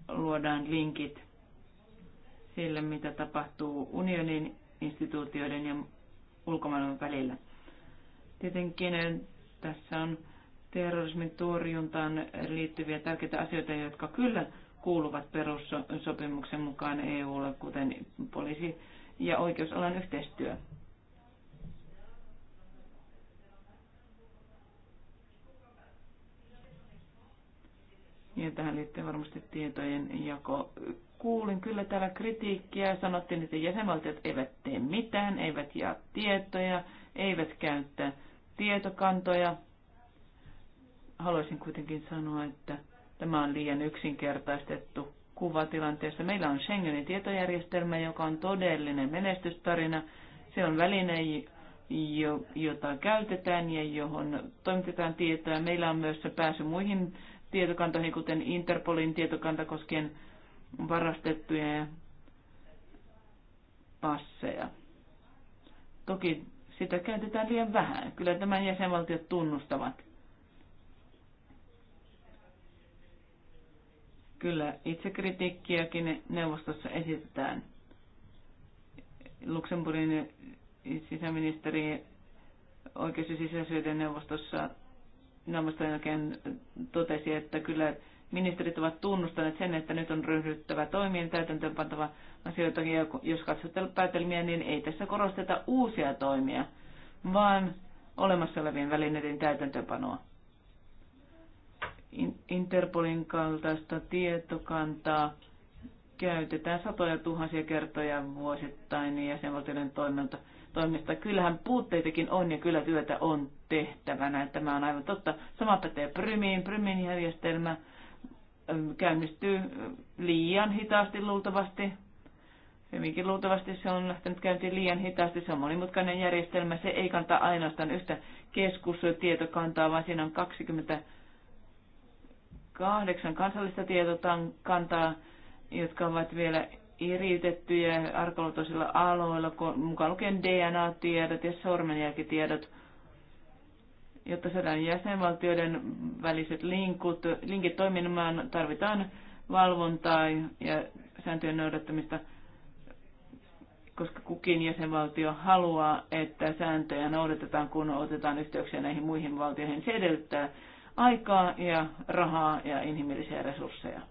luodaan linkit sille, mitä tapahtuu unionin instituutioiden ja ulkomaailman välillä. Tietenkin eh, tässä on terrorismin torjuntaan liittyviä tärkeitä asioita, jotka kyllä kuuluvat perussopimuksen mukaan EUlle, kuten poliisi- ja oikeusalan yhteistyö. Ja tähän liittyy varmasti tietojen jako. Kuulin kyllä täällä kritiikkiä. Sanottiin, että jäsenvaltiot eivät tee mitään, eivät jaa tietoja, eivät käyttä tietokantoja. Haluaisin kuitenkin sanoa, että Tämä on liian yksinkertaistettu kuva Meillä on Schengenin tietojärjestelmä, joka on todellinen menestystarina. Se on väline, jota käytetään ja johon toimitetaan tietoa. Meillä on myös pääsy muihin tietokantoihin, kuten Interpolin tietokanta koskien varastettuja passeja. Toki sitä käytetään liian vähän. Kyllä tämän jäsenvaltiot tunnustavat. kyllä itsekritiikkiäkin neuvostossa esitetään. Luxemburgin sisäministeri oikeus- ja sisäisyyden neuvostossa neuvoston jälkeen totesi, että kyllä ministerit ovat tunnustaneet sen, että nyt on ryhdyttävä toimien täytäntöönpantava asioita. Ja jos katsotaan päätelmiä, niin ei tässä korosteta uusia toimia, vaan olemassa olevien välineiden täytäntöönpanoa. Interpolin kaltaista tietokantaa käytetään satoja tuhansia kertoja vuosittain jäsenvaltioiden toiminta, toimista. Kyllähän puutteitakin on ja kyllä työtä on tehtävänä. Tämä on aivan totta. Sama pätee Prymiin. Prymin järjestelmä käynnistyy liian hitaasti luultavasti. Hyvinkin luultavasti se on lähtenyt käyntiin liian hitaasti. Se on monimutkainen järjestelmä. Se ei kantaa ainoastaan yhtä keskustietokantaa, vaan siinä on 20 kahdeksan kansallista tietokantaa, jotka ovat vielä eriytettyjä arkaluontoisilla aloilla, mukaan lukien DNA-tiedot ja sormenjälkitiedot, jotta saadaan jäsenvaltioiden väliset linkut, linkit toimimaan, tarvitaan valvontaa ja sääntöjen noudattamista, koska kukin jäsenvaltio haluaa, että sääntöjä noudatetaan, kun otetaan yhteyksiä näihin muihin valtioihin. Se edellyttää aikaa ja rahaa ja inhimillisiä resursseja.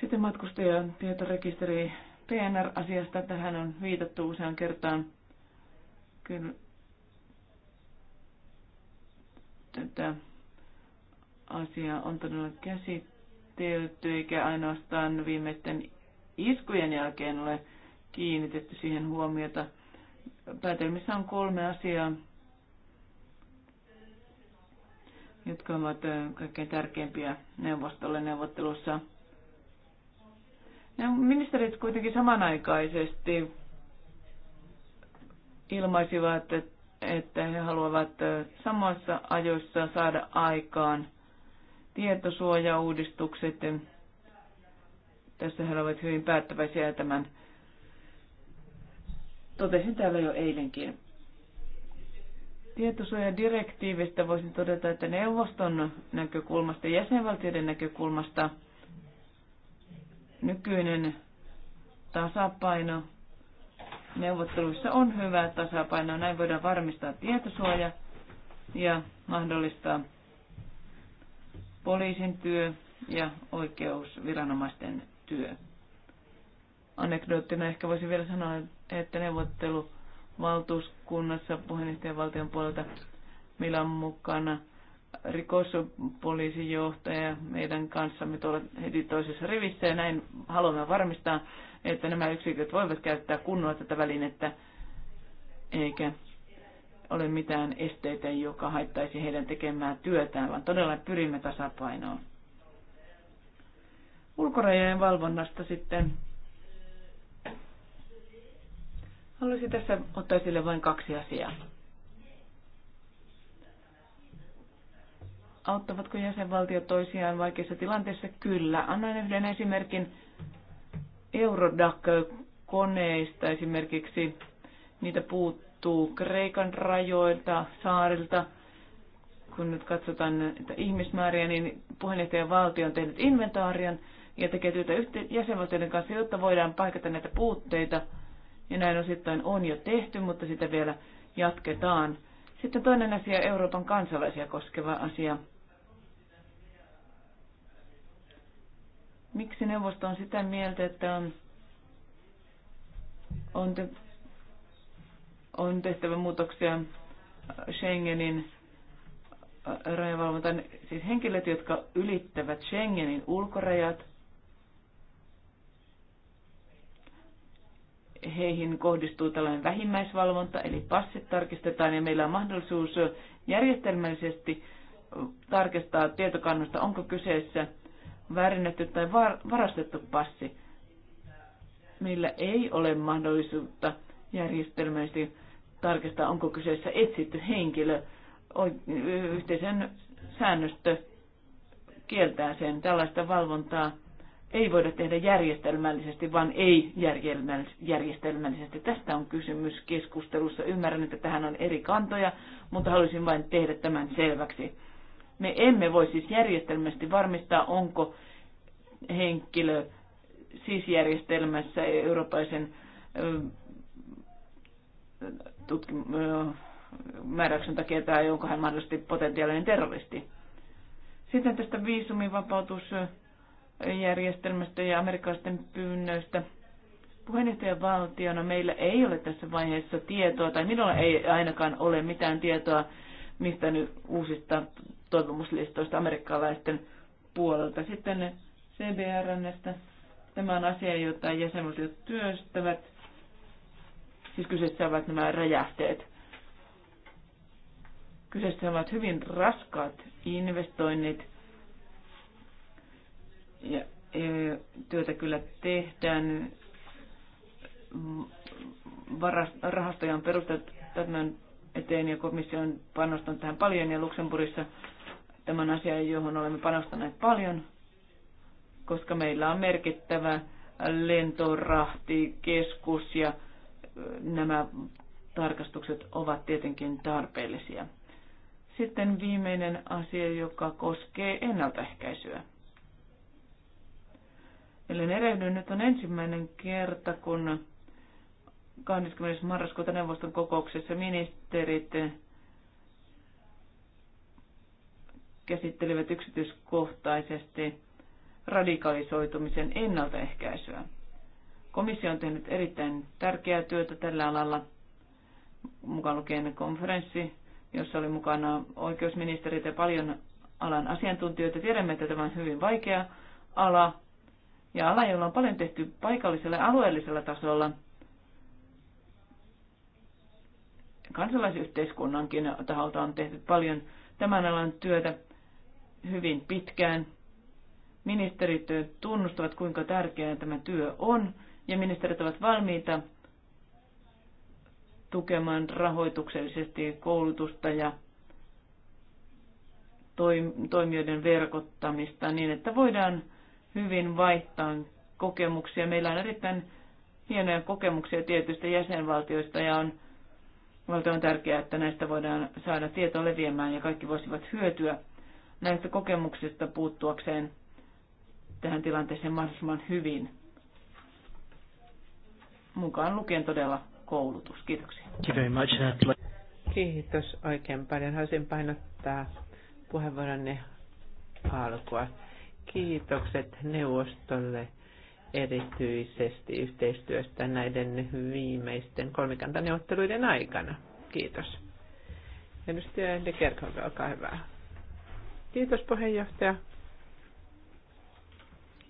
Sitten matkustajan tietorekisteri PNR-asiasta. Tähän on viitattu usean kertaan. Kyllä tätä asiaa on todella käsitelty, eikä ainoastaan viimeisten iskujen jälkeen ole kiinnitetty siihen huomiota. Päätelmissä on kolme asiaa. jotka ovat kaikkein tärkeimpiä neuvostolle neuvottelussa. Ministerit kuitenkin samanaikaisesti ilmaisivat, että he haluavat samassa ajoissa saada aikaan tietosuojauudistukset. Tässä he ovat hyvin päättäväisiä tämän totesin täällä jo eilenkin. Tietosuojadirektiivistä voisin todeta, että neuvoston näkökulmasta ja jäsenvaltioiden näkökulmasta nykyinen tasapaino neuvotteluissa on hyvä tasapaino. Näin voidaan varmistaa tietosuoja ja mahdollistaa poliisin työ ja oikeusviranomaisten työ. Anekdoottina ehkä voisin vielä sanoa, että neuvottelu valtuuskunnassa puheenjohtajan valtion puolelta. Meillä on mukana rikospoliisijohtaja meidän kanssamme tuolla heti toisessa rivissä ja näin haluamme varmistaa, että nämä yksiköt voivat käyttää kunnolla tätä välinettä eikä ole mitään esteitä, joka haittaisi heidän tekemään työtään, vaan todella pyrimme tasapainoon. Ulkorajojen valvonnasta sitten Haluaisin tässä ottaa esille vain kaksi asiaa. Auttavatko jäsenvaltiot toisiaan vaikeissa tilanteissa? Kyllä. Annan yhden esimerkin Eurodac-koneista esimerkiksi. Niitä puuttuu Kreikan rajoilta, saarilta. Kun nyt katsotaan että ihmismääriä, niin puheenjohtajan valtio on tehnyt inventaarion ja tekee työtä jäsenvaltioiden kanssa, jotta voidaan paikata näitä puutteita – ja näin osittain on jo tehty, mutta sitä vielä jatketaan. Sitten toinen asia, Euroopan kansalaisia koskeva asia. Miksi neuvosto on sitä mieltä, että on, on, te, on tehtävä muutoksia Schengenin äh, rajavalvontaan? Siis henkilöt, jotka ylittävät Schengenin ulkorajat – heihin kohdistuu tällainen vähimmäisvalvonta, eli passit tarkistetaan ja meillä on mahdollisuus järjestelmällisesti tarkistaa tietokannasta, onko kyseessä väärinnetty tai varastettu passi. Meillä ei ole mahdollisuutta järjestelmällisesti tarkistaa, onko kyseessä etsitty henkilö. Yhteisen säännöstö kieltää sen. Tällaista valvontaa ei voida tehdä järjestelmällisesti, vaan ei järjestelmällisesti. Tästä on kysymys keskustelussa. Ymmärrän, että tähän on eri kantoja, mutta haluaisin vain tehdä tämän selväksi. Me emme voi siis järjestelmästi varmistaa, onko henkilö siis järjestelmässä eurooppalaisen määräyksen takia tai onko hän mahdollisesti potentiaalinen terroristi. Sitten tästä viisumivapautus järjestelmästä ja amerikkalaisten pyynnöistä. Puheenjohtajan valtiona meillä ei ole tässä vaiheessa tietoa, tai minulla ei ainakaan ole mitään tietoa mistä nyt uusista toivomuslistoista amerikkalaisten puolelta. Sitten CBRNstä. Tämä on asia, jota jäsenvaltiot työstävät. Siis kyseessä ovat nämä räjähteet. Kyseessä ovat hyvin raskaat investoinnit, ja, e, työtä kyllä tehdään. rahastoja on perustettu tämän eteen ja komissio on panostanut tähän paljon ja Luxemburgissa tämän asian, johon olemme panostaneet paljon, koska meillä on merkittävä lentorahtikeskus keskus ja e, nämä tarkastukset ovat tietenkin tarpeellisia. Sitten viimeinen asia, joka koskee ennaltaehkäisyä. Eli erehdy, nyt on ensimmäinen kerta, kun 20. marraskuuta neuvoston kokouksessa ministerit käsittelivät yksityiskohtaisesti radikalisoitumisen ennaltaehkäisyä. Komissio on tehnyt erittäin tärkeää työtä tällä alalla, mukaan lukien konferenssi, jossa oli mukana oikeusministerit ja paljon alan asiantuntijoita. Tiedämme, että tämä on hyvin vaikea ala, ja ala, jolla on paljon tehty paikallisella ja alueellisella tasolla, kansalaisyhteiskunnankin taholta on tehty paljon tämän alan työtä hyvin pitkään. Ministerit tunnustavat, kuinka tärkeää tämä työ on, ja ministerit ovat valmiita tukemaan rahoituksellisesti koulutusta ja toimijoiden verkottamista niin, että voidaan hyvin vaihtaa kokemuksia. Meillä on erittäin hienoja kokemuksia tietystä jäsenvaltioista ja on valtavan tärkeää, että näistä voidaan saada tieto leviämään ja kaikki voisivat hyötyä näistä kokemuksista puuttuakseen tähän tilanteeseen mahdollisimman hyvin. Mukaan lukien todella koulutus. Kiitoksia. Kiitos oikein paljon. Haluaisin painottaa puheenvuoronne alkua kiitokset neuvostolle erityisesti yhteistyöstä näiden viimeisten kolmikantaneuvotteluiden aikana. Kiitos. Edustaja De Kerkhoff, olkaa hyvä. Kiitos puheenjohtaja.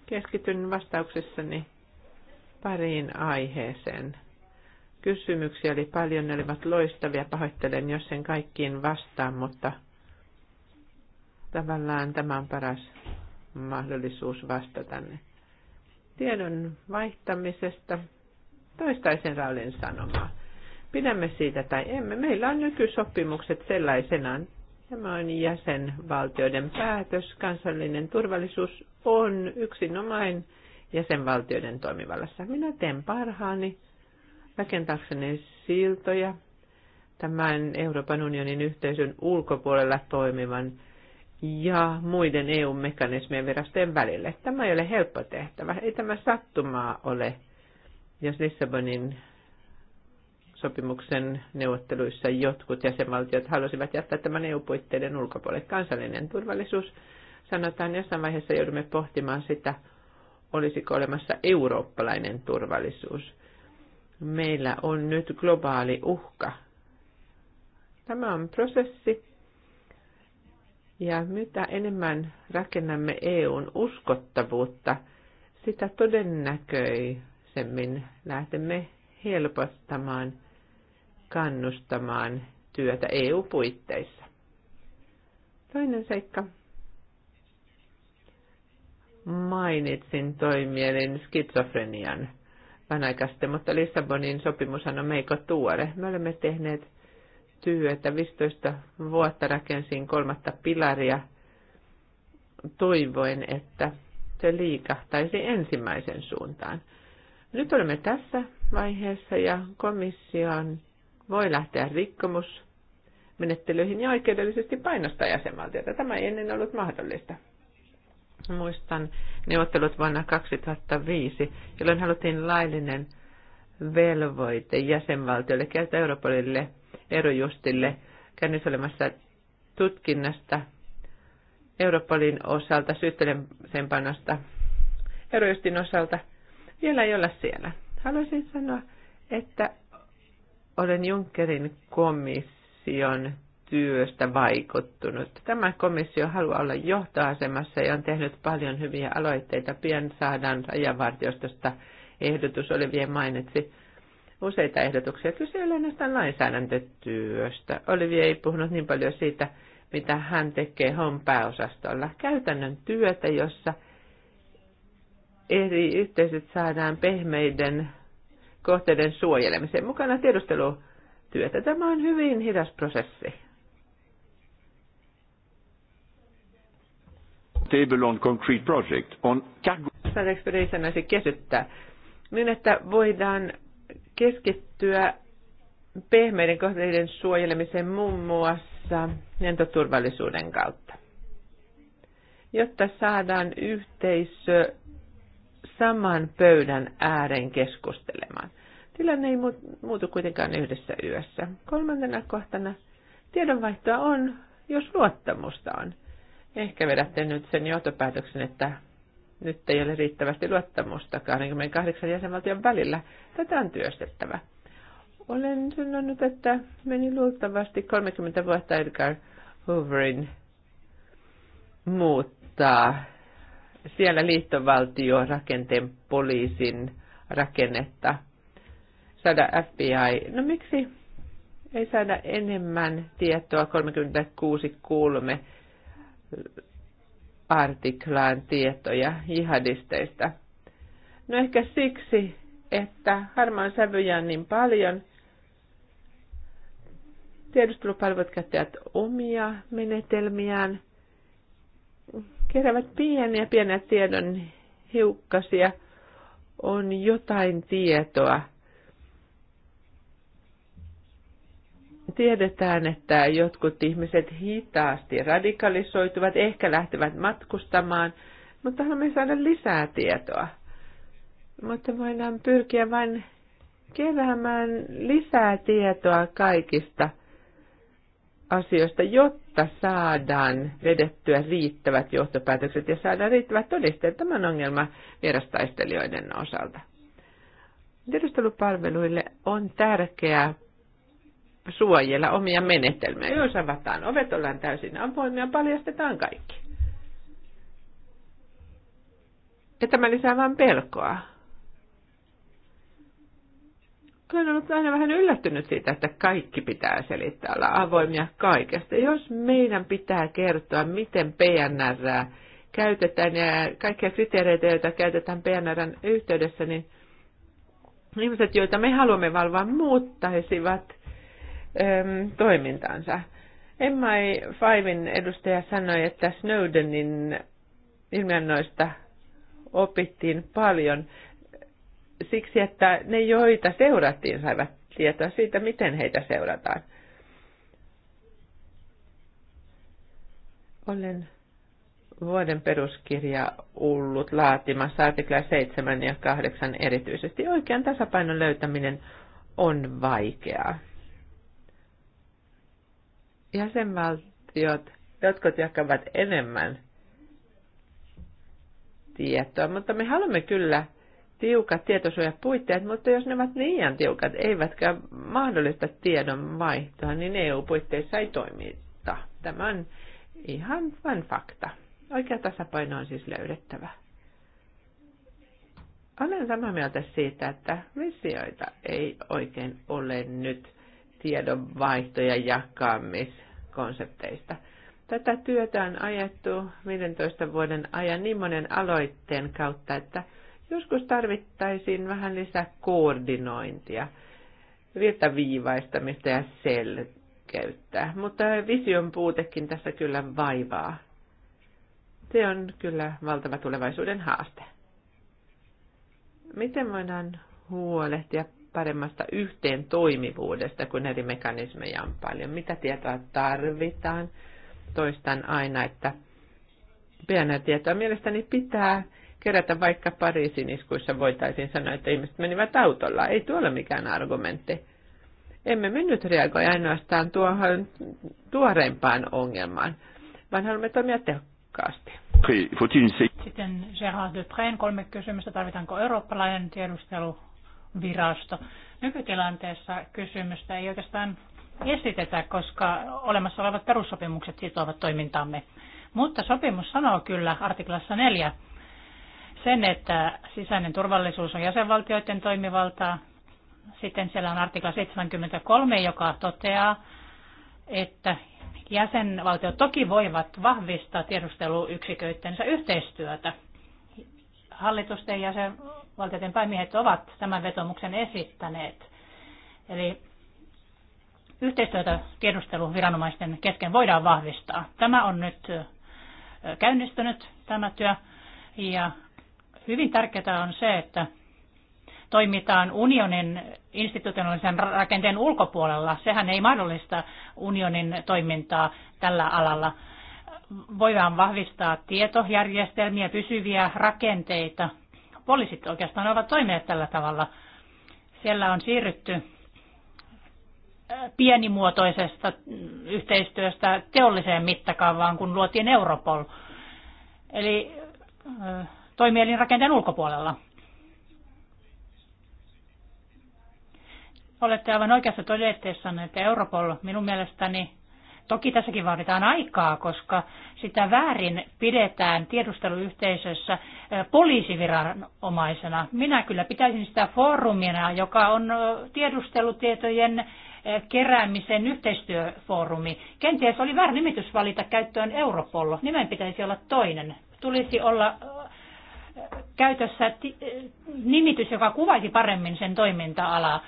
Keskityn vastauksessani pariin aiheeseen. Kysymyksiä oli paljon, ne olivat loistavia. Pahoittelen, jos sen kaikkiin vastaan, mutta tavallaan tämä on paras mahdollisuus vastata ne. Tiedon vaihtamisesta toistaisen Raulin sanomaa. Pidämme siitä tai emme. Meillä on nykysopimukset sellaisenaan. Tämä on jäsenvaltioiden päätös. Kansallinen turvallisuus on yksinomainen jäsenvaltioiden toimivallassa. Minä teen parhaani rakentaakseni siltoja tämän Euroopan unionin yhteisön ulkopuolella toimivan ja muiden EU-mekanismien virastojen välille. Tämä ei ole helppo tehtävä. Ei tämä sattumaa ole, jos Lissabonin sopimuksen neuvotteluissa jotkut jäsenvaltiot halusivat jättää tämän EU-puitteiden ulkopuolelle. Kansallinen turvallisuus sanotaan jossain vaiheessa joudumme pohtimaan sitä, olisiko olemassa eurooppalainen turvallisuus. Meillä on nyt globaali uhka. Tämä on prosessi, ja mitä enemmän rakennamme EUn uskottavuutta, sitä todennäköisemmin lähdemme helpostamaan, kannustamaan työtä EU-puitteissa. Toinen seikka. Mainitsin toimielin skitsofrenian vähän aikaa sitten, mutta Lissabonin sopimushan on meiko tuore. Me olemme tehneet että 15 vuotta rakensin kolmatta pilaria toivoen, että se liikahtaisi ensimmäisen suuntaan. Nyt olemme tässä vaiheessa ja komission voi lähteä rikkomus menettelyihin ja oikeudellisesti painostaa jäsenvaltiota. Tämä ei ennen ollut mahdollista. Muistan neuvottelut vuonna 2005, jolloin haluttiin laillinen velvoite jäsenvaltiolle käyttää Europolille Eurojustille käynnissä olemassa tutkinnasta Europolin osalta, syyttelemisen panosta Justin osalta. Vielä ei olla siellä. Haluaisin sanoa, että olen Junckerin komission työstä vaikuttunut. Tämä komissio haluaa olla johtoasemassa ja on tehnyt paljon hyviä aloitteita. Pian saadaan rajavartiostosta ehdotus, Olivien mainitsi useita ehdotuksia. Kyse näistä lainsäädäntötyöstä. Olivia ei puhunut niin paljon siitä, mitä hän tekee HOM pääosastolla. Käytännön työtä, jossa eri yhteisöt saadaan pehmeiden kohteiden suojelemiseen mukana tiedustelutyötä. Tämä on hyvin hidas prosessi. Table on concrete project on Sain yleisönä se kesyttää? Niin, että voidaan keskittyä pehmeiden kohteiden suojelemiseen muun muassa lentoturvallisuuden kautta, jotta saadaan yhteisö saman pöydän ääreen keskustelemaan. Tilanne ei muutu kuitenkaan yhdessä yössä. Kolmantena kohtana tiedonvaihtoa on, jos luottamusta on. Ehkä vedätte nyt sen johtopäätöksen, että nyt ei ole riittävästi luottamusta 28 jäsenvaltion välillä. Tätä on työstettävä. Olen sanonut, että meni luultavasti 30 vuotta Edgar Hooverin muuttaa siellä rakenteen poliisin rakennetta, saada FBI. No miksi ei saada enemmän tietoa 36.3 artiklaan tietoja jihadisteista. No ehkä siksi, että harmaan sävyjä on niin paljon. Tiedustelupalvelut käyttävät omia menetelmiään, keräävät pieniä pieniä tiedon hiukkasia, on jotain tietoa – Tiedetään, että jotkut ihmiset hitaasti radikalisoituvat, ehkä lähtevät matkustamaan, mutta haluamme saada lisää tietoa. Mutta voidaan pyrkiä vain keräämään lisää tietoa kaikista asioista, jotta saadaan vedettyä riittävät johtopäätökset ja saadaan riittävät todisteet tämän ongelman vierastaistelijoiden osalta. Tiedustelupalveluille on tärkeää suojella omia menetelmiä. Jos avataan ovet, ollaan täysin avoimia, paljastetaan kaikki. Ja tämä lisää vain pelkoa. Olen ollut aina vähän yllättynyt siitä, että kaikki pitää selittää, olla avoimia kaikesta. Jos meidän pitää kertoa, miten PNR käytetään ja kaikkia kriteereitä, joita käytetään PNRn yhteydessä, niin ihmiset, joita me haluamme valvoa, muuttaisivat – Ähm, toimintaansa. MI5 edustaja sanoi, että Snowdenin ilmiannoista opittiin paljon siksi, että ne, joita seurattiin, saivat tietoa siitä, miten heitä seurataan. Olen vuoden peruskirja ollut laatimassa artikla 7 ja 8 erityisesti. Oikean tasapainon löytäminen on vaikeaa jäsenvaltiot, jotkut jakavat enemmän tietoa, mutta me haluamme kyllä tiukat tietosuojapuitteet, mutta jos ne ovat liian tiukat, eivätkä mahdollista tiedon vaihtoa, niin EU-puitteissa ei toimita. Tämä on ihan vain fakta. Oikea tasapaino on siis löydettävä. Olen samaa mieltä siitä, että visioita ei oikein ole nyt tiedonvaihto- ja jakamiskonsepteista. Tätä työtä on ajettu 15 vuoden ajan niin monen aloitteen kautta, että joskus tarvittaisiin vähän lisää koordinointia, virtaviivaistamista ja selkeyttä. Mutta vision puutekin tässä kyllä vaivaa. Se on kyllä valtava tulevaisuuden haaste. Miten voidaan huolehtia paremmasta yhteen toimivuudesta, kun eri mekanismeja on paljon. Mitä tietoa tarvitaan? Toistan aina, että pienää tietoa mielestäni pitää kerätä, vaikka Pariisin iskuissa voitaisiin sanoa, että ihmiset menivät autolla. Ei tuolla mikään argumentti. Emme me nyt reagoi ainoastaan tuohon tuoreimpaan ongelmaan, vaan haluamme toimia tehokkaasti. Sitten Gérard Train, kolme kysymystä. Tarvitaanko eurooppalainen tiedustelu virasto. Nykytilanteessa kysymystä ei oikeastaan esitetä, koska olemassa olevat perussopimukset sitovat toimintaamme. Mutta sopimus sanoo kyllä artiklassa 4 sen, että sisäinen turvallisuus on jäsenvaltioiden toimivaltaa. Sitten siellä on artikla 73, joka toteaa, että jäsenvaltiot toki voivat vahvistaa tiedusteluyksiköittensä yhteistyötä hallitusten ja sen valtioiden päämiehet ovat tämän vetomuksen esittäneet. Eli yhteistyötä tiedusteluviranomaisten kesken voidaan vahvistaa. Tämä on nyt käynnistynyt tämä työ ja hyvin tärkeää on se, että toimitaan unionin institutionaalisen rakenteen ulkopuolella. Sehän ei mahdollista unionin toimintaa tällä alalla voidaan vahvistaa tietojärjestelmiä, pysyviä rakenteita. Poliisit oikeastaan ovat toimineet tällä tavalla. Siellä on siirrytty pienimuotoisesta yhteistyöstä teolliseen mittakaavaan, kun luotiin Europol. Eli toimielinrakenteen ulkopuolella. Olette aivan oikeassa todetteessanne, että Europol minun mielestäni Toki tässäkin vaaditaan aikaa, koska sitä väärin pidetään tiedusteluyhteisössä poliisiviranomaisena. Minä kyllä pitäisin sitä foorumina, joka on tiedustelutietojen keräämisen yhteistyöfoorumi. Kenties oli väärä nimitys valita käyttöön Europol. Nimen pitäisi olla toinen. Tulisi olla käytössä nimitys, joka kuvaisi paremmin sen toiminta-alaa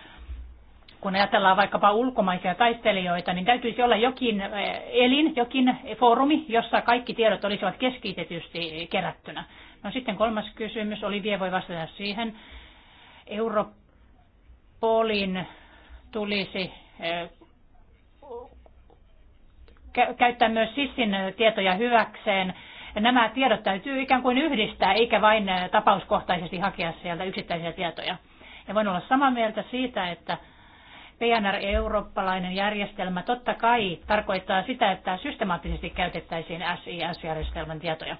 kun ajatellaan vaikkapa ulkomaisia taistelijoita, niin täytyisi olla jokin eh, elin, jokin foorumi, jossa kaikki tiedot olisivat keskitetysti kerättynä. No sitten kolmas kysymys, oli vie voi vastata siihen. Europolin tulisi eh, käyttää myös SISin tietoja hyväkseen. Nämä tiedot täytyy ikään kuin yhdistää, eikä vain eh, tapauskohtaisesti hakea sieltä yksittäisiä tietoja. Ja voin olla samaa mieltä siitä, että PNR eurooppalainen järjestelmä totta kai tarkoittaa sitä, että systemaattisesti käytettäisiin SIS-järjestelmän tietoja.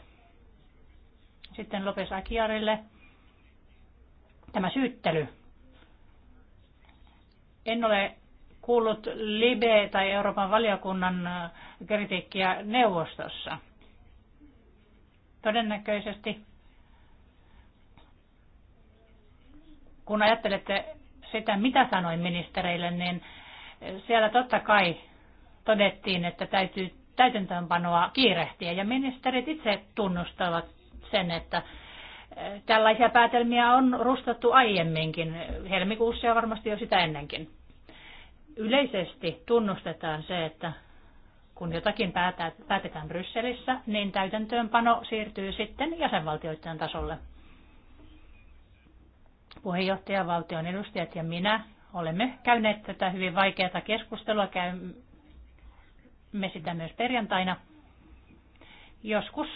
Sitten Lopes Akiarille tämä syyttely. En ole kuullut Libe tai Euroopan valiokunnan äh, kritiikkiä neuvostossa. Todennäköisesti kun ajattelette sitä, mitä sanoin ministereille, niin siellä totta kai todettiin, että täytyy täytäntöönpanoa kiirehtiä. Ja ministerit itse tunnustavat sen, että eh, tällaisia päätelmiä on rustattu aiemminkin, helmikuussa ja varmasti jo sitä ennenkin. Yleisesti tunnustetaan se, että kun jotakin päätetään Brysselissä, niin täytäntöönpano siirtyy sitten jäsenvaltioiden tasolle valtion edustajat ja minä olemme käyneet tätä hyvin vaikeata keskustelua. Käymme sitä myös perjantaina. Joskus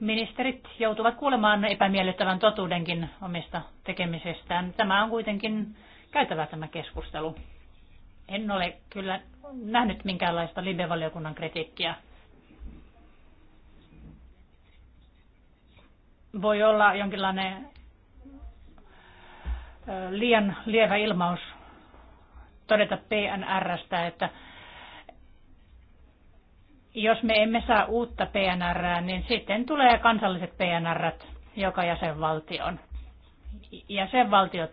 ministerit joutuvat kuulemaan epämiellyttävän totuudenkin omista tekemisestään. Tämä on kuitenkin käytävä tämä keskustelu. En ole kyllä nähnyt minkäänlaista live-valiokunnan kritiikkiä. Voi olla jonkinlainen liian lievä ilmaus todeta PNRstä, että jos me emme saa uutta PNRää, niin sitten tulee kansalliset PNRt joka jäsenvaltioon. Jäsenvaltiot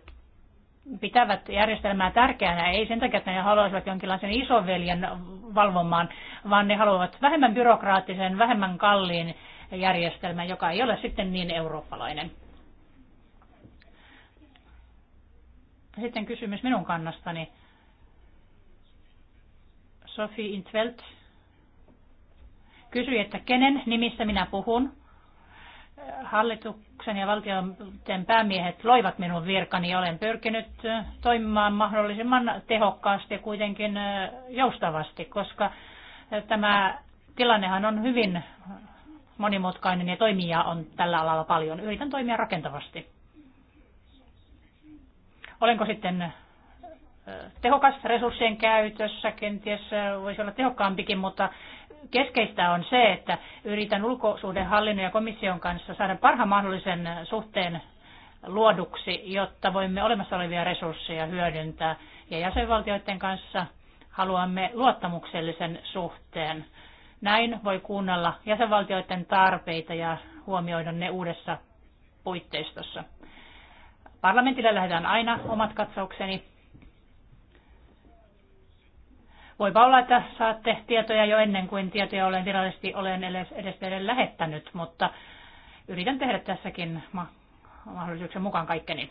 pitävät järjestelmää tärkeänä, ei sen takia, että ne haluaisivat jonkinlaisen isoveljen valvomaan, vaan ne haluavat vähemmän byrokraattisen, vähemmän kalliin järjestelmän, joka ei ole sitten niin eurooppalainen. Sitten kysymys minun kannastani. Sophie Intveld kysyi, että kenen nimissä minä puhun. Hallituksen ja valtioiden päämiehet loivat minun virkani ja olen pyrkinyt toimimaan mahdollisimman tehokkaasti ja kuitenkin joustavasti, koska tämä tilannehan on hyvin monimutkainen ja toimija on tällä alalla paljon. Yritän toimia rakentavasti. Olenko sitten tehokas resurssien käytössä, kenties voisi olla tehokkaampikin, mutta keskeistä on se, että yritän ulkosuhdehallinnon ja komission kanssa saada parhaan mahdollisen suhteen luoduksi, jotta voimme olemassa olevia resursseja hyödyntää. Ja jäsenvaltioiden kanssa haluamme luottamuksellisen suhteen. Näin voi kuunnella jäsenvaltioiden tarpeita ja huomioida ne uudessa puitteistossa. Parlamentille lähdetään aina omat katsaukseni. Voipa olla, että saatte tietoja jo ennen kuin tietoja olen virallisesti olen edes teille lähettänyt, mutta yritän tehdä tässäkin mahdollisuuksien mukaan kaikkeni.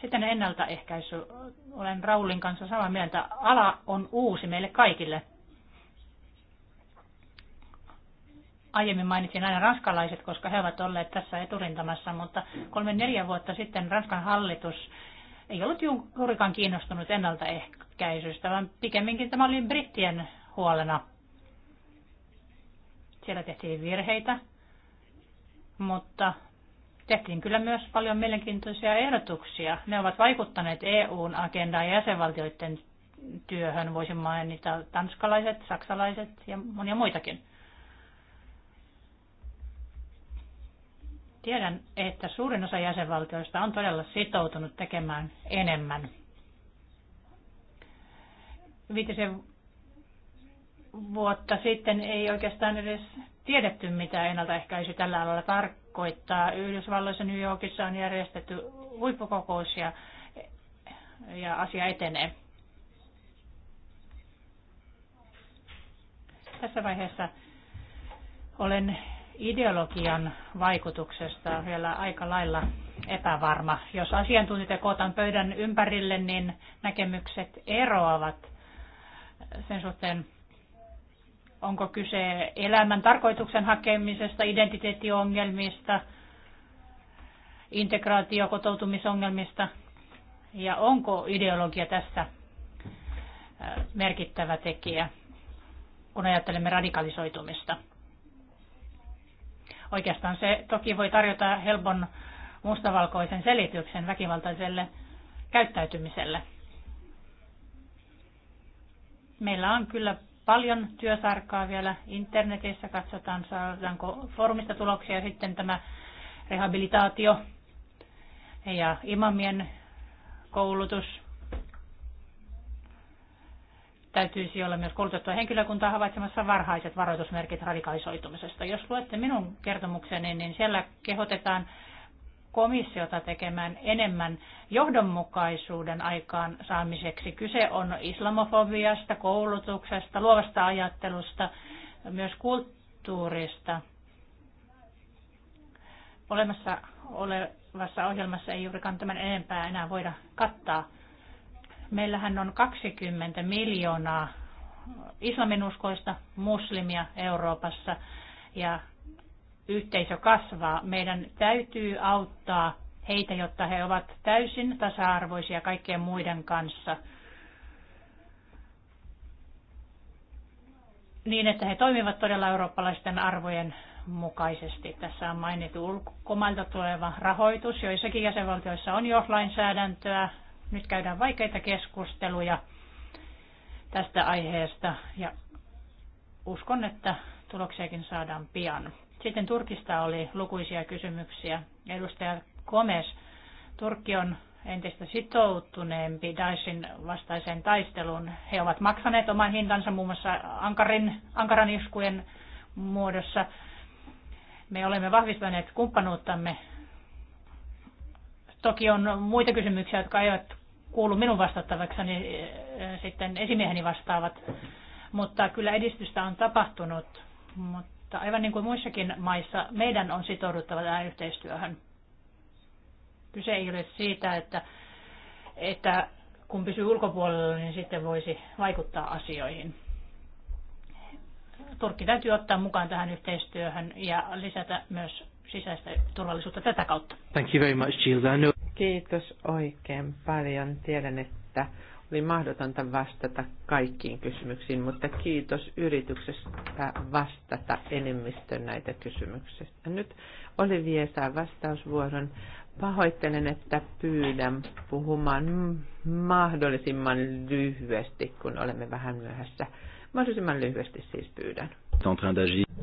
Sitten ennaltaehkäisy. Olen Raulin kanssa samaa mieltä. Ala on uusi meille kaikille. aiemmin mainitsin aina ranskalaiset, koska he ovat olleet tässä eturintamassa, mutta kolme neljä vuotta sitten Ranskan hallitus ei ollut juurikaan kiinnostunut ennaltaehkäisystä, vaan pikemminkin tämä oli brittien huolena. Siellä tehtiin virheitä, mutta tehtiin kyllä myös paljon mielenkiintoisia ehdotuksia. Ne ovat vaikuttaneet EUn agendaan ja jäsenvaltioiden työhön. Voisin mainita tanskalaiset, saksalaiset ja monia muitakin. Tiedän, että suurin osa jäsenvaltioista on todella sitoutunut tekemään enemmän. Viitisen vuotta sitten ei oikeastaan edes tiedetty, mitä ennaltaehkäisy tällä alalla tarkoittaa. Yhdysvalloissa New Yorkissa on järjestetty huippukokous ja, ja asia etenee. Tässä vaiheessa olen ideologian vaikutuksesta vielä aika lailla epävarma. Jos asiantuntijat kootaan pöydän ympärille, niin näkemykset eroavat sen suhteen, onko kyse elämän tarkoituksen hakemisesta, identiteettiongelmista, integraatio- kotoutumisongelmista ja onko ideologia tässä merkittävä tekijä, kun ajattelemme radikalisoitumista. Oikeastaan se toki voi tarjota helpon mustavalkoisen selityksen väkivaltaiselle käyttäytymiselle. Meillä on kyllä paljon työsarkaa vielä internetissä. Katsotaan, saadaanko foorumista tuloksia ja sitten tämä rehabilitaatio ja imamien koulutus täytyisi olla myös koulutettua henkilökuntaa havaitsemassa varhaiset varoitusmerkit radikalisoitumisesta. Jos luette minun kertomukseni, niin siellä kehotetaan komissiota tekemään enemmän johdonmukaisuuden aikaan saamiseksi. Kyse on islamofobiasta, koulutuksesta, luovasta ajattelusta, myös kulttuurista. Olemassa olevassa ohjelmassa ei juurikaan tämän enempää enää voida kattaa. Meillähän on 20 miljoonaa islaminuskoista muslimia Euroopassa ja yhteisö kasvaa. Meidän täytyy auttaa heitä, jotta he ovat täysin tasa-arvoisia kaikkien muiden kanssa. Niin, että he toimivat todella eurooppalaisten arvojen mukaisesti. Tässä on mainittu ulkomailta tuleva rahoitus. Joissakin jäsenvaltioissa on jo lainsäädäntöä nyt käydään vaikeita keskusteluja tästä aiheesta ja uskon, että tuloksiakin saadaan pian. Sitten Turkista oli lukuisia kysymyksiä. Edustaja Komes, Turkki on entistä sitoutuneempi Daishin vastaiseen taisteluun. He ovat maksaneet oman hintansa muun muassa Ankarin, Ankaran iskujen muodossa. Me olemme vahvistaneet kumppanuuttamme. Toki on muita kysymyksiä, jotka eivät kuulu minun vastattavaksi, niin eh, eh, sitten esimieheni vastaavat. Mutta kyllä edistystä on tapahtunut, mutta aivan niin kuin muissakin maissa, meidän on sitouduttava tähän yhteistyöhön. Kyse ei ole siitä, että, että kun pysyy ulkopuolella, niin sitten voisi vaikuttaa asioihin. Turkki täytyy ottaa mukaan tähän yhteistyöhön ja lisätä myös sisäistä turvallisuutta tätä kautta. Thank you very much, Kiitos oikein paljon. Tiedän, että oli mahdotonta vastata kaikkiin kysymyksiin, mutta kiitos yrityksestä vastata enemmistön näitä kysymyksiä. Nyt Olivia saa vastausvuoron. Pahoittelen, että pyydän puhumaan mahdollisimman lyhyesti, kun olemme vähän myöhässä. Mahdollisimman lyhyesti siis pyydän.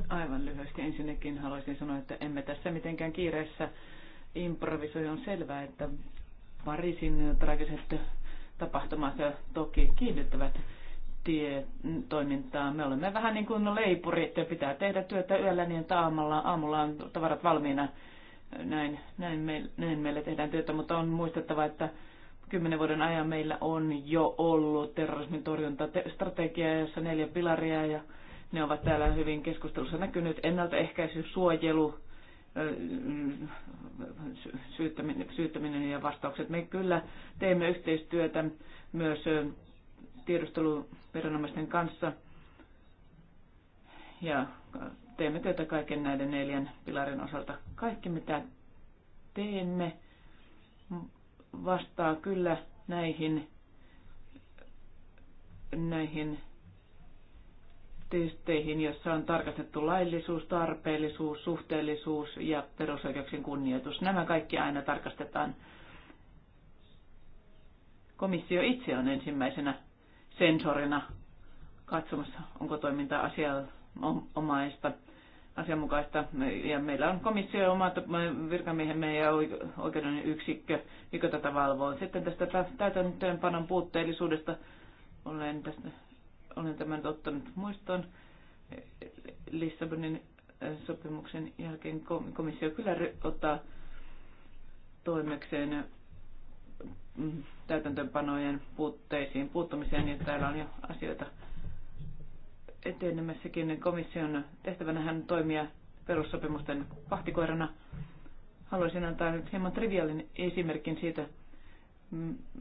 Aivan lyhyesti. Ensinnäkin haluaisin sanoa, että emme tässä mitenkään kiireessä improvisoi. On selvää, että Pariisin traagiset tapahtumat toki kiihdyttävät tie, toimintaa. Me olemme vähän niin kuin leipurit ja pitää tehdä työtä yöllä niin, että aamulla, aamulla on tavarat valmiina. Näin, näin, me, näin meille tehdään työtä, mutta on muistettava, että kymmenen vuoden ajan meillä on jo ollut terrorismin torjuntastrategia, jossa neljä pilaria ja ne ovat täällä hyvin keskustelussa näkynyt. Ennaltaehkäisy, suojelu, syyttäminen, ja vastaukset. Me kyllä teemme yhteistyötä myös tiedusteluviranomaisten kanssa ja teemme työtä kaiken näiden neljän pilarin osalta. Kaikki mitä teemme vastaa kyllä näihin, näihin testeihin, jossa on tarkastettu laillisuus, tarpeellisuus, suhteellisuus ja perusoikeuksien kunnioitus. Nämä kaikki aina tarkastetaan. Komissio itse on ensimmäisenä sensorina katsomassa, onko toiminta asianomaista, asianmukaista. Ja meillä on komissio omat virkamiehemme ja oikeuden yksikkö, joka tätä valvoo. Sitten tästä täytäntöönpanon puutteellisuudesta olen tästä olen tämän ottanut muistoon. Lissabonin eh, sopimuksen jälkeen komissio kyllä ottaa toimekseen eh, mm, täytäntöönpanojen puutteisiin puuttumiseen, ja niin täällä on jo asioita etenemässäkin. Komission hän toimia perussopimusten pahtikoirana. Haluaisin antaa nyt hieman triviaalin esimerkin siitä,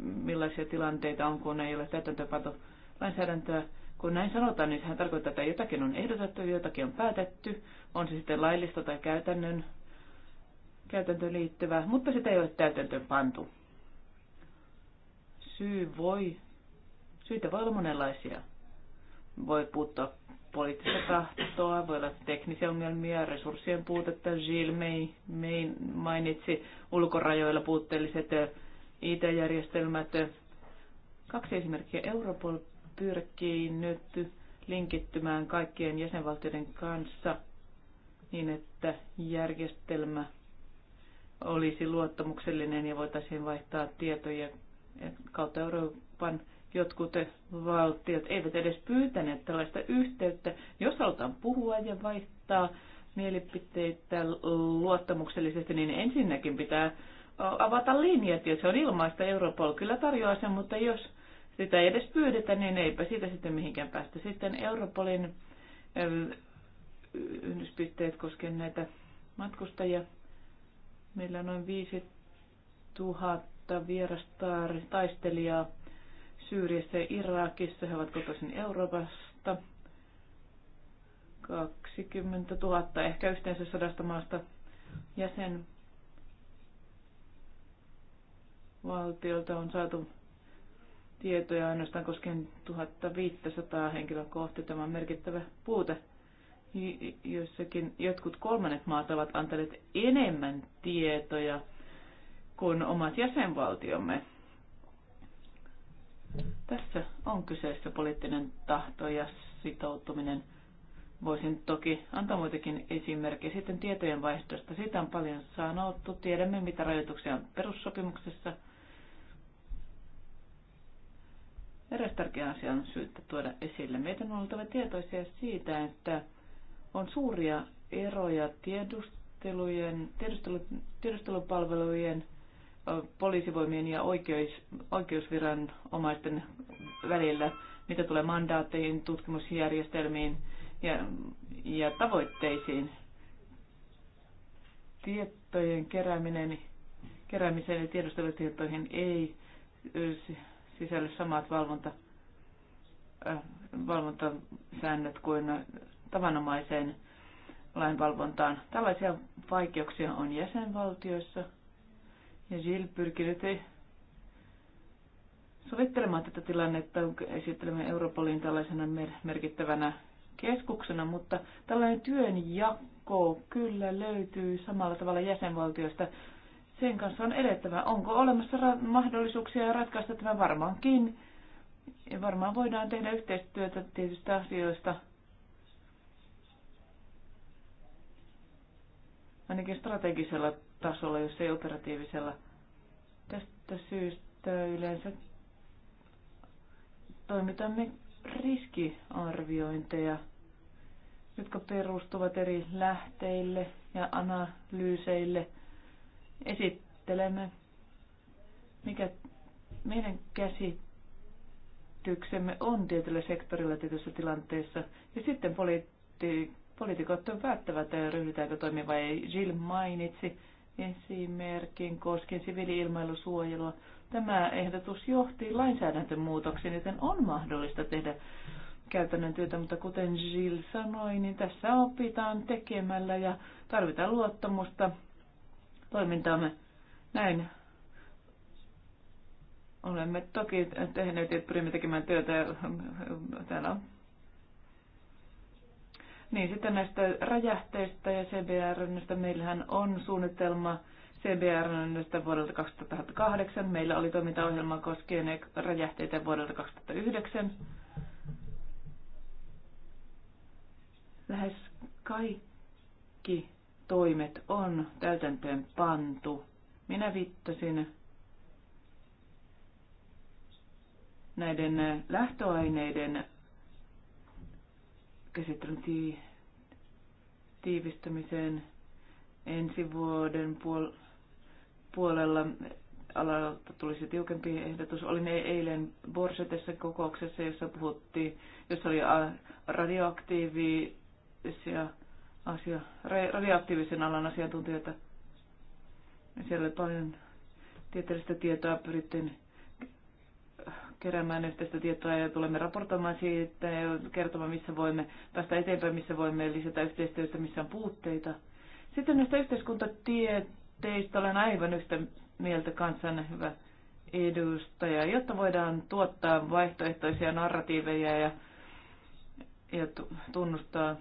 millaisia tilanteita on, kun ei ole täytäntöönpanto lainsäädäntöä. Kun näin sanotaan, niin sehän tarkoittaa, että jotakin on ehdotettu ja jotakin on päätetty, on se sitten laillista tai käytännön, käytäntöön liittyvää, mutta sitä ei ole täytäntöön pantu. Syy voi, syitä voi olla monenlaisia. Voi puuttua poliittista tahtoa, voi olla teknisiä ongelmia, resurssien puutetta. Gilles May, May mainitsi ulkorajoilla puutteelliset eh, IT-järjestelmät. Kaksi esimerkkiä. Europol pyrkii nyt linkittymään kaikkien jäsenvaltioiden kanssa niin, että järjestelmä olisi luottamuksellinen ja voitaisiin vaihtaa tietoja kautta Euroopan jotkut valtiot eivät edes pyytäneet tällaista yhteyttä. Jos halutaan puhua ja vaihtaa mielipiteitä luottamuksellisesti, niin ensinnäkin pitää avata linjat, ja se on ilmaista. Europol kyllä tarjoaa sen, mutta jos sitä ei edes pyydetä, niin eipä siitä sitten mihinkään päästä. Sitten Europolin yhdyspisteet koskien näitä matkustajia. Meillä on noin 5000 vierasta taistelijaa Syyriassa ja Irakissa. He ovat kotoisin Euroopasta. 20 000, ehkä yhteensä sadasta maasta jäsenvaltiolta on saatu tietoja ainoastaan koskien 1500 henkilöä kohti. Tämä on merkittävä puute. Joissakin jotkut kolmannet maat ovat antaneet enemmän tietoja kuin omat jäsenvaltiomme. Tässä on kyseessä poliittinen tahto ja sitoutuminen. Voisin toki antaa muitakin esimerkkejä sitten tietojen vaihdosta. Sitä on paljon sanottu. Tiedämme, mitä rajoituksia on perussopimuksessa – Eräs tärkeä asia on syytä tuoda esille. Meidän on oltava tietoisia siitä, että on suuria eroja tiedustelujen, tiedustelu, tiedustelupalvelujen, poliisivoimien ja oikeus, oikeusviranomaisten välillä, mitä tulee mandaatteihin, tutkimusjärjestelmiin ja, ja tavoitteisiin. Tietojen kerääminen, keräämiseen ja tiedustelutietoihin ei sisällä samat valvonta, äh, valvontasäännöt kuin tavanomaiseen lainvalvontaan. Tällaisia vaikeuksia on jäsenvaltioissa. Ja Jill pyrkinyt sovittelemaan tätä tilannetta, esittelemme Europolin tällaisena merkittävänä keskuksena, mutta tällainen työnjakko kyllä löytyy samalla tavalla jäsenvaltioista sen kanssa on edettävä. Onko olemassa mahdollisuuksia ratkaista tämä varmaankin? Ja varmaan voidaan tehdä yhteistyötä tietystä asioista. Ainakin strategisella tasolla, jos ei operatiivisella. Tästä syystä yleensä toimitamme riskiarviointeja, jotka perustuvat eri lähteille ja analyyseille – esittelemme, mikä meidän käsityksemme on tietyllä sektorilla tietyissä tilanteissa. Ja sitten politi- poliitikot että ryhdytäänkö toimimaan vai Jill mainitsi esimerkin koskien siviili-ilmailusuojelua. Tämä ehdotus johti lainsäädäntömuutoksiin, joten on mahdollista tehdä käytännön työtä, mutta kuten Jill sanoi, niin tässä opitaan tekemällä ja tarvitaan luottamusta toimintaamme. Näin olemme toki tehneet ja pyrimme tekemään työtä. Täällä on. Niin, sitten näistä räjähteistä ja näistä Meillähän on suunnitelma näistä vuodelta 2008. Meillä oli toimintaohjelma koskien räjähteitä vuodelta 2009. Lähes kaikki toimet on täytäntöön pantu. Minä viittasin näiden lähtöaineiden käsittelyn tiivistämiseen ensi vuoden puol- puolella alalta tulisi tiukempi ehdotus. Olin e- eilen Borsetessa kokouksessa, jossa puhuttiin, jossa oli radioaktiivisia asia, radioaktiivisen alan asiantuntijoita. Siellä oli paljon tieteellistä tietoa, pyrittiin keräämään yhteistä tietoa ja tulemme raportoimaan siitä ja kertomaan, missä voimme päästä eteenpäin, missä voimme lisätä yhteistyötä, missä on puutteita. Sitten näistä yhteiskuntatieteistä olen aivan yhtä mieltä kanssanne, hyvä edustaja, jotta voidaan tuottaa vaihtoehtoisia narratiiveja ja, ja tunnustaa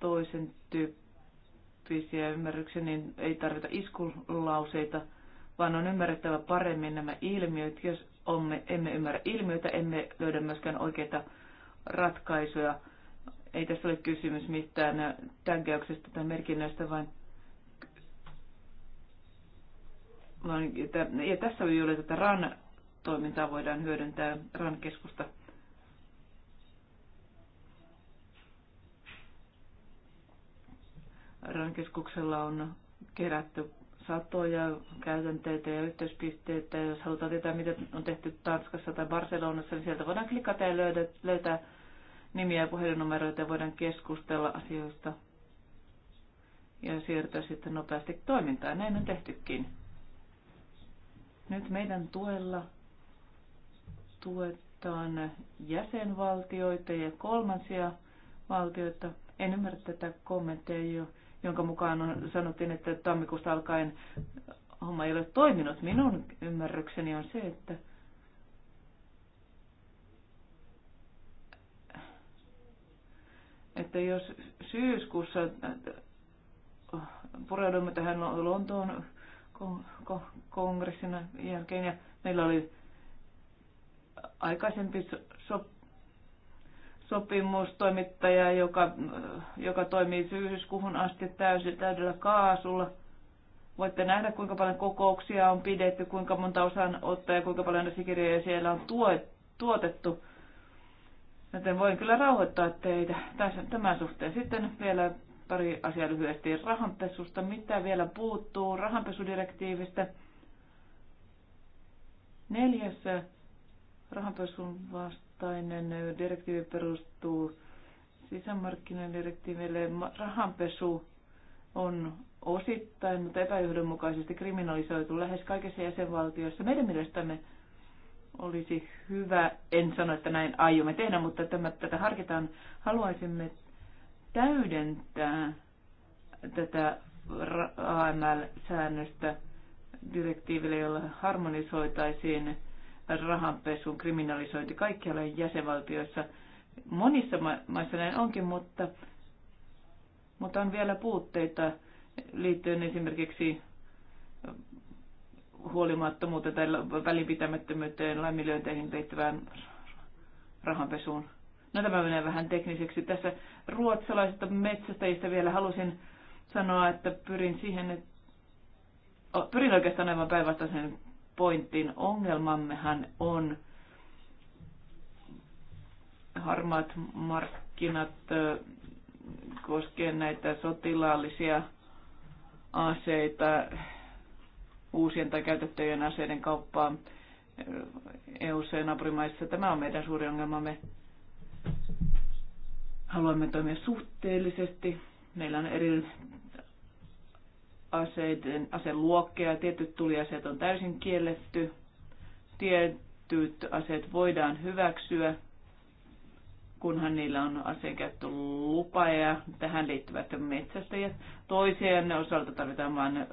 toisen tyyppisiä ymmärryksiä, niin ei tarvita iskulauseita, vaan on ymmärrettävä paremmin nämä ilmiöt. Jos omme, emme ymmärrä ilmiötä, emme löydä myöskään oikeita ratkaisuja. Ei tässä ole kysymys mistään tänkäyksestä tai merkinnöistä, vaan ja tässä on juuri tätä RAN-toimintaa voidaan hyödyntää, RAN-keskusta Rankeskuksella on kerätty satoja käytänteitä ja yhteyspisteitä. Jos halutaan tietää, mitä on tehty Tanskassa tai Barcelonassa, niin sieltä voidaan klikata ja löytää nimiä ja puhelinnumeroita ja voidaan keskustella asioista ja siirtyä sitten nopeasti toimintaan. Näin on tehtykin. Nyt meidän tuella tuetaan jäsenvaltioita ja kolmansia valtioita. En ymmärrä tätä kommenttia jo jonka mukaan on sanottiin, että tammikuusta alkaen homma ei ole toiminut. Minun ymmärrykseni on se, että että jos syyskuussa pureudumme tähän Lontoon kongressin jälkeen ja meillä oli aikaisempi sopimus sopimustoimittaja, joka, joka toimii syyskuuhun asti täysin täydellä kaasulla. Voitte nähdä, kuinka paljon kokouksia on pidetty, kuinka monta osanottoa ja kuinka paljon asiakirjoja siellä on tuotettu. Joten voin kyllä rauhoittaa teitä tässä, tämän suhteen. Sitten vielä pari asiaa lyhyesti rahanpesusta. Mitä vielä puuttuu rahanpesudirektiivistä? Neljäs rahanpesun vasta vastainen direktiivi perustuu sisämarkkinadirektiiville. Rahanpesu on osittain, mutta epäjohdonmukaisesti kriminalisoitu lähes kaikissa jäsenvaltioissa. Meidän mielestämme olisi hyvä, en sano, että näin aiomme tehdä, mutta tämä, tätä harkitaan. Haluaisimme täydentää tätä AML-säännöstä direktiiville, jolla harmonisoitaisiin rahanpesun kriminalisointi kaikkialla jäsenvaltioissa. Monissa maissa näin onkin, mutta, mutta on vielä puutteita liittyen esimerkiksi huolimattomuuteen tai välinpitämättömyyteen, laiminlyönteihin liittyvään rahanpesuun. No tämä menee vähän tekniseksi. Tässä ruotsalaisista metsästäjistä vielä halusin sanoa, että pyrin siihen, että pyrin oikeastaan aivan päinvastaisen pointin. Ongelmammehan on harmaat markkinat koskien näitä sotilaallisia aseita, uusien tai käytettyjen aseiden kauppaa EU-ssa ja naapurimaissa. Tämä on meidän suuri ongelmamme. Haluamme toimia suhteellisesti. Meillä on eri aseiden, aseluokkeja, Tietyt tuliaseet on täysin kielletty. Tietyt aseet voidaan hyväksyä, kunhan niillä on lupa ja tähän liittyvät metsästäjät. Toiseen osalta tarvitaan vain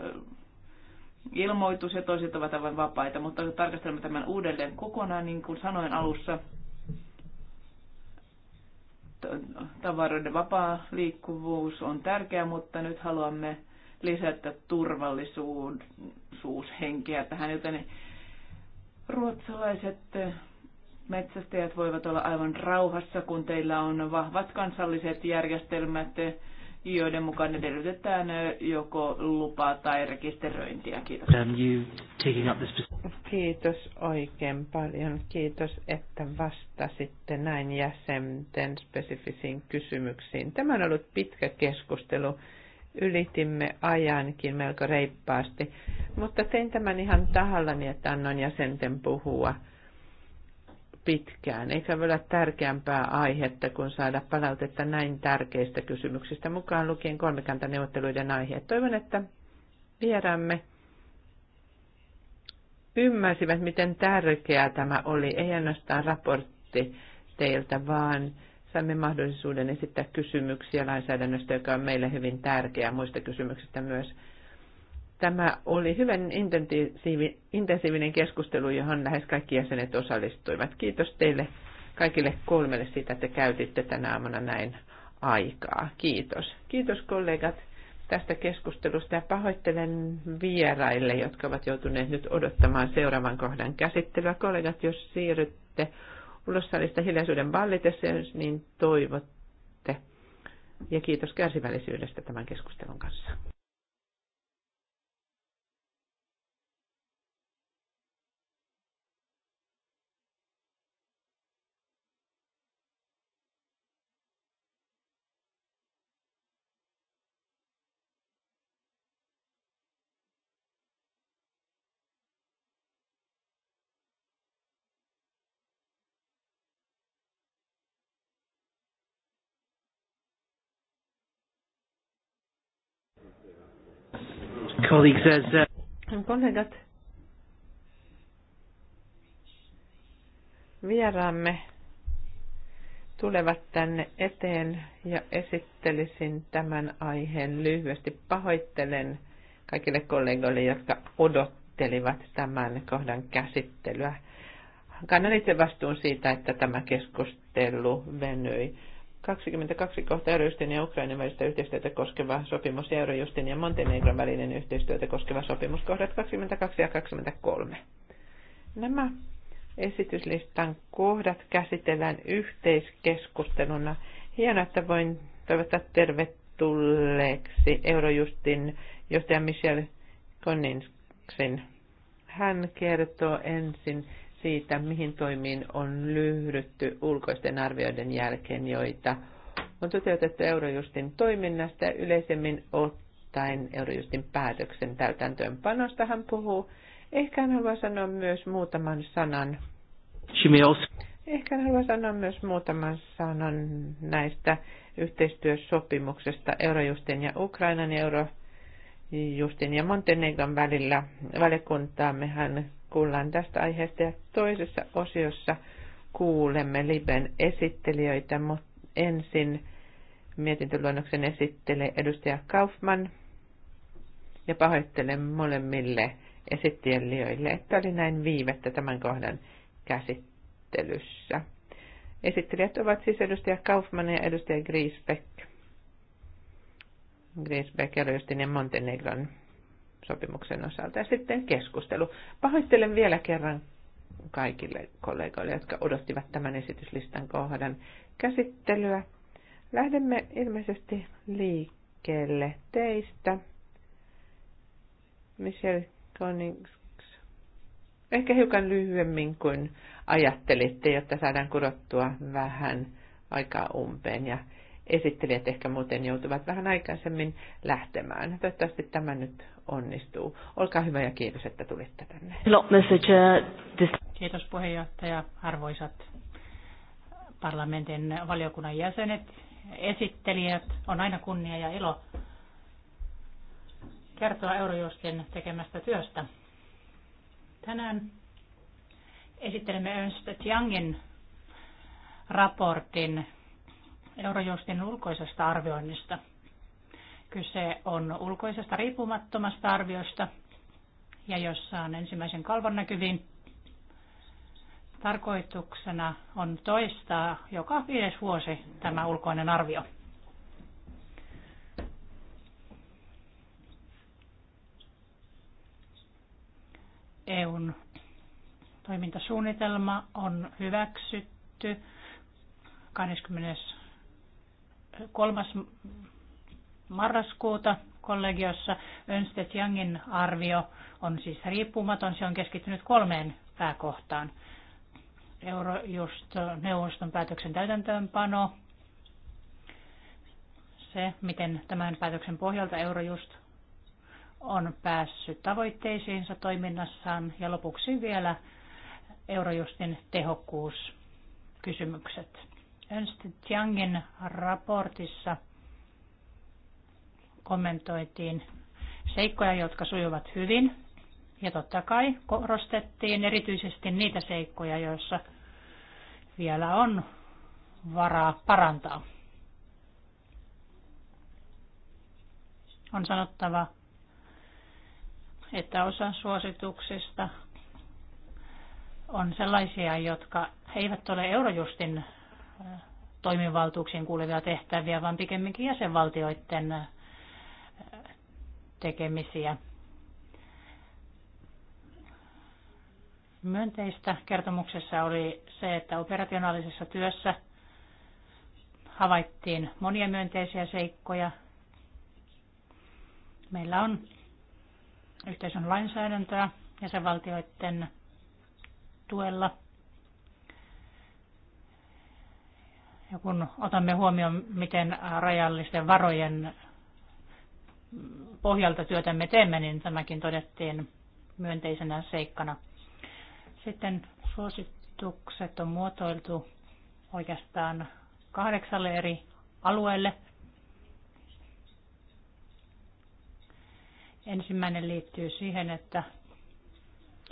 ilmoitus ja toiset ovat aivan vapaita, mutta tarkastelemme tämän uudelleen kokonaan, niin kuin sanoin alussa. Tavaroiden vapaa liikkuvuus on tärkeää, mutta nyt haluamme lisätä turvallisuushenkeä tähän, joten ruotsalaiset metsästäjät voivat olla aivan rauhassa, kun teillä on vahvat kansalliset järjestelmät, joiden mukaan edellytetään joko lupaa tai rekisteröintiä. Kiitos. Um, Kiitos oikein paljon. Kiitos, että vastasitte näin jäsenten spesifisiin kysymyksiin. Tämä on ollut pitkä keskustelu ylitimme ajankin melko reippaasti. Mutta tein tämän ihan tahallani, että annoin jäsenten puhua pitkään. Eikä ole tärkeämpää aihetta kuin saada palautetta näin tärkeistä kysymyksistä, mukaan lukien kolmikantaneuvotteluiden aiheet. Toivon, että vieraamme ymmärsivät, miten tärkeää tämä oli. Ei ainoastaan raportti teiltä, vaan saimme mahdollisuuden esittää kysymyksiä lainsäädännöstä, joka on meille hyvin tärkeä, muista kysymyksistä myös. Tämä oli hyvän intensiivinen keskustelu, johon lähes kaikki jäsenet osallistuivat. Kiitos teille kaikille kolmelle siitä, että käytitte tänä aamuna näin aikaa. Kiitos. Kiitos kollegat tästä keskustelusta ja pahoittelen vieraille, jotka ovat joutuneet nyt odottamaan seuraavan kohdan käsittelyä. Kollegat, jos siirrytte ulos salista hiljaisuuden vallitessa, jos niin toivotte. Ja kiitos kärsivällisyydestä tämän keskustelun kanssa. colleagues, as, uh, kollegat, vieraamme tulevat tänne eteen ja esittelisin tämän aiheen lyhyesti. Pahoittelen kaikille kollegoille, jotka odottelivat tämän kohdan käsittelyä. Kannan itse vastuun siitä, että tämä keskustelu venyi 22 kohta Eurojustin ja Ukrainan välistä yhteistyötä koskeva sopimus ja Eurojustin ja Montenegron välinen yhteistyötä koskeva sopimus kohdat 22 ja 23. Nämä esityslistan kohdat käsitellään yhteiskeskusteluna. Hienoa, että voin toivottaa tervetulleeksi Eurojustin johtaja Michel Koninsin. Hän kertoo ensin siitä, mihin toimiin on lyhdytty ulkoisten arvioiden jälkeen, joita on toteutettu Eurojustin toiminnasta ja yleisemmin ottaen Eurojustin päätöksen täytäntöönpanosta hän puhuu. Ehkä hän haluaa sanoa myös muutaman sanan. Ehkä hän haluaa sanoa myös muutaman sanan näistä yhteistyösopimuksesta Eurojustin ja Ukrainan euro. Justin ja Montenegron välillä. Valiokuntaamme hän kuullaan tästä aiheesta ja toisessa osiossa kuulemme Liben esittelijöitä, mutta ensin mietintöluonnoksen esittelee edustaja Kaufman ja pahoittelen molemmille esittelijöille, että oli näin viivettä tämän kohdan käsittelyssä. Esittelijät ovat siis edustaja Kaufman ja edustaja Griesbeck. Griesbeck ja Röstin ja Montenegron sopimuksen osalta. Ja sitten keskustelu. Pahoittelen vielä kerran kaikille kollegoille, jotka odottivat tämän esityslistan kohdan käsittelyä. Lähdemme ilmeisesti liikkeelle teistä. Michelle Konings, ehkä hiukan lyhyemmin kuin ajattelitte, jotta saadaan kurottua vähän aikaa umpeen ja esittelijät ehkä muuten joutuvat vähän aikaisemmin lähtemään. Toivottavasti tämä nyt onnistuu. Olkaa hyvä ja kiitos, että tulitte tänne. Kiitos puheenjohtaja, arvoisat parlamentin valiokunnan jäsenet, esittelijät. On aina kunnia ja ilo kertoa Eurojustin tekemästä työstä. Tänään esittelemme Ernst Youngin raportin Eurojustin ulkoisesta arvioinnista. Kyse on ulkoisesta riippumattomasta arviosta, ja jossa on ensimmäisen kalvon näkyviin, tarkoituksena on toistaa joka viides vuosi tämä ulkoinen arvio. EUn toimintasuunnitelma on hyväksytty 20. Kolmas marraskuuta kollegiossa Ernst Youngin arvio on siis riippumaton. Se on keskittynyt kolmeen pääkohtaan. Eurojust-neuvoston päätöksen täytäntöönpano, se, miten tämän päätöksen pohjalta Eurojust on päässyt tavoitteisiinsa toiminnassaan ja lopuksi vielä Eurojustin tehokkuuskysymykset. Ernst Youngin raportissa kommentoitiin seikkoja, jotka sujuvat hyvin. Ja totta kai korostettiin erityisesti niitä seikkoja, joissa vielä on varaa parantaa. On sanottava, että osa suosituksista on sellaisia, jotka eivät ole Eurojustin toimivaltuuksiin kuuluvia tehtäviä, vaan pikemminkin jäsenvaltioiden äh, tekemisiä. Myönteistä kertomuksessa oli se, että operationaalisessa työssä havaittiin monia myönteisiä seikkoja. Meillä on yhteisön lainsäädäntöä jäsenvaltioiden tuella – Ja kun otamme huomioon, miten rajallisten varojen pohjalta työtämme teemme, niin tämäkin todettiin myönteisenä seikkana. Sitten suositukset on muotoiltu oikeastaan kahdeksalle eri alueelle. Ensimmäinen liittyy siihen, että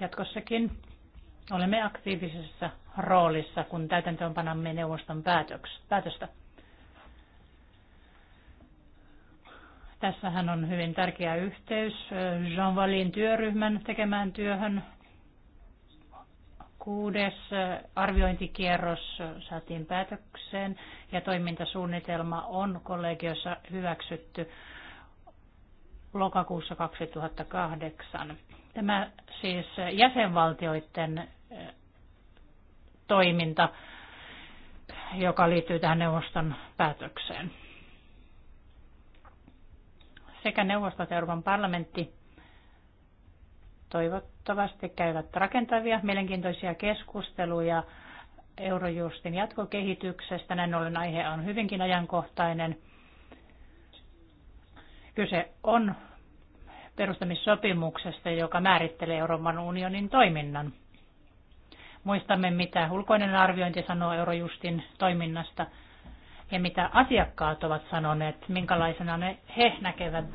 jatkossakin Olemme aktiivisessa roolissa, kun täytäntöönpanamme neuvoston päätöstä. Tässähän on hyvin tärkeä yhteys Jean Valin työryhmän tekemään työhön. Kuudes arviointikierros saatiin päätökseen ja toimintasuunnitelma on kollegiossa hyväksytty lokakuussa 2008. Tämä siis jäsenvaltioiden eh, toiminta, joka liittyy tähän neuvoston päätökseen. Sekä neuvostot että Euroopan parlamentti toivottavasti käyvät rakentavia, mielenkiintoisia keskusteluja Eurojustin jatkokehityksestä. Näin ollen aihe on hyvinkin ajankohtainen. Kyse on perustamissopimuksesta, joka määrittelee Euroopan unionin toiminnan. Muistamme, mitä ulkoinen arviointi sanoo Eurojustin toiminnasta ja mitä asiakkaat ovat sanoneet, minkälaisena ne, he näkevät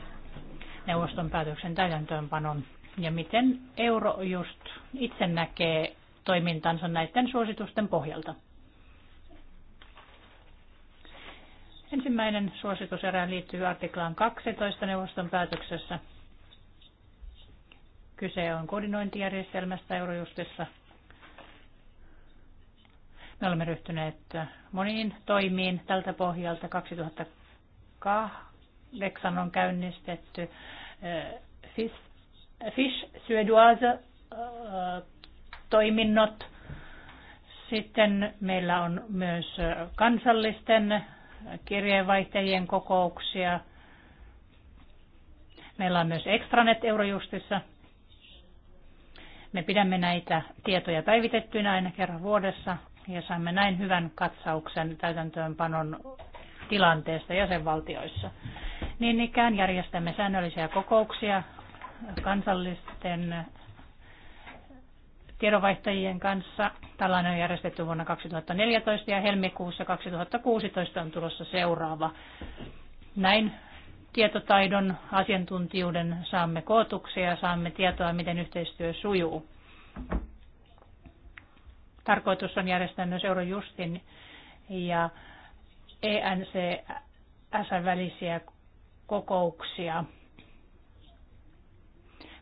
neuvoston päätöksen täytäntöönpanon ja miten Eurojust itse näkee toimintansa näiden suositusten pohjalta. Ensimmäinen suositus erään liittyy artiklaan 12 neuvoston päätöksessä – Kyse on koordinointijärjestelmästä Eurojustissa. Me olemme ryhtyneet moniin toimiin tältä pohjalta. 2008 on käynnistetty eh, Fish Suedoise eh, toiminnot. Sitten meillä on myös eh, kansallisten kirjeenvaihtajien kokouksia. Meillä on myös Extranet Eurojustissa – me pidämme näitä tietoja päivitettyinä aina kerran vuodessa ja saamme näin hyvän katsauksen täytäntöönpanon tilanteesta jäsenvaltioissa. Niin ikään järjestämme säännöllisiä kokouksia kansallisten tiedonvaihtajien kanssa. Tällainen on järjestetty vuonna 2014 ja helmikuussa 2016 on tulossa seuraava. Näin tietotaidon, asiantuntijuuden saamme kootuksi ja saamme tietoa, miten yhteistyö sujuu. Tarkoitus on järjestää myös Eurojustin ja ENCS välisiä kokouksia.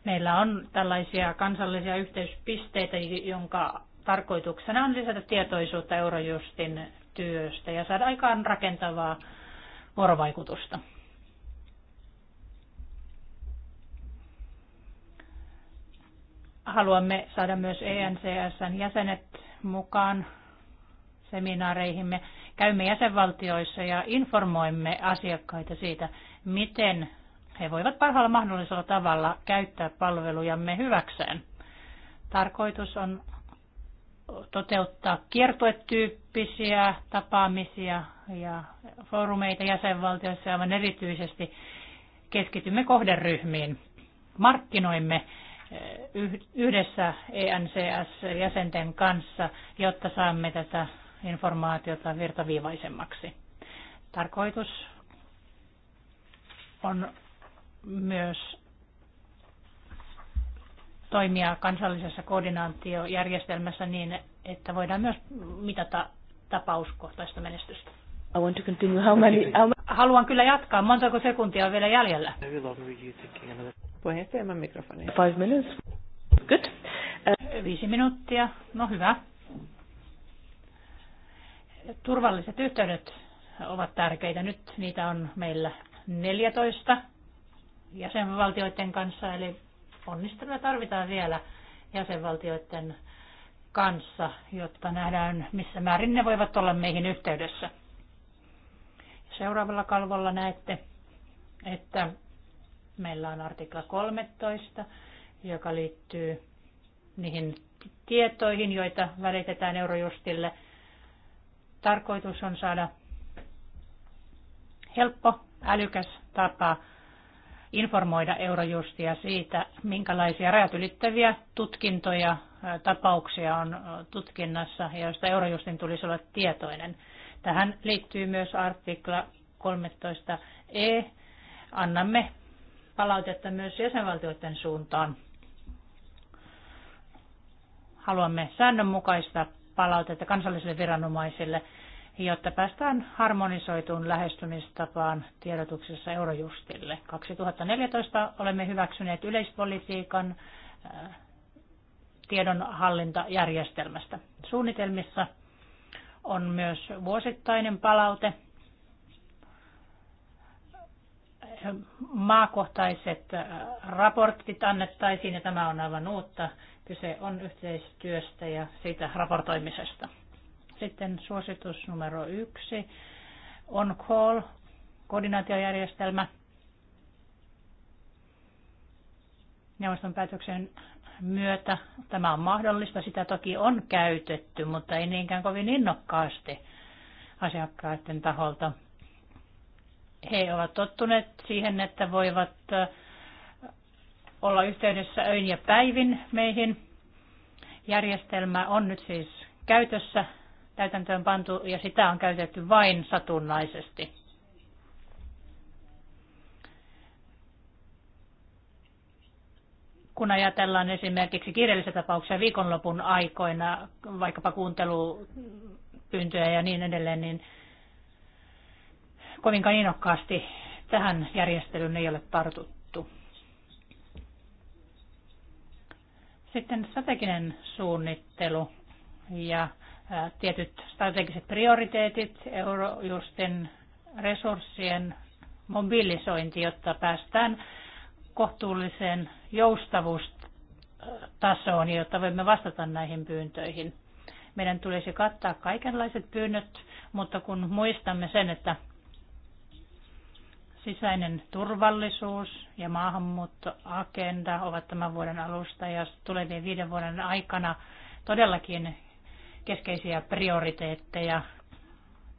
Meillä on tällaisia kansallisia yhteyspisteitä, jonka tarkoituksena on lisätä tietoisuutta Eurojustin työstä ja saada aikaan rakentavaa vuorovaikutusta. Haluamme saada myös ENCSn jäsenet mukaan seminaareihimme. Käymme jäsenvaltioissa ja informoimme asiakkaita siitä, miten he voivat parhaalla mahdollisella tavalla käyttää palvelujamme hyväkseen. Tarkoitus on toteuttaa kiertuetyyppisiä tapaamisia ja foorumeita jäsenvaltioissa, aivan erityisesti keskitymme kohderyhmiin. Markkinoimme yhdessä ENCS-jäsenten kanssa, jotta saamme tätä informaatiota virtaviivaisemmaksi. Tarkoitus on myös toimia kansallisessa koordinaatiojärjestelmässä niin, että voidaan myös mitata tapauskohtaista menestystä. I want to continue. How many, how... Haluan kyllä jatkaa. Montako sekuntia on vielä jäljellä? Puheenjohtaja ilman mikrofonia. Five minutes. Good. Uh, Viisi minuuttia. No hyvä. Turvalliset yhteydet ovat tärkeitä. Nyt niitä on meillä 14 jäsenvaltioiden kanssa, eli onnistelua tarvitaan vielä jäsenvaltioiden kanssa, jotta nähdään, missä määrin ne voivat olla meihin yhteydessä. Seuraavalla kalvolla näette, että Meillä on artikla 13, joka liittyy niihin tietoihin, joita välitetään Eurojustille. Tarkoitus on saada helppo, älykäs tapa informoida Eurojustia siitä, minkälaisia rajat ylittäviä tutkintoja, tapauksia on tutkinnassa, joista Eurojustin tulisi olla tietoinen. Tähän liittyy myös artikla 13e. Annamme palautetta myös jäsenvaltioiden suuntaan. Haluamme säännönmukaista palautetta kansallisille viranomaisille, jotta päästään harmonisoituun lähestymistapaan tiedotuksessa Eurojustille. 2014 olemme hyväksyneet yleispolitiikan äh, tiedonhallintajärjestelmästä. Suunnitelmissa on myös vuosittainen palaute – maakohtaiset äh, raportit annettaisiin, ja tämä on aivan uutta. Kyse on yhteistyöstä ja siitä raportoimisesta. Sitten suositus numero yksi on call koordinaatiojärjestelmä. Neuvoston päätöksen myötä tämä on mahdollista. Sitä toki on käytetty, mutta ei niinkään kovin innokkaasti asiakkaiden taholta he ovat tottuneet siihen, että voivat olla yhteydessä öin ja päivin meihin. Järjestelmä on nyt siis käytössä, täytäntöön pantu ja sitä on käytetty vain satunnaisesti. kun ajatellaan esimerkiksi kirjallisia tapauksia viikonlopun aikoina, vaikkapa kuuntelupyyntöjä ja niin edelleen, niin kovinkaan innokkaasti tähän järjestelyyn ei ole tartuttu. Sitten strateginen suunnittelu ja tietyt strategiset prioriteetit, eurojusten resurssien mobilisointi, jotta päästään kohtuulliseen joustavuustasoon, jotta voimme vastata näihin pyyntöihin. Meidän tulisi kattaa kaikenlaiset pyynnöt, mutta kun muistamme sen, että Sisäinen turvallisuus ja maahanmuuttoagenda ovat tämän vuoden alusta ja tulevien viiden vuoden aikana todellakin keskeisiä prioriteetteja.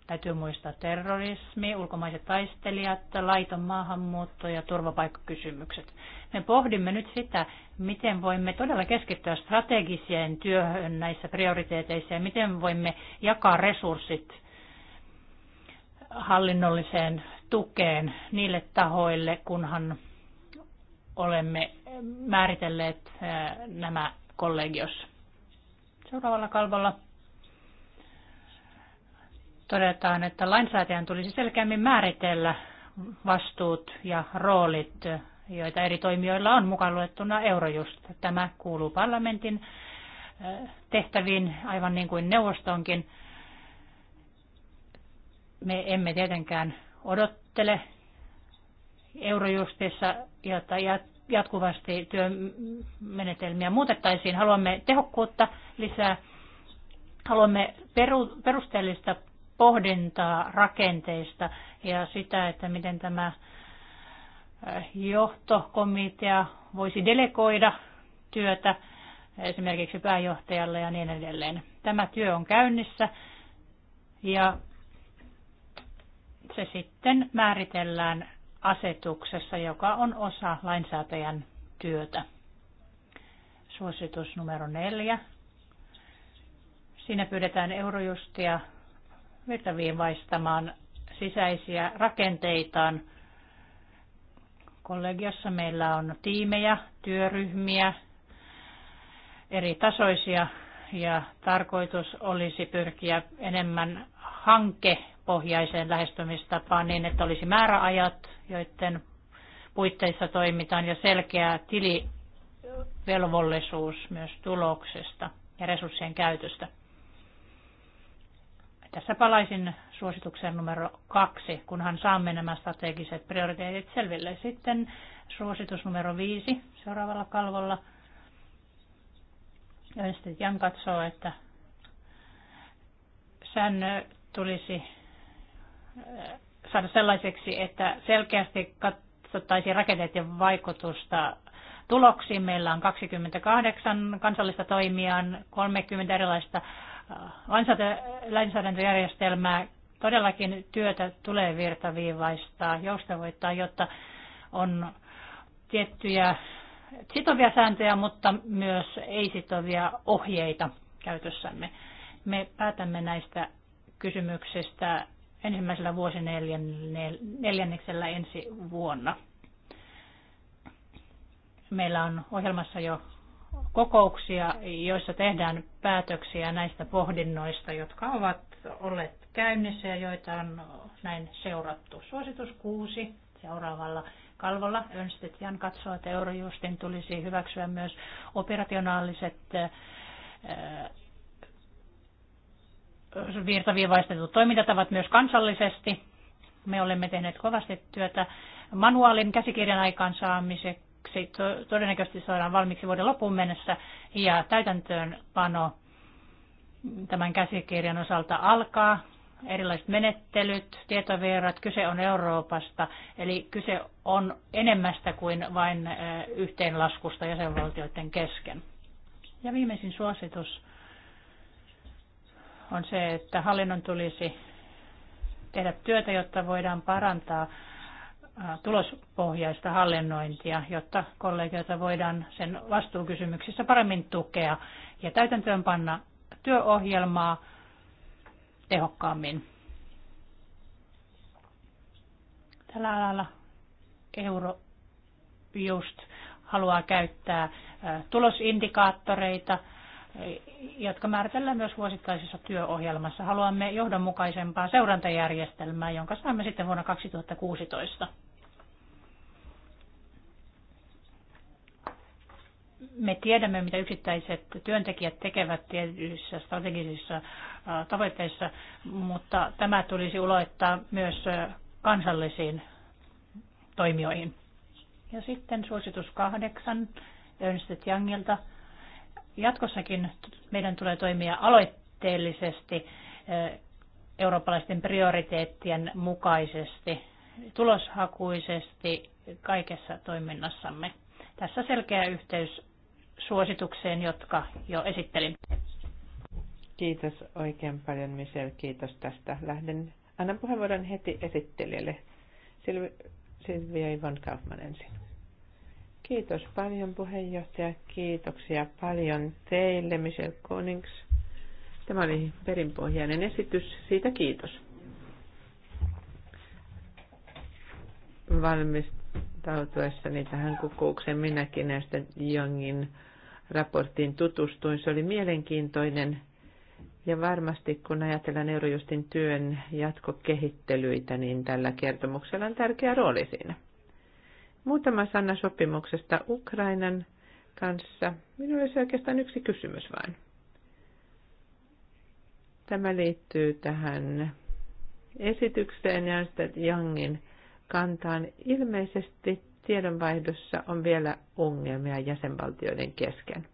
Täytyy muistaa terrorismi, ulkomaiset taistelijat, laiton maahanmuutto ja turvapaikkakysymykset. Me pohdimme nyt sitä, miten voimme todella keskittyä strategiseen työhön näissä prioriteeteissa ja miten voimme jakaa resurssit hallinnolliseen tukeen niille tahoille, kunhan olemme määritelleet nämä kollegios. Seuraavalla kalvolla todetaan, että lainsäätäjän tulisi selkeämmin määritellä vastuut ja roolit, joita eri toimijoilla on mukaan luettuna Eurojust. Tämä kuuluu parlamentin tehtäviin, aivan niin kuin neuvostonkin. Me emme tietenkään odottele eurojustissa, ja jatkuvasti työmenetelmiä muutettaisiin. Haluamme tehokkuutta lisää, haluamme perusteellista pohdintaa rakenteista ja sitä, että miten tämä äh, johtokomitea voisi delegoida työtä esimerkiksi pääjohtajalle ja niin edelleen. Tämä työ on käynnissä ja se sitten määritellään asetuksessa, joka on osa lainsäätäjän työtä. Suositus numero neljä. Siinä pyydetään eurojustia vaistamaan sisäisiä rakenteitaan. Kollegiossa meillä on tiimejä, työryhmiä, eri tasoisia ja tarkoitus olisi pyrkiä enemmän hanke pohjaiseen lähestymistapaan niin, että olisi määräajat, joiden puitteissa toimitaan ja selkeä tilivelvollisuus myös tuloksesta ja resurssien käytöstä. Tässä palaisin suositukseen numero kaksi, kunhan saamme nämä strategiset prioriteetit selville. Sitten suositus numero viisi seuraavalla kalvolla. Ernst Jan katsoo, että sen tulisi saada sellaiseksi, että selkeästi katsottaisiin ja vaikutusta tuloksiin. Meillä on 28 kansallista toimijaa, 30 erilaista äh, lainsäädäntöjärjestelmää. Todellakin työtä tulee virtaviivaistaa, joustavoittaa, jotta on tiettyjä sitovia sääntöjä, mutta myös ei-sitovia ohjeita käytössämme. Me päätämme näistä kysymyksistä ensimmäisellä vuosineljänneksellä ensi vuonna. Meillä on ohjelmassa jo kokouksia, joissa tehdään päätöksiä näistä pohdinnoista, jotka ovat olleet käynnissä ja joita on näin seurattu. Suositus kuusi seuraavalla kalvolla. Önstet Jan katsoo, että Eurojustin tulisi hyväksyä myös operationaaliset virtaviivaistetut toimintatavat myös kansallisesti. Me olemme tehneet kovasti työtä manuaalin käsikirjan aikaansaamiseksi. Todennäköisesti saadaan valmiiksi vuoden loppuun mennessä ja täytäntöönpano tämän käsikirjan osalta alkaa. Erilaiset menettelyt, tietovierat, kyse on Euroopasta, eli kyse on enemmästä kuin vain yhteenlaskusta jäsenvaltioiden kesken. Ja viimeisin suositus on se, että hallinnon tulisi tehdä työtä, jotta voidaan parantaa tulospohjaista hallinnointia, jotta kollegioita voidaan sen vastuukysymyksissä paremmin tukea ja täytäntöön panna työohjelmaa tehokkaammin. Tällä alalla euro just haluaa käyttää tulosindikaattoreita – jotka määritellään myös vuosittaisessa työohjelmassa. Haluamme johdonmukaisempaa seurantajärjestelmää, jonka saamme sitten vuonna 2016. Me tiedämme, mitä yksittäiset työntekijät tekevät tietyissä strategisissa tavoitteissa, mutta tämä tulisi uloittaa myös kansallisiin toimijoihin. Ja sitten suositus kahdeksan Ernst Youngilta – Jatkossakin meidän tulee toimia aloitteellisesti eurooppalaisten prioriteettien mukaisesti, tuloshakuisesti kaikessa toiminnassamme. Tässä selkeä yhteys suositukseen, jotka jo esittelin. Kiitos oikein paljon, Michelle. Kiitos tästä. Lähden, annan puheenvuoron heti esittelijälle. Silvia Ivan Kaufman ensin. Kiitos paljon puheenjohtaja, kiitoksia paljon teille, Michelle Konings. Tämä oli perinpohjainen esitys, siitä kiitos. Valmistautuessani tähän kokoukseen minäkin näistä Jongin raporttiin tutustuin. Se oli mielenkiintoinen ja varmasti kun ajatellaan Eurojustin työn jatkokehittelyitä, niin tällä kertomuksella on tärkeä rooli siinä. Muutama sana sopimuksesta Ukrainan kanssa. Minulla olisi oikeastaan yksi kysymys vain. Tämä liittyy tähän esitykseen ja Youngin kantaan. Ilmeisesti tiedonvaihdossa on vielä ongelmia jäsenvaltioiden kesken.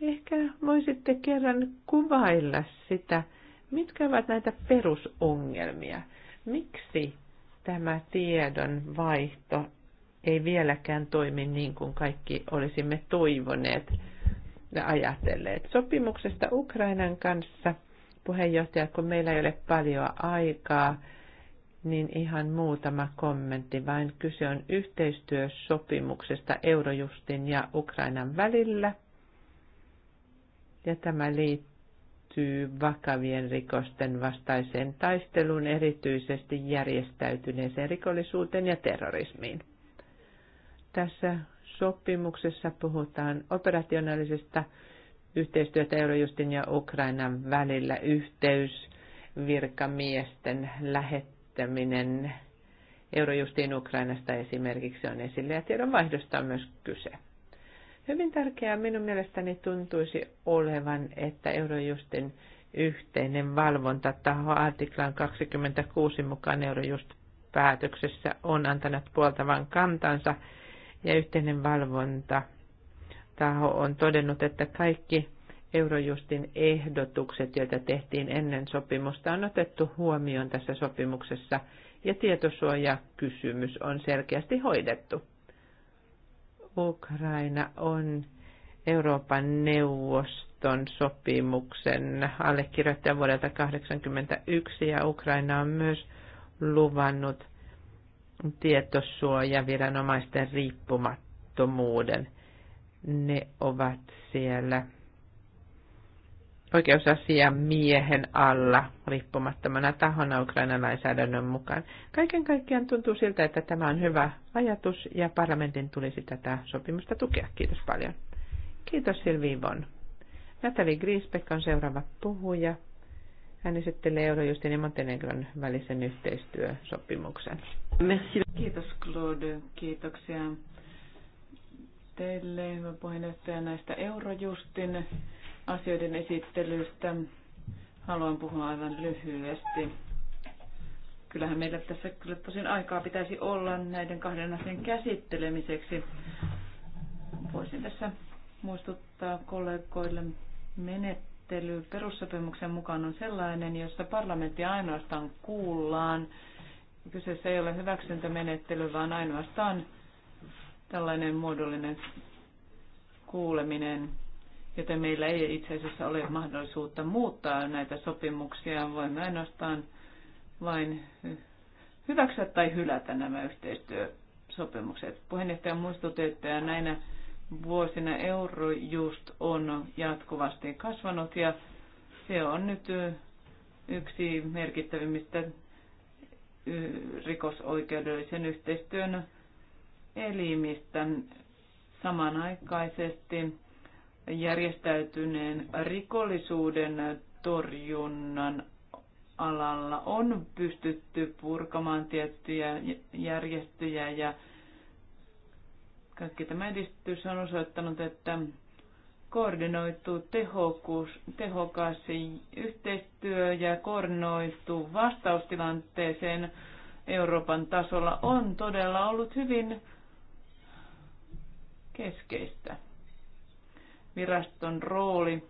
Ehkä voisitte kerran kuvailla sitä, mitkä ovat näitä perusongelmia. Miksi tämä tiedon vaihto ei vieläkään toimi niin kuin kaikki olisimme toivoneet ja ajatelleet. Sopimuksesta Ukrainan kanssa, puheenjohtaja, kun meillä ei ole paljon aikaa, niin ihan muutama kommentti. Vain kyse on yhteistyösopimuksesta Eurojustin ja Ukrainan välillä. Ja tämä liittyy liittyy vakavien rikosten vastaiseen taisteluun, erityisesti järjestäytyneeseen rikollisuuteen ja terrorismiin. Tässä sopimuksessa puhutaan operationaalisesta yhteistyötä Eurojustin ja Ukrainan välillä, yhteys, virkamiesten lähettäminen Eurojustin Ukrainasta esimerkiksi on esille ja tiedonvaihdosta on myös kyse. Hyvin tärkeää minun mielestäni tuntuisi olevan, että Eurojustin yhteinen valvontataho artiklan 26 mukaan Eurojust päätöksessä on antanut puoltavan kantansa ja yhteinen valvonta taho on todennut, että kaikki Eurojustin ehdotukset, joita tehtiin ennen sopimusta, on otettu huomioon tässä sopimuksessa ja tietosuojakysymys on selkeästi hoidettu. Ukraina on Euroopan neuvoston sopimuksen allekirjoittaja vuodelta 1981 ja Ukraina on myös luvannut tietosuoja-viranomaisten riippumattomuuden. Ne ovat siellä miehen alla riippumattomana tahona Ukrainan lainsäädännön mukaan. Kaiken kaikkiaan tuntuu siltä, että tämä on hyvä ajatus ja parlamentin tulisi tätä sopimusta tukea. Kiitos paljon. Kiitos Silvi Ivon. Natalie Griesbeck on seuraava puhuja. Hän esittelee Eurojustin ja Montenegron välisen yhteistyösopimuksen. Merci. Kiitos Claude, kiitoksia teille, hyvä puheenjohtaja, näistä Eurojustin asioiden esittelystä. Haluan puhua aivan lyhyesti. Kyllähän meillä tässä kyllä tosin aikaa pitäisi olla näiden kahden asian käsittelemiseksi. Voisin tässä muistuttaa kollegoille menettely perussopimuksen mukaan on sellainen, jossa parlamentti ainoastaan kuullaan. Kyseessä ei ole hyväksyntämenettely, vaan ainoastaan tällainen muodollinen kuuleminen joten meillä ei itse asiassa ole mahdollisuutta muuttaa näitä sopimuksia. Voimme ainoastaan vain hyväksyä tai hylätä nämä yhteistyösopimukset. Puheenjohtaja muistutti, että näinä vuosina euro just on jatkuvasti kasvanut ja se on nyt yksi merkittävimmistä rikosoikeudellisen yhteistyön elimistä. Samanaikaisesti järjestäytyneen rikollisuuden torjunnan alalla on pystytty purkamaan tiettyjä järjestöjä ja kaikki tämä edistys on osoittanut, että koordinoitu tehokus, tehokas yhteistyö ja koordinoitu vastaustilanteeseen Euroopan tasolla on todella ollut hyvin keskeistä viraston rooli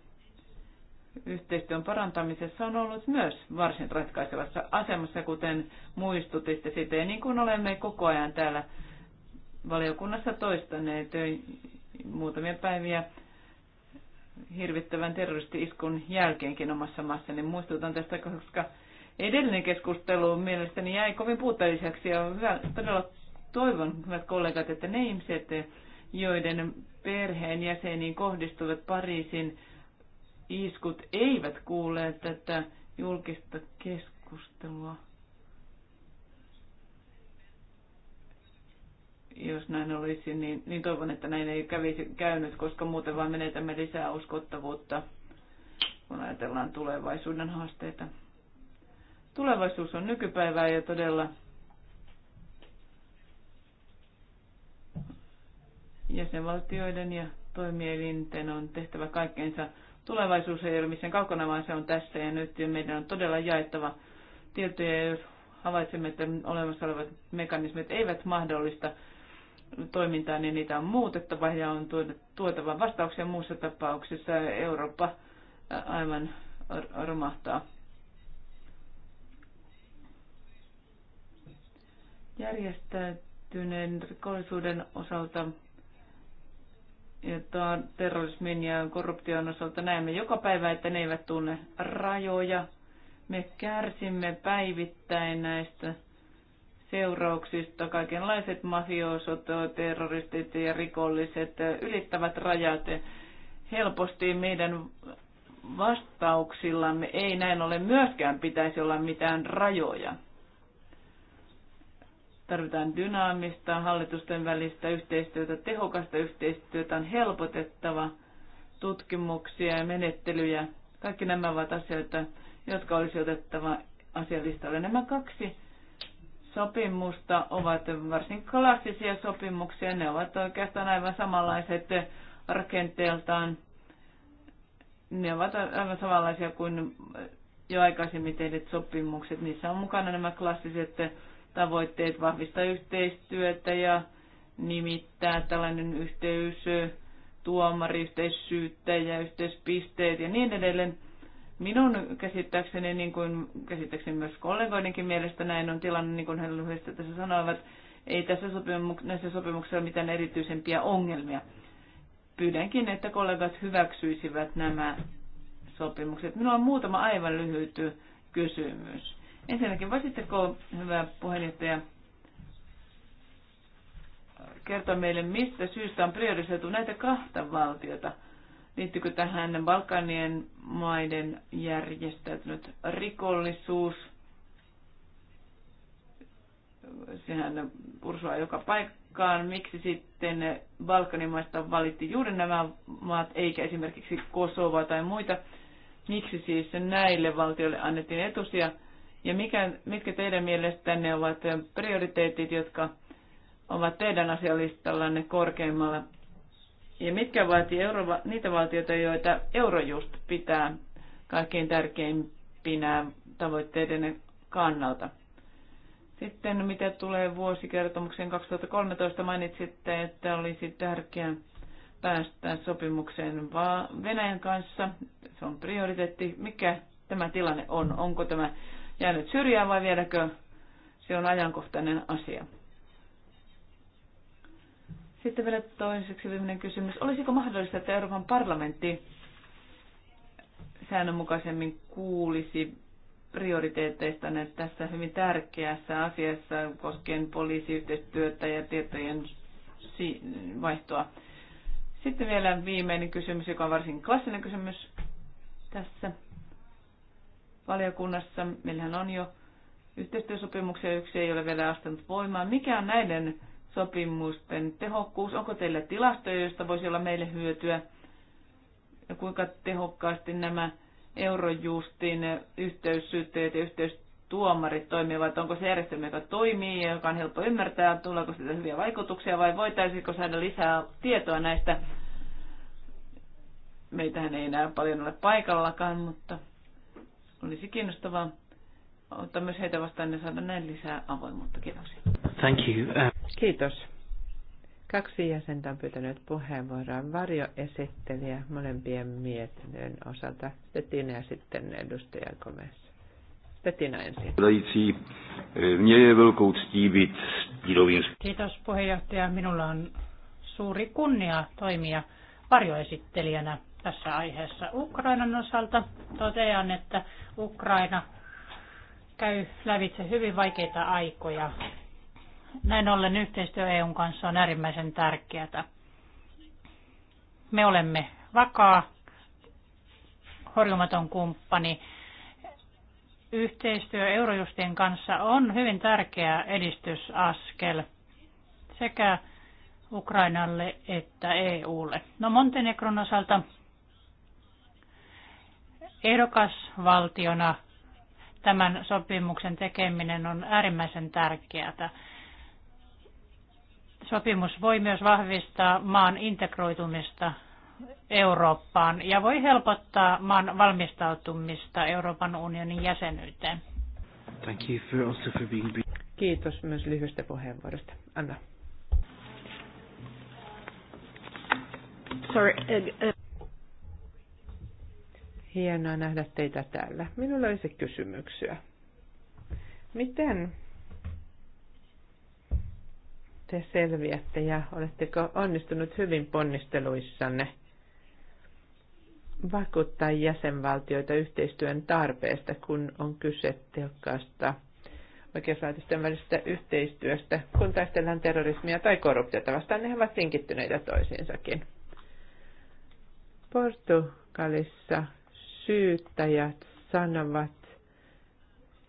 yhteistyön parantamisessa on ollut myös varsin ratkaisevassa asemassa, kuten muistutitte siitä. Ja niin kuin olemme koko ajan täällä valiokunnassa toistaneet muutamia päiviä hirvittävän terroristi-iskun jälkeenkin omassa niin Muistutan tästä, koska edellinen keskustelu mielestäni jäi kovin puutteelliseksi ja hyvä, todella toivon, hyvät kollegat, että ne ihmiset, joiden jäseniin kohdistuvat Pariisin iskut eivät kuulleet tätä julkista keskustelua. Jos näin olisi, niin, niin toivon, että näin ei kävisi käynyt, koska muuten vaan menetämme lisää uskottavuutta, kun ajatellaan tulevaisuuden haasteita. Tulevaisuus on nykypäivää ja todella Jäsenvaltioiden ja toimielinten on tehtävä kaikkeensa. Tulevaisuus ei ole missään kaukana, vaan se on tässä ja nyt. Ja meidän on todella jaettava tietoja, jos havaitsemme, että olemassa olevat mekanismit eivät mahdollista toimintaa, niin niitä on muutettava ja on tuota- tuotava vastauksia muussa tapauksessa. Eurooppa aivan romahtaa. Järjestäytyneen rikollisuuden osalta että terrorismin ja korruption osalta näemme joka päivä, että ne eivät tunne rajoja. Me kärsimme päivittäin näistä seurauksista. Kaikenlaiset mafiosot, terroristit ja rikolliset ylittävät rajat helposti meidän vastauksillamme ei näin ole myöskään pitäisi olla mitään rajoja. Tarvitaan dynaamista hallitusten välistä yhteistyötä, tehokasta yhteistyötä on helpotettava, tutkimuksia ja menettelyjä. Kaikki nämä ovat asioita, jotka olisi otettava asialistalle. Nämä kaksi sopimusta ovat varsin klassisia sopimuksia. Ne ovat oikeastaan aivan samanlaiset rakenteeltaan. Ne ovat aivan samanlaisia kuin jo aikaisemmin tehdyt sopimukset. Niissä on mukana nämä klassiset tavoitteet vahvistaa yhteistyötä ja nimittää tällainen yhteys tuomari, yhteissyyttäjä, yhteispisteet ja niin edelleen. Minun käsittääkseni, niin kuin käsittääkseni myös kollegoidenkin mielestä näin on tilanne, niin kuin he lyhyesti tässä sanoivat, ei tässä sopimuk- näissä sopimuksissa ole mitään erityisempiä ongelmia. Pyydänkin, että kollegat hyväksyisivät nämä sopimukset. Minulla on muutama aivan lyhyt kysymys. Ensinnäkin voisitteko, hyvä puheenjohtaja, kertoa meille, mistä syystä on priorisoitu näitä kahta valtiota? Liittyykö tähän Balkanien maiden järjestäytynyt rikollisuus? Sehän pursua, joka paikkaan. Miksi sitten Balkanin maista valitti juuri nämä maat, eikä esimerkiksi Kosova tai muita? Miksi siis näille valtioille annettiin etusia? Ja mikä, mitkä teidän mielestänne ovat prioriteetit, jotka ovat teidän asialistallanne korkeimmalla? Ja mitkä ovat euro, niitä valtioita, joita Eurojust pitää kaikkein tärkeimpinä tavoitteiden kannalta? Sitten mitä tulee vuosikertomukseen 2013, mainitsitte, että olisi tärkeää päästä sopimukseen Venäjän kanssa. Se on prioriteetti. Mikä tämä tilanne on? Onko tämä jäänyt syrjään vai vieläkö se on ajankohtainen asia? Sitten vielä toiseksi viimeinen kysymys. Olisiko mahdollista, että Euroopan parlamentti säännönmukaisemmin kuulisi prioriteetteista tässä hyvin tärkeässä asiassa koskien poliisiyhteistyötä ja tietojen vaihtoa. Sitten vielä viimeinen kysymys, joka on varsin klassinen kysymys tässä valiokunnassa. Meillähän on jo yhteistyösopimuksia, yksi ei ole vielä astunut voimaan. Mikä on näiden sopimusten tehokkuus? Onko teillä tilastoja, joista voisi olla meille hyötyä? Ja kuinka tehokkaasti nämä Eurojustin yhteyssyytteet ja yhteystuomarit toimivat? Onko se järjestelmä, joka toimii ja joka on helppo ymmärtää? Tuleeko siitä hyviä vaikutuksia vai voitaisiinko saada lisää tietoa näistä? Meitähän ei enää paljon ole paikallakaan, mutta olisi kiinnostavaa ottaa myös heitä vastaan ja saada näin lisää avoimuutta. Kiitoksia. Thank you. Uh... Kiitos. Kaksi jäsentä on pyytänyt puheenvuoroa varjoesittelijä molempien mietinnön osalta. Stettina ja sitten edustaja Gomez. Stettina ensin. Eh, Kiitos puheenjohtaja. Minulla on suuri kunnia toimia varjoesittelijänä tässä aiheessa Ukrainan osalta. Totean, että Ukraina käy lävitse hyvin vaikeita aikoja. Näin ollen yhteistyö EUn kanssa on äärimmäisen tärkeää. Me olemme vakaa, horjumaton kumppani. Yhteistyö Eurojustien kanssa on hyvin tärkeä edistysaskel sekä Ukrainalle että EUlle. No Montenegron osalta ehdokasvaltiona tämän sopimuksen tekeminen on äärimmäisen tärkeää. Sopimus voi myös vahvistaa maan integroitumista Eurooppaan ja voi helpottaa maan valmistautumista Euroopan unionin jäsenyyteen. Thank you for also for being... Kiitos myös lyhyestä puheenvuorosta. Anna. Sorry, uh, uh... Hienoa nähdä teitä täällä. Minulla olisi kysymyksiä. Miten te selviätte ja oletteko onnistunut hyvin ponnisteluissanne vakuuttaa jäsenvaltioita yhteistyön tarpeesta, kun on kyse tehokkaasta oikeuslaitosten välisestä yhteistyöstä, kun taistellaan terrorismia tai korruptiota vastaan, ne ovat linkittyneitä toisiinsakin. Portugalissa syyttäjät sanovat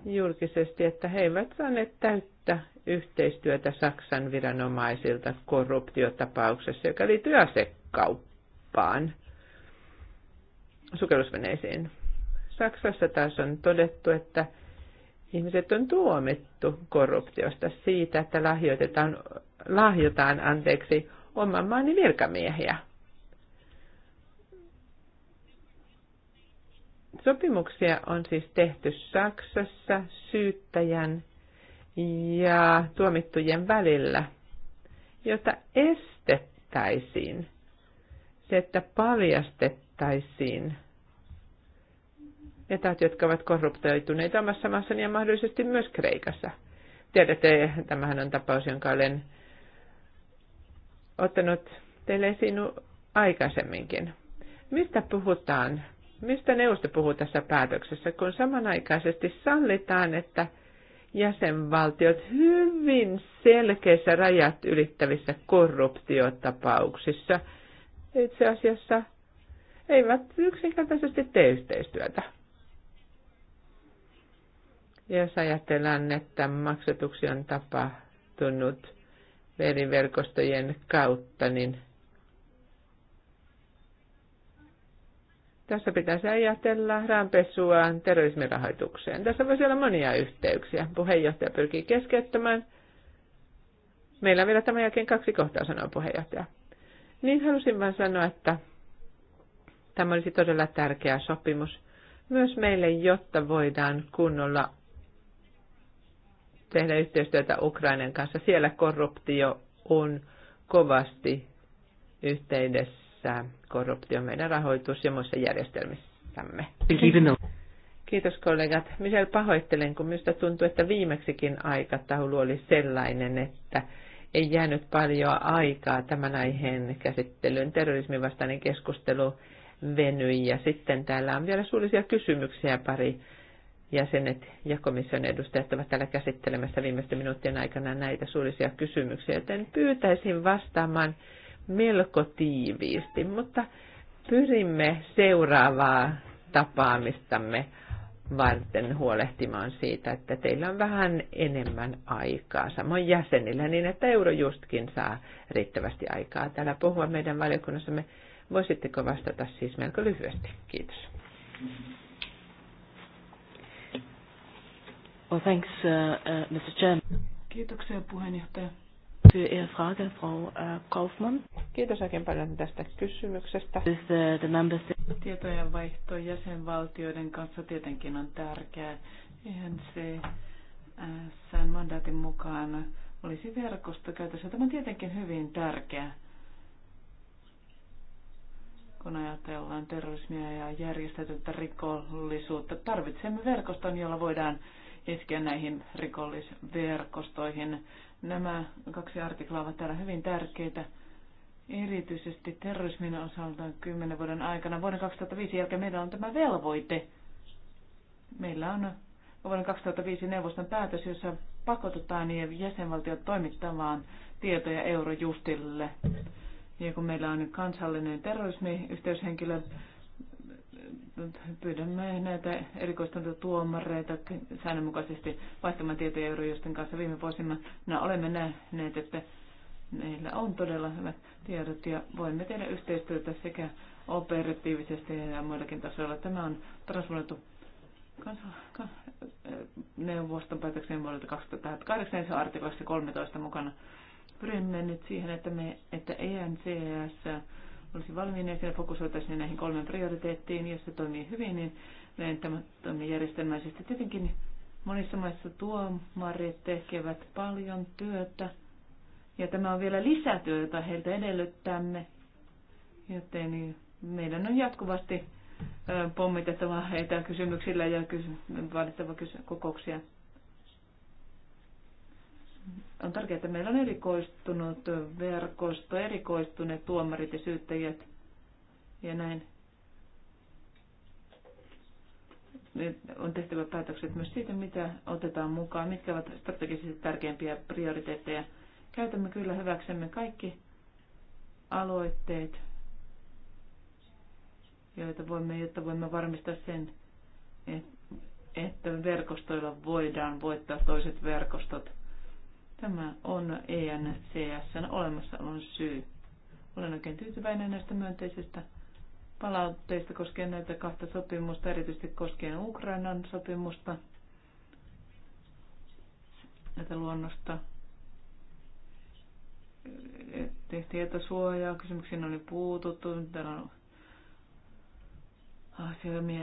julkisesti, että he eivät saaneet täyttä yhteistyötä Saksan viranomaisilta korruptiotapauksessa, joka liittyy asekauppaan sukellusveneisiin. Saksassa taas on todettu, että ihmiset on tuomittu korruptiosta siitä, että lahjoitetaan, lahjotaan anteeksi oman maani virkamiehiä. Sopimuksia on siis tehty Saksassa syyttäjän ja tuomittujen välillä, jota estettäisiin se, että paljastettaisiin etat, jotka ovat korruptoituneita omassa maassani ja mahdollisesti myös Kreikassa. Tiedätte, tämähän on tapaus, jonka olen ottanut teille esiin aikaisemminkin. Mistä puhutaan Mistä neuvosto puhuu tässä päätöksessä, kun samanaikaisesti sallitaan, että jäsenvaltiot hyvin selkeissä rajat ylittävissä korruptiotapauksissa itse asiassa eivät yksinkertaisesti tee yhteistyötä. Jos ajatellaan, että maksatuksia on tapahtunut veriverkostojen kautta, niin Tässä pitäisi ajatella rahanpesua terrorismin rahoitukseen. Tässä voisi olla monia yhteyksiä. Puheenjohtaja pyrkii keskeyttämään. Meillä on vielä tämän jälkeen kaksi kohtaa, sanoo puheenjohtaja. Niin halusin vain sanoa, että tämä olisi todella tärkeä sopimus myös meille, jotta voidaan kunnolla tehdä yhteistyötä Ukrainan kanssa. Siellä korruptio on kovasti yhteydessä estää korruptio meidän rahoitus- ja muissa järjestelmissämme. Kiitos kollegat. Michelle pahoittelen, kun minusta tuntuu, että viimeksikin aikataulu oli sellainen, että ei jäänyt paljon aikaa tämän aiheen käsittelyyn. Terrorismin vastainen keskustelu venyi ja sitten täällä on vielä suullisia kysymyksiä pari jäsenet ja komission edustajat ovat täällä käsittelemässä viimeisten minuuttien aikana näitä suullisia kysymyksiä, joten pyytäisin vastaamaan melko tiiviisti, mutta pyrimme seuraavaa tapaamistamme varten huolehtimaan siitä, että teillä on vähän enemmän aikaa samoin jäsenillä, niin että Eurojustkin saa riittävästi aikaa täällä puhua meidän valiokunnassamme. Voisitteko vastata siis melko lyhyesti? Kiitos. Well, thanks, uh, uh, Mr. Chairman. Kiitoksia puheenjohtaja. Für Ihre Frage, Frau äh, Kaufmann. Kiitos oikein paljon tästä kysymyksestä. Äh, Tietojenvaihto jäsenvaltioiden kanssa tietenkin on tärkeää. Eihän se äh, sen mandaatin mukaan olisi verkosto käytössä. Tämä on tietenkin hyvin tärkeä, kun ajatellaan terrorismia ja järjestetyttä rikollisuutta. Tarvitsemme verkoston, jolla voidaan iskeä näihin rikollisverkostoihin. Nämä kaksi artiklaa ovat täällä hyvin tärkeitä, erityisesti terrorismin osalta kymmenen vuoden aikana. Vuoden 2005 jälkeen meillä on tämä velvoite. Meillä on vuoden 2005 neuvoston päätös, jossa pakotetaan jäsenvaltiot toimittamaan tietoja Eurojustille. Ja kun meillä on kansallinen terrorismi pyydämme näitä erikoistuneita tuomareita säännönmukaisesti vaihtamaan tietoja eurojusten kanssa viime vuosina. No, olemme nähneet, että meillä on todella hyvät tiedot ja voimme tehdä yhteistyötä sekä operatiivisesti ja muillakin tasoilla. Tämä on transformoitu neuvoston päätöksen vuodelta 2008 se artiklassa 13 mukana. Pyrimme nyt siihen, että, me, että ENCS olisi valmiina ja siinä fokusoitaisiin näihin kolmeen prioriteettiin. Jos se toimii hyvin, niin tämä toimii järjestelmällisesti. Tietenkin monissa maissa tuomarit tekevät paljon työtä ja tämä on vielä lisätyö, jota heiltä edellyttämme, joten meidän on jatkuvasti pommitettava heitä kysymyksillä ja kysy- vaadittava kysy- kokouksia on tärkeää, että meillä on erikoistunut verkosto, erikoistuneet tuomarit ja syyttäjät ja näin. Nyt on tehtävä päätökset myös siitä, mitä otetaan mukaan, mitkä ovat strategisesti tärkeimpiä prioriteetteja. Käytämme kyllä hyväksemme kaikki aloitteet, joita voimme, jotta voimme varmistaa sen, että verkostoilla voidaan voittaa toiset verkostot Tämä on ENCSn olemassaolon syy. Olen oikein tyytyväinen näistä myönteisistä palautteista koskien näitä kahta sopimusta, erityisesti koskien Ukrainan sopimusta, näitä luonnosta. Tietosuojaa kysymyksiin oli puututtu. Täällä on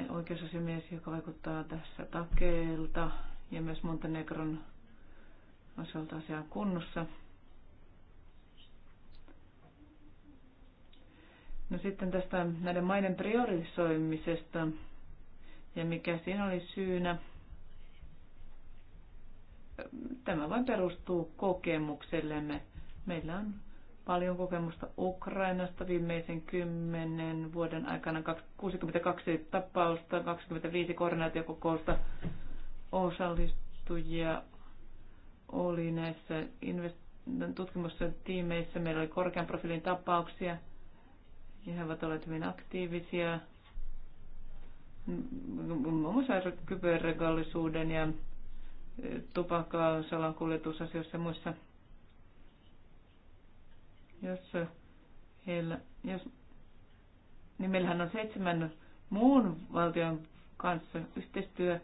oikeusasiamies, joka vaikuttaa tässä takeelta ja myös Montenegron osalta asiaa kunnossa. No sitten tästä näiden maiden priorisoimisesta ja mikä siinä oli syynä. Tämä vain perustuu kokemuksellemme. Meillä on paljon kokemusta Ukrainasta viimeisen kymmenen vuoden aikana 62 tapausta, 25 koordinaatiokokousta osallistujia oli näissä invest- tutkimustiimeissä. Meillä oli korkean profiilin tapauksia ja he ovat olleet hyvin aktiivisia muun muassa kyberregallisuuden ja e, tupakkasalan kuljetusasioissa ja muissa. Jos heillä, jos, niin meillähän on seitsemän muun valtion kanssa yhteistyö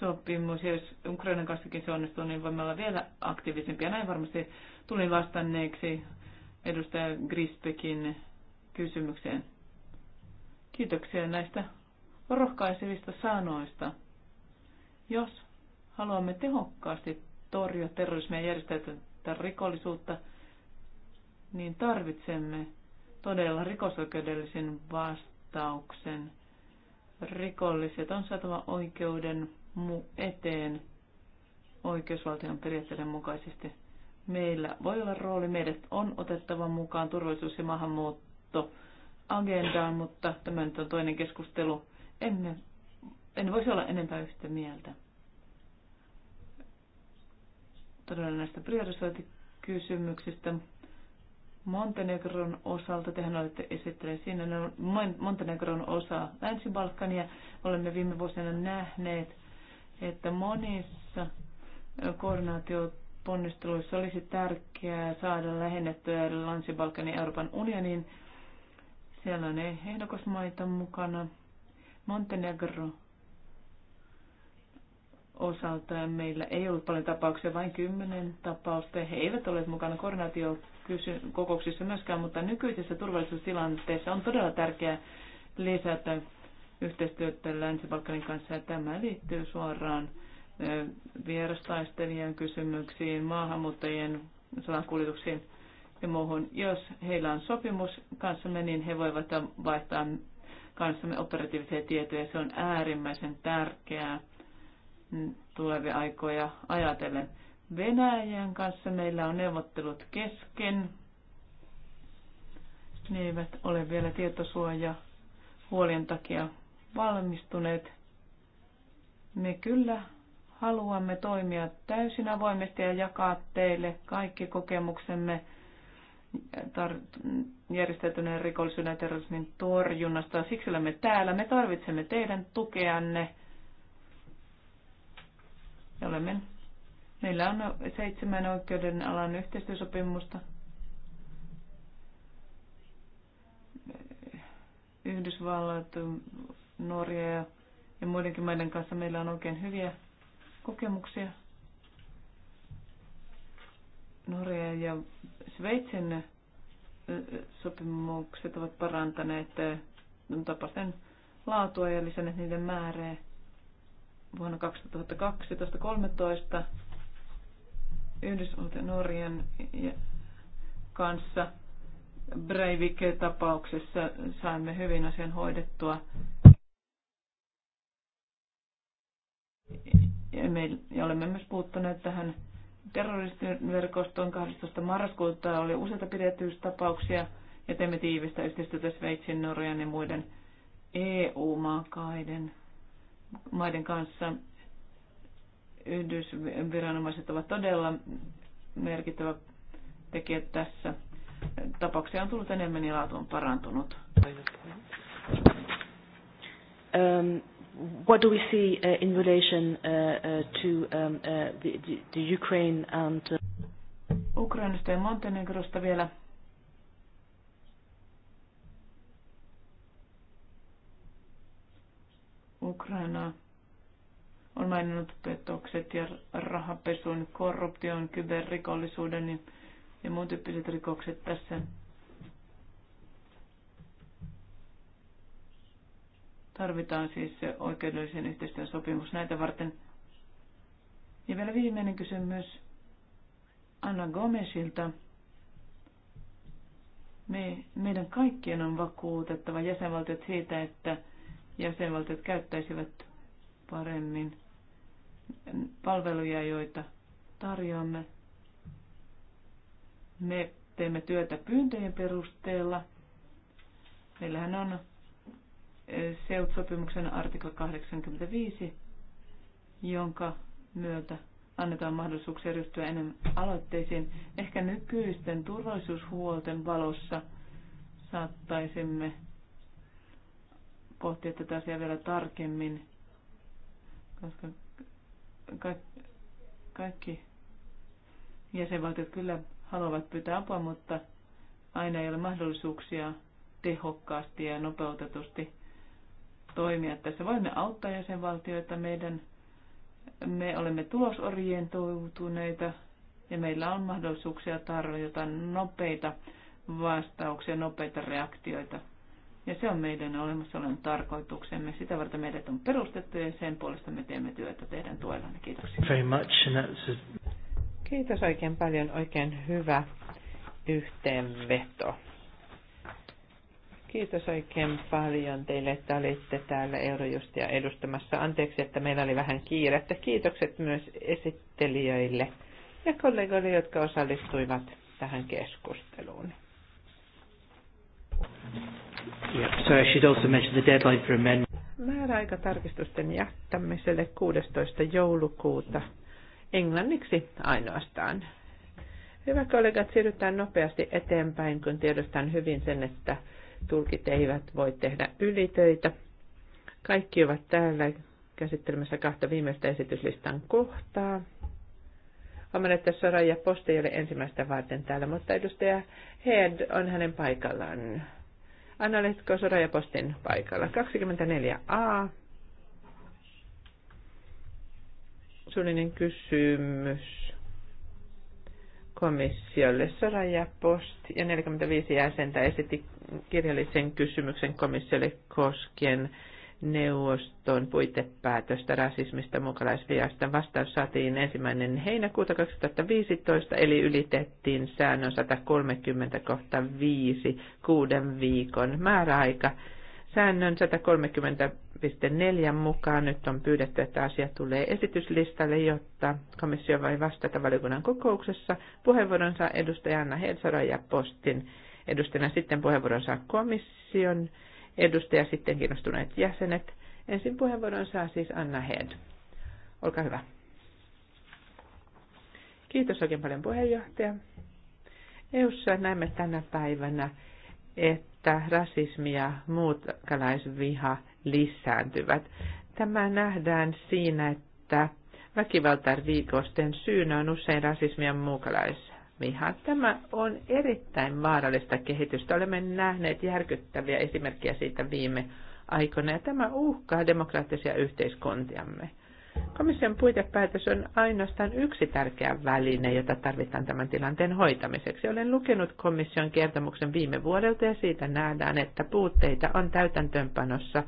sopimus. Ja jos Ukrainan kanssakin se onnistuu, niin voimme olla vielä aktiivisempia. Näin varmasti tulin vastanneeksi edustaja Grispekin kysymykseen. Kiitoksia näistä rohkaisevista sanoista. Jos haluamme tehokkaasti torjua terrorismia ja rikollisuutta, niin tarvitsemme todella rikosoikeudellisen vastauksen. Rikolliset on saatava oikeuden eteen oikeusvaltion periaatteiden mukaisesti. Meillä voi olla rooli, meidät on otettava mukaan turvallisuus- ja maahanmuuttoagendaan, mutta tämä nyt on toinen keskustelu. Emme, en voisi olla enempää yhtä mieltä. Todella näistä priorisointikysymyksistä. Montenegron osalta, tehän olette esittäneet siinä, Montenegron osa Länsi-Balkania olemme viime vuosina nähneet, että monissa koordinaatioponnisteluissa olisi tärkeää saada lähennettyä Länsi-Balkanin Euroopan unioniin. Siellä on ehdokasmaita mukana. Montenegro osalta ja meillä ei ollut paljon tapauksia, vain kymmenen tapausta. He eivät ole mukana koordinaatiokokouksissa myöskään, mutta nykyisessä turvallisuustilanteessa on todella tärkeää lisätä yhteistyötä Länsi-Balkanin kanssa. Ja tämä liittyy suoraan vierastaistelijan kysymyksiin, maahanmuuttajien salakuljetuksiin ja muuhun. Jos heillä on sopimus kanssamme, niin he voivat vaihtaa kanssamme operatiivisia tietoja. Se on äärimmäisen tärkeää tulevia aikoja ajatellen. Venäjän kanssa meillä on neuvottelut kesken. Ne eivät ole vielä tietosuoja huolien takia valmistuneet. Me kyllä haluamme toimia täysin avoimesti ja jakaa teille kaikki kokemuksemme tar- järjestäytyneen rikollisuuden ja terrorismin torjunnasta. Siksi olemme täällä. Me tarvitsemme teidän tukeanne. Olemme, meillä on seitsemän oikeuden alan yhteistyösopimusta. Yhdysvallat, Norja ja, ja muidenkin maiden kanssa meillä on oikein hyviä kokemuksia. Norja ja Sveitsin sopimukset ovat parantaneet tapasten laatua ja lisänneet niiden määrää vuonna 2012-2013 Yhdysvaltain Norjan kanssa Breivik-tapauksessa saimme hyvin asian hoidettua Me olemme myös puuttuneet tähän verkostoon 12. marraskuuta. Oli useita tapauksia, ja teemme tiivistä yhteistyötä Sveitsin, Norjan ja muiden EU-maakaiden maiden kanssa. Yhdysviranomaiset ovat todella merkittävä tekijä tässä. Tapauksia on tullut enemmän ja laatu on parantunut what do we see uh, in relation uh, uh, to um, uh, the, the, the Ukraine and uh... Ukrainasta ja Montenegrosta vielä. Ukraina on maininnut petokset ja rahapesun, korruption, kyberrikollisuuden ja muun tyyppiset rikokset tässä Tarvitaan siis oikeudellisen yhteistyön sopimus näitä varten. Ja vielä viimeinen kysymys Anna Gomesilta. Me, meidän kaikkien on vakuutettava jäsenvaltiot siitä, että jäsenvaltiot käyttäisivät paremmin palveluja, joita tarjoamme. Me teemme työtä pyyntöjen perusteella. Meillähän on SEUT-sopimuksen artikla 85, jonka myötä annetaan mahdollisuuksia ryhtyä enemmän aloitteisiin. Ehkä nykyisten turvallisuushuolten valossa saattaisimme pohtia tätä asiaa vielä tarkemmin, koska ka- kaikki jäsenvaltiot kyllä haluavat pyytää apua, mutta aina ei ole mahdollisuuksia tehokkaasti ja nopeutetusti toimia tässä. Voimme auttaa jäsenvaltioita. Meidän, me olemme tulosorientoituneita ja meillä on mahdollisuuksia tarjota nopeita vastauksia, nopeita reaktioita. Ja se on meidän olemassa olevan tarkoituksemme. Sitä varten meidät on perustettu ja sen puolesta me teemme työtä teidän tuellanne. Kiitoksia. Very much. Kiitos oikein paljon. Oikein hyvä yhteenveto. Kiitos oikein paljon teille, että olitte täällä Eurojustia edustamassa. Anteeksi, että meillä oli vähän kiirettä. Kiitokset myös esittelijöille ja kollegoille, jotka osallistuivat tähän keskusteluun. Yeah, sorry, I should also mention the deadline for amendment. Määräaika tarkistusten jättämiselle 16. joulukuuta, englanniksi ainoastaan. Hyvä kollegat, siirrytään nopeasti eteenpäin, kun tiedostan hyvin sen, että tulkit eivät voi tehdä ylitöitä. Kaikki ovat täällä käsittelemässä kahta viimeistä esityslistan kohtaa. Huomenna, että ja Post ei ole ensimmäistä varten täällä, mutta edustaja Head on hänen paikallaan. Anna, oletko ja Postin paikalla? 24a. Suullinen kysymys komissiolle. Soraya Post ja 45 jäsentä esitti kirjallisen kysymyksen komissiolle koskien neuvoston puitepäätöstä rasismista mukalaisviasta. Vastaus saatiin ensimmäinen heinäkuuta 2015, eli ylitettiin säännön 130 kohta 5 kuuden viikon määräaika Säännön 130.4 mukaan nyt on pyydetty, että asia tulee esityslistalle, jotta komissio voi vastata valiokunnan kokouksessa. Puheenvuoron saa edustaja Anna Helsara ja postin edustajana sitten puheenvuoron saa komission edustaja, sitten kiinnostuneet jäsenet. Ensin puheenvuoron saa siis Anna Head. Olkaa hyvä. Kiitos oikein paljon puheenjohtaja. EUssa näemme tänä päivänä, että että rasismi ja muukalaisviha lisääntyvät. Tämä nähdään siinä, että väkivaltariikosten syynä on usein rasismi ja muukalaisviha. Tämä on erittäin vaarallista kehitystä. Olemme nähneet järkyttäviä esimerkkejä siitä viime aikoina, ja tämä uhkaa demokraattisia yhteiskuntiamme. Komission puitepäätös on ainoastaan yksi tärkeä väline, jota tarvitaan tämän tilanteen hoitamiseksi. Olen lukenut komission kertomuksen viime vuodelta ja siitä nähdään, että puutteita on täytäntöönpanossa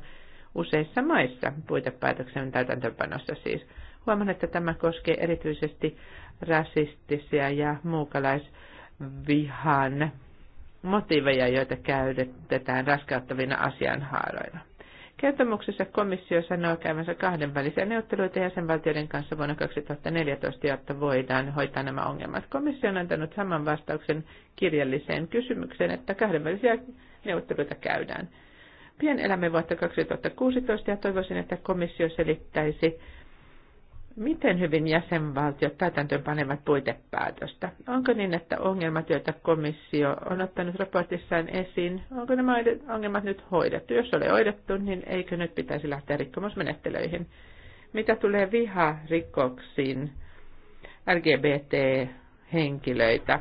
useissa maissa, puitepäätöksen täytäntöönpanossa siis. Huomaan, että tämä koskee erityisesti rasistisia ja muukalaisvihan motiiveja, joita käytetään raskauttavina asianhaaroina. Kertomuksessa komissio sanoo käymänsä kahdenvälisiä neuvotteluita jäsenvaltioiden kanssa vuonna 2014, jotta voidaan hoitaa nämä ongelmat. Komissio on antanut saman vastauksen kirjalliseen kysymykseen, että kahdenvälisiä neuvotteluita käydään. Pienelämme vuotta 2016 ja toivoisin, että komissio selittäisi Miten hyvin jäsenvaltiot täytäntöön panevat puitepäätöstä? Onko niin, että ongelmat, joita komissio on ottanut raportissaan esiin, onko nämä ongelmat nyt hoidettu? Jos ole hoidettu, niin eikö nyt pitäisi lähteä rikkomusmenettelyihin? Mitä tulee viharikoksiin LGBT-henkilöitä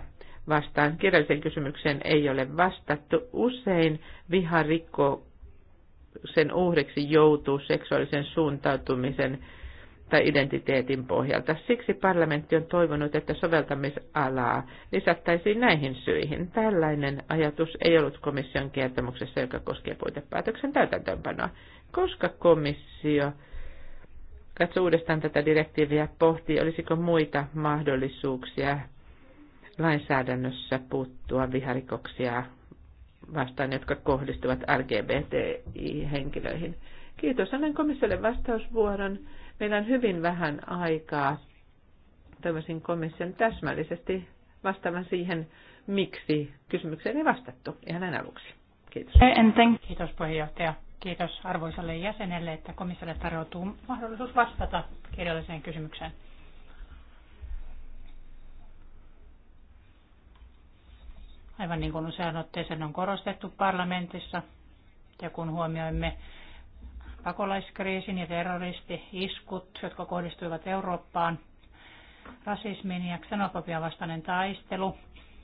vastaan? Kirjallisen kysymykseen ei ole vastattu. Usein viharikko sen uhriksi joutuu seksuaalisen suuntautumisen tai identiteetin pohjalta. Siksi parlamentti on toivonut, että soveltamisalaa lisättäisiin näihin syihin. Tällainen ajatus ei ollut komission kertomuksessa, joka koskee puitepäätöksen täytäntöönpanoa, koska komissio katsoo uudestaan tätä direktiiviä pohtii, olisiko muita mahdollisuuksia lainsäädännössä puuttua viharikoksia vastaan, jotka kohdistuvat LGBTI-henkilöihin. Kiitos. Annan komissiolle vastausvuoron Meillä on hyvin vähän aikaa. Toivoisin komission täsmällisesti vastaavan siihen, miksi kysymykseen ei vastattu ihan näin aluksi. Kiitos. Eh, Kiitos puheenjohtaja. Kiitos arvoisalle jäsenelle, että komissiolle tarjoutuu mahdollisuus vastata kirjalliseen kysymykseen. Aivan niin kuin usean otteeseen on korostettu parlamentissa, ja kun huomioimme pakolaiskriisin ja terroristi-iskut, jotka kohdistuivat Eurooppaan, rasismin ja xenofobian vastainen taistelu,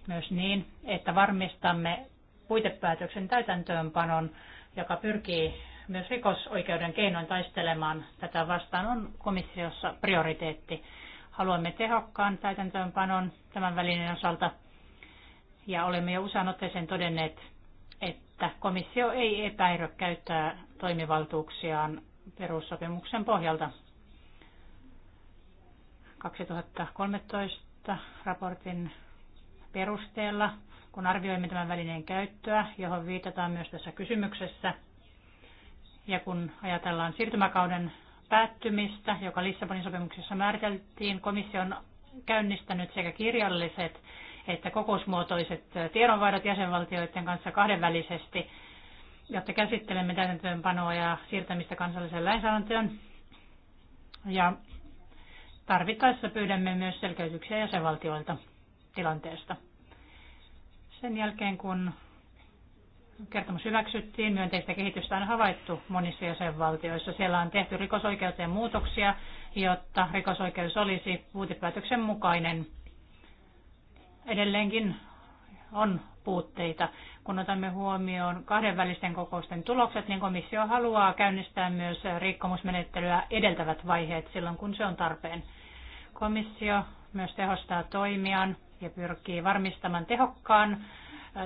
myös niin, että varmistamme puitepäätöksen täytäntöönpanon, joka pyrkii myös rikosoikeuden keinoin taistelemaan tätä vastaan, on komissiossa prioriteetti. Haluamme tehokkaan täytäntöönpanon tämän välinen osalta ja olemme jo usein otteeseen todenneet, että komissio ei epäirö käyttää toimivaltuuksiaan perussopimuksen pohjalta. 2013 raportin perusteella, kun arvioimme tämän välineen käyttöä, johon viitataan myös tässä kysymyksessä, ja kun ajatellaan siirtymäkauden päättymistä, joka Lissabonin sopimuksessa määriteltiin, komissio on käynnistänyt sekä kirjalliset että kokousmuotoiset tiedonvaihdot jäsenvaltioiden kanssa kahdenvälisesti, jotta käsittelemme täytäntöönpanoa ja siirtämistä kansalliseen lainsäädäntöön. Ja tarvittaessa pyydämme myös selkeytyksiä jäsenvaltioilta tilanteesta. Sen jälkeen kun kertomus hyväksyttiin, myönteistä kehitystä on havaittu monissa jäsenvaltioissa. Siellä on tehty rikosoikeuteen muutoksia, jotta rikosoikeus olisi uutipäätöksen mukainen edelleenkin on puutteita. Kun otamme huomioon kahdenvälisten kokousten tulokset, niin komissio haluaa käynnistää myös rikkomusmenettelyä edeltävät vaiheet silloin, kun se on tarpeen. Komissio myös tehostaa toimiaan ja pyrkii varmistamaan tehokkaan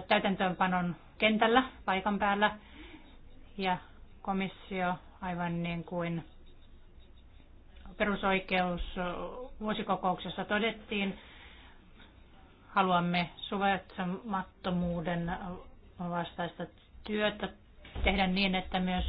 täytäntöönpanon kentällä, paikan päällä. Ja komissio, aivan niin kuin perusoikeus vuosikokouksessa todettiin, haluamme suvaitsemattomuuden vastaista työtä tehdä niin, että myös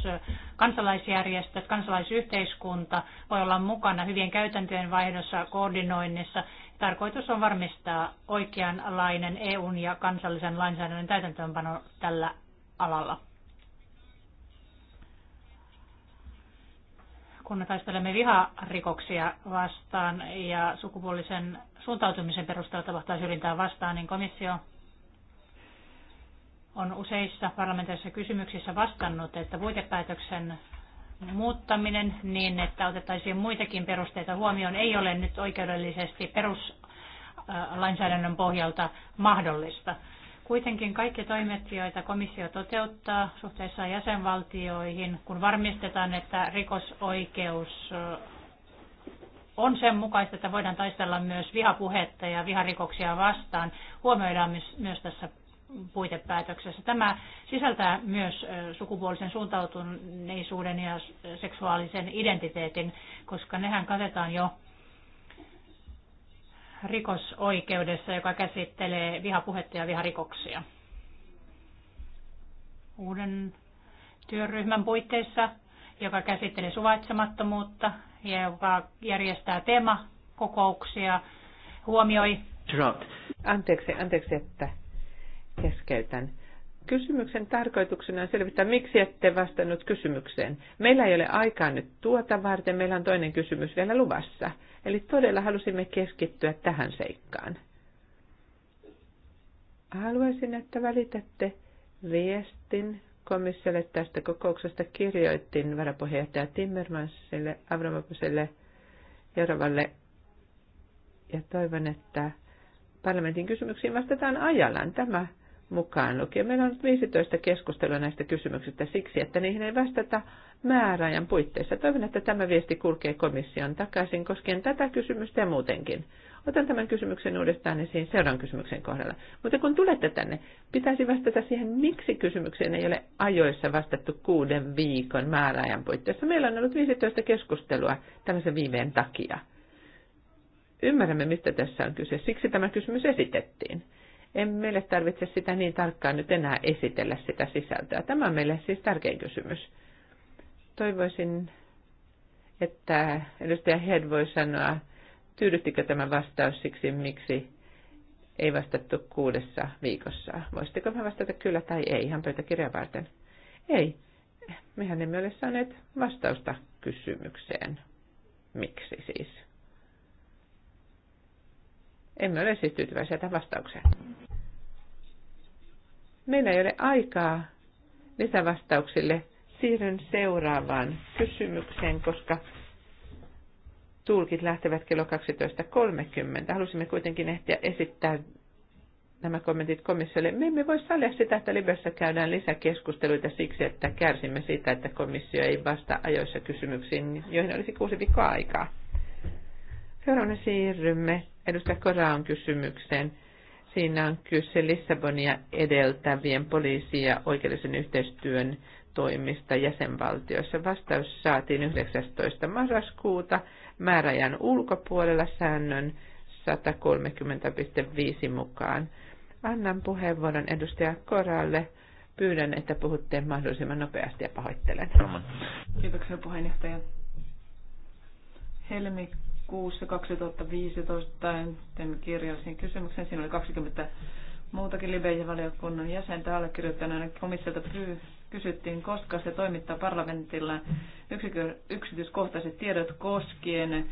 kansalaisjärjestöt, kansalaisyhteiskunta voi olla mukana hyvien käytäntöjen vaihdossa, koordinoinnissa. Tarkoitus on varmistaa oikeanlainen EUn ja kansallisen lainsäädännön täytäntöönpano tällä alalla. kun me taistelemme viharikoksia vastaan ja sukupuolisen suuntautumisen perusteella tapahtuvaa syrjintää vastaan, niin komissio on useissa parlamentaarisissa kysymyksissä vastannut, että vuotepäätöksen muuttaminen niin, että otettaisiin muitakin perusteita huomioon, ei ole nyt oikeudellisesti peruslainsäädännön pohjalta mahdollista. Kuitenkin kaikki toimet, joita komissio toteuttaa suhteessa jäsenvaltioihin, kun varmistetaan, että rikosoikeus on sen mukaista, että voidaan taistella myös vihapuhetta ja viharikoksia vastaan, huomioidaan myös tässä puitepäätöksessä. Tämä sisältää myös sukupuolisen suuntautuneisuuden ja seksuaalisen identiteetin, koska nehän katetaan jo rikosoikeudessa, joka käsittelee vihapuhetta ja viharikoksia. Uuden työryhmän puitteissa, joka käsittelee suvaitsemattomuutta ja joka järjestää teemakokouksia, huomioi. Anteeksi, anteeksi, että keskeytän. Kysymyksen tarkoituksena on selvittää, miksi ette vastannut kysymykseen. Meillä ei ole aikaa nyt tuota varten, meillä on toinen kysymys vielä luvassa. Eli todella halusimme keskittyä tähän seikkaan. Haluaisin, että välitätte viestin komissiolle tästä kokouksesta. kirjoittin varapuheenjohtaja Timmermansille, Avramopuselle, Joravalle ja toivon, että parlamentin kysymyksiin vastataan ajallaan tämä mukaan lukien. Meillä on nyt 15 keskustelua näistä kysymyksistä siksi, että niihin ei vastata määräajan puitteissa. Toivon, että tämä viesti kulkee komission takaisin koskien tätä kysymystä ja muutenkin. Otan tämän kysymyksen uudestaan esiin seuraavan kysymyksen kohdalla. Mutta kun tulette tänne, pitäisi vastata siihen, miksi kysymykseen ei ole ajoissa vastattu kuuden viikon määräajan puitteissa. Meillä on ollut 15 keskustelua tämmöisen viiveen takia. Ymmärrämme, mistä tässä on kyse. Siksi tämä kysymys esitettiin. En meille tarvitse sitä niin tarkkaan nyt enää esitellä sitä sisältöä. Tämä on meille siis tärkein kysymys Toivoisin, että edustaja Head voi sanoa, tyydyttikö tämä vastaus siksi, miksi ei vastattu kuudessa viikossa. Voisitteko me vastata kyllä tai ei ihan pöytäkirjan varten? Ei. Mehän emme ole saaneet vastausta kysymykseen. Miksi siis? Emme ole siis tyytyväisiä tähän vastaukseen. Meillä ei ole aikaa lisävastauksille Siirryn seuraavaan kysymykseen, koska tulkit lähtevät kello 12.30. Halusimme kuitenkin ehtiä esittää nämä kommentit komissiolle. Me emme voi sallia sitä, että Libessä käydään lisäkeskusteluita siksi, että kärsimme siitä, että komissio ei vastaa ajoissa kysymyksiin, joihin olisi kuusi viikkoa aikaa. Seuraavana siirrymme edustaja Koraan kysymykseen. Siinä on kyse Lissabonia edeltävien poliisi- ja oikeudellisen yhteistyön toimista jäsenvaltioissa. Vastaus saatiin 19. marraskuuta määräajan ulkopuolella säännön 130.5 mukaan. Annan puheenvuoron edustaja Koralle. Pyydän, että puhutte mahdollisimman nopeasti ja pahoittelen. Kiitoksia puheenjohtaja. Helmikuussa 2015 en kirjasin kysymyksen. Siinä oli 20 muutakin live-valiokunnan jäsentä allekirjoittaneena komissiolta pyy- kysyttiin, koska se toimittaa parlamentilla yksityiskohtaiset tiedot koskien eh,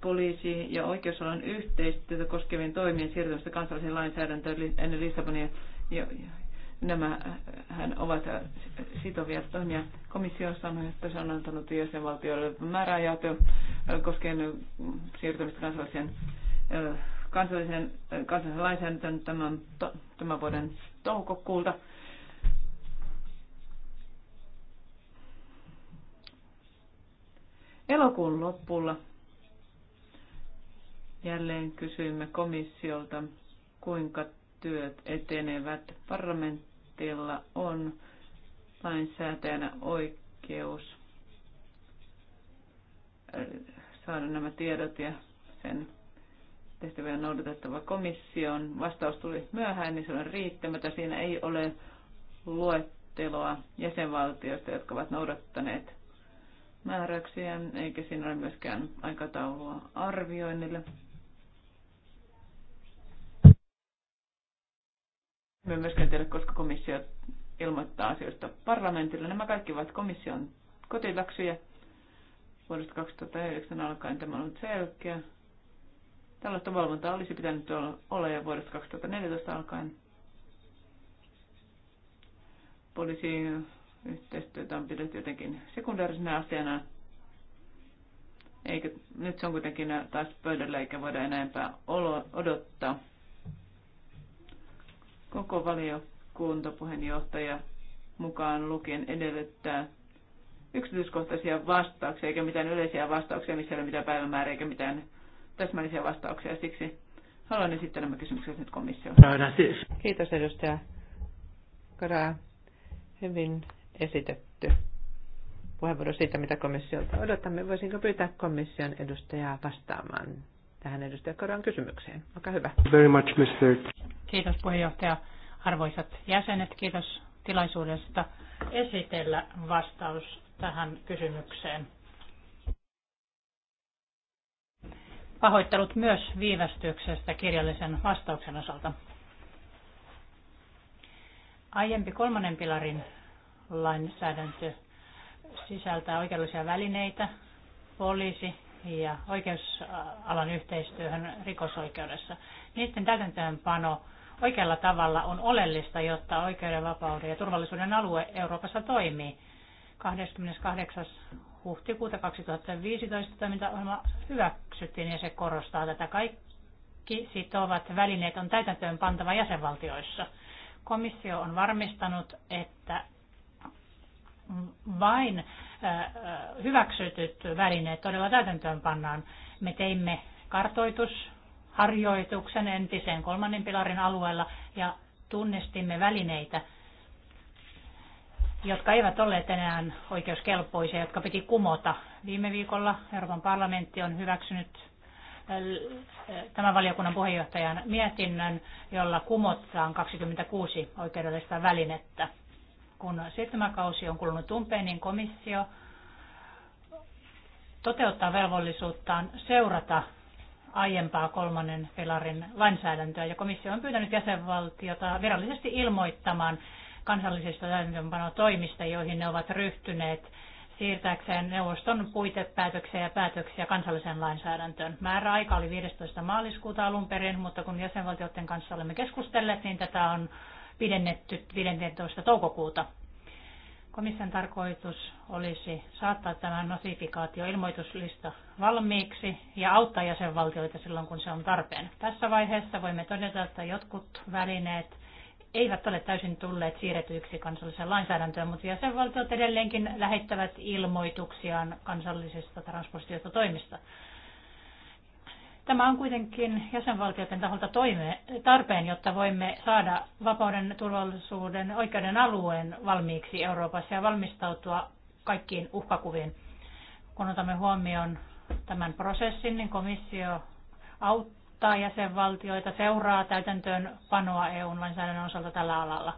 poliisi- ja oikeusalan yhteistyötä koskevien toimien siirtymistä kansalliseen lainsäädäntöön ennen Lissabonia. Nämä eh, hän ovat eh, sitovia toimia. Komissio sanoi, että se on antanut jäsenvaltioille määräajat koskien siirtymistä kansalliseen kansallisen, kansallisen lainsäädäntöön tämän, tämän vuoden toukokuulta. Elokuun lopulla jälleen kysyimme komissiolta, kuinka työt etenevät. Parlamentilla on lainsäätäjänä oikeus äh, saada nämä tiedot ja sen tehtäviä noudatettava komission. Vastaus tuli myöhään, niin se on riittämätä. Siinä ei ole luetteloa jäsenvaltioista, jotka ovat noudattaneet määräyksiä, eikä siinä ole myöskään aikataulua arvioinnille. Me myöskään tiedä, koska komissio ilmoittaa asioista parlamentille. Nämä kaikki ovat komission kotiläksyjä. Vuodesta 2009 alkaen tämä on ollut selkeä. Tällaista valvontaa olisi pitänyt olla ja vuodesta 2014 alkaen poliisi yhteistyötä on pidetty jotenkin sekundaarisena asiana. Eikä, nyt se on kuitenkin taas pöydällä eikä voida enempää olo, odottaa. Koko valiokuntapuheenjohtaja mukaan lukien edellyttää yksityiskohtaisia vastauksia, eikä mitään yleisiä vastauksia, missä ei ole mitään päivämäärää, eikä mitään täsmällisiä vastauksia. Siksi haluan esittää nämä kysymykset nyt komissiolle. Kiitos edustaja Karaa. Hyvin esitetty puheenvuoro siitä, mitä komissiolta odotamme. Voisinko pyytää komission edustajaa vastaamaan tähän edustaja kysymykseen? Olkaa hyvä. Very much, Mr. Kiitos puheenjohtaja. Arvoisat jäsenet, kiitos tilaisuudesta esitellä vastaus tähän kysymykseen. Pahoittelut myös viivästyksestä kirjallisen vastauksen osalta. Aiempi kolmannen pilarin lainsäädäntö sisältää oikeudellisia välineitä, poliisi ja oikeusalan yhteistyöhön rikosoikeudessa. Niiden täytäntöönpano oikealla tavalla on oleellista, jotta oikeuden, vapauden ja turvallisuuden alue Euroopassa toimii. 28. huhtikuuta 2015 toimintaohjelma hyväksyttiin ja se korostaa tätä. Kaikki sitovat välineet on täytäntöön pantava jäsenvaltioissa. Komissio on varmistanut, että vain äh, äh, hyväksytyt välineet todella täytäntöön pannaan. Me teimme kartoitusharjoituksen entisen kolmannen pilarin alueella ja tunnistimme välineitä, jotka eivät olleet enää oikeuskelpoisia, jotka piti kumota. Viime viikolla Euroopan parlamentti on hyväksynyt äh, tämän valiokunnan puheenjohtajan mietinnön, jolla kumotaan 26 oikeudellista välinettä kun siirtymäkausi on kulunut umpeen, niin komissio toteuttaa velvollisuuttaan seurata aiempaa kolmannen pilarin lainsäädäntöä ja komissio on pyytänyt jäsenvaltiota virallisesti ilmoittamaan kansallisista täytäntöönpanotoimista, joihin ne ovat ryhtyneet siirtääkseen neuvoston puitepäätöksiä ja päätöksiä kansalliseen lainsäädäntöön. Määräaika oli 15. maaliskuuta alun perin, mutta kun jäsenvaltioiden kanssa olemme keskustelleet, niin tätä on pidennetty 15. toukokuuta. Komission tarkoitus olisi saattaa tämä notifikaatioilmoituslista valmiiksi ja auttaa jäsenvaltioita silloin, kun se on tarpeen. Tässä vaiheessa voimme todeta, että jotkut välineet eivät ole täysin tulleet siirretyiksi kansalliseen lainsäädäntöön, mutta jäsenvaltiot edelleenkin lähettävät ilmoituksiaan kansallisista transpostiosta toimista. Tämä on kuitenkin jäsenvaltioiden taholta toime, tarpeen, jotta voimme saada vapauden, turvallisuuden, oikeuden alueen valmiiksi Euroopassa ja valmistautua kaikkiin uhkakuviin. Kun otamme huomioon tämän prosessin, niin komissio auttaa jäsenvaltioita, seuraa täytäntöön panoa EU-lainsäädännön osalta tällä alalla.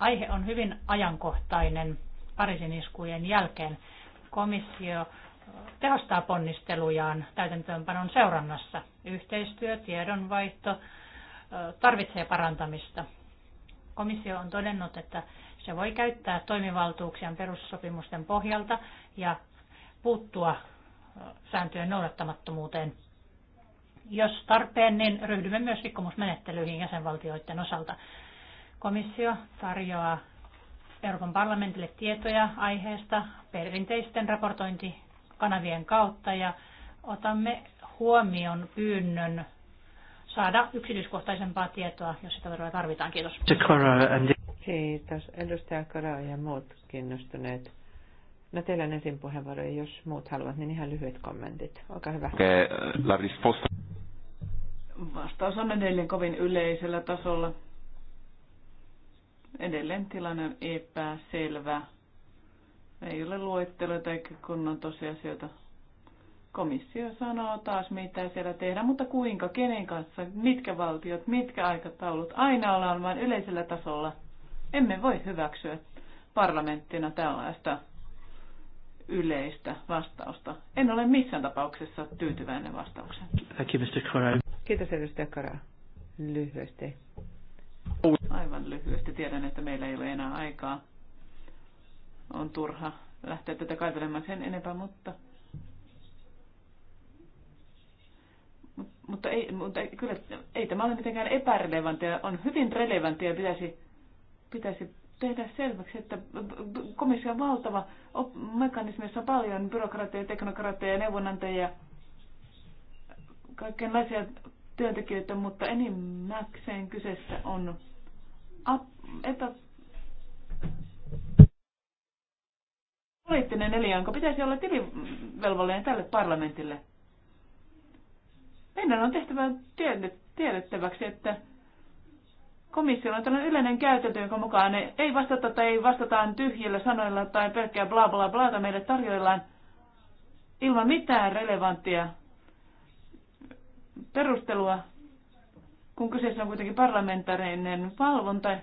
Aihe on hyvin ajankohtainen Pariisin iskujen jälkeen. Komissio tehostaa ponnistelujaan täytäntöönpanon seurannassa. Yhteistyö, tiedonvaihto tarvitsee parantamista. Komissio on todennut, että se voi käyttää toimivaltuuksiaan perussopimusten pohjalta ja puuttua sääntöjen noudattamattomuuteen. Jos tarpeen, niin ryhdymme myös rikkomusmenettelyihin jäsenvaltioiden osalta. Komissio tarjoaa Euroopan parlamentille tietoja aiheesta perinteisten raportointi kanavien kautta ja otamme huomioon pyynnön saada yksityiskohtaisempaa tietoa, jos sitä todella tarvitaan. Kiitos. Kiitos. Edustaja Kara ja muut kiinnostuneet. No teillä on ensin puheenvuoro, jos muut haluavat, niin ihan lyhyet kommentit. Olkaa hyvä. Vastaus on edelleen kovin yleisellä tasolla. Edelleen tilanne on epäselvä. Ei ole luetteloita eikä kunnon tosiasioita. Komissio sanoo taas, mitä siellä tehdään, mutta kuinka, kenen kanssa, mitkä valtiot, mitkä aikataulut. Aina ollaan vain yleisellä tasolla. Emme voi hyväksyä parlamenttina tällaista yleistä vastausta. En ole missään tapauksessa tyytyväinen vastaukseen. Kiitos, edustaja Corral. Lyhyesti. Aivan lyhyesti. Tiedän, että meillä ei ole enää aikaa on turha lähteä tätä kaivelemaan sen enempää, mutta, mutta, ei, mutta ei, kyllä ei tämä ole mitenkään epärelevantia, on hyvin relevanttia ja pitäisi, pitäisi tehdä selväksi, että komissio on valtava mekanismi, jossa on paljon byrokraatteja, teknokraatteja, neuvonantajia, kaikenlaisia työntekijöitä, mutta enimmäkseen kyseessä on ap- epä- poliittinen elin, jonka pitäisi olla tilivelvollinen tälle parlamentille. Meidän on tehtävä tiedettäväksi, että komissio on tällainen yleinen käytäntö, jonka mukaan ei vastata tai ei vastataan tyhjillä sanoilla tai pelkkää bla bla blata meille tarjoillaan ilman mitään relevanttia perustelua, kun kyseessä on kuitenkin parlamentaarinen valvonta,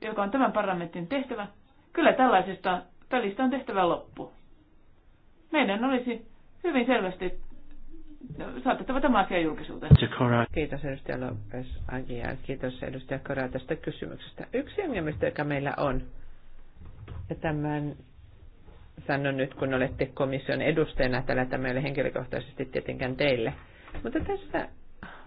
joka on tämän parlamentin tehtävä. Kyllä tällaisesta Pelistä on tehtävä loppu. Meidän olisi hyvin selvästi saatettava tämä asia julkisuuteen. Kiitos edustaja Lopes Agia. Kiitos edustaja Kora tästä kysymyksestä. Yksi ongelmista, joka meillä on, ja tämän sanon nyt, kun olette komission edustajana tällä, tämä ei henkilökohtaisesti tietenkään teille, mutta tässä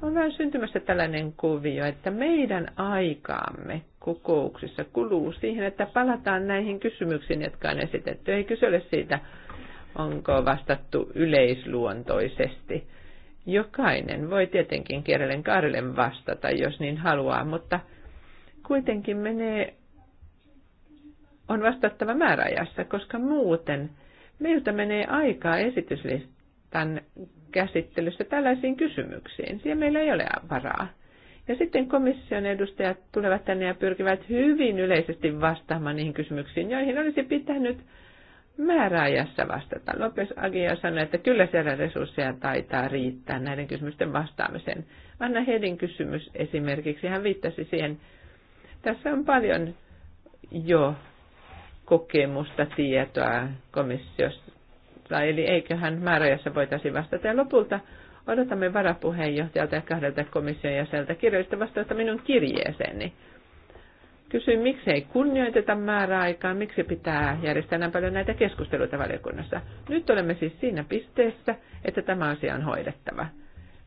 on vähän syntymässä tällainen kuvio, että meidän aikaamme kokouksissa kuluu siihen, että palataan näihin kysymyksiin, jotka on esitetty. Ei kyse ole siitä, onko vastattu yleisluontoisesti. Jokainen voi tietenkin kerran kaarelle vastata, jos niin haluaa, mutta kuitenkin menee, on vastattava määräajassa, koska muuten meiltä menee aikaa esityslistan käsittelyssä tällaisiin kysymyksiin. Siihen meillä ei ole varaa. Ja sitten komission edustajat tulevat tänne ja pyrkivät hyvin yleisesti vastaamaan niihin kysymyksiin, joihin olisi pitänyt määräajassa vastata. Lopes Agia sanoi, että kyllä siellä resursseja taitaa riittää näiden kysymysten vastaamiseen. Anna Hedin kysymys esimerkiksi, hän viittasi siihen, tässä on paljon jo kokemusta, tietoa komissiosta, eli eiköhän määräajassa voitaisiin vastata. Ja lopulta Odotamme varapuheenjohtajalta ja kahdelta komission jäseltä kirjallista vastausta minun kirjeeseeni. Kysyin, miksi ei kunnioiteta määräaikaa, miksi pitää järjestää näin paljon näitä keskusteluita valiokunnassa. Nyt olemme siis siinä pisteessä, että tämä asia on hoidettava,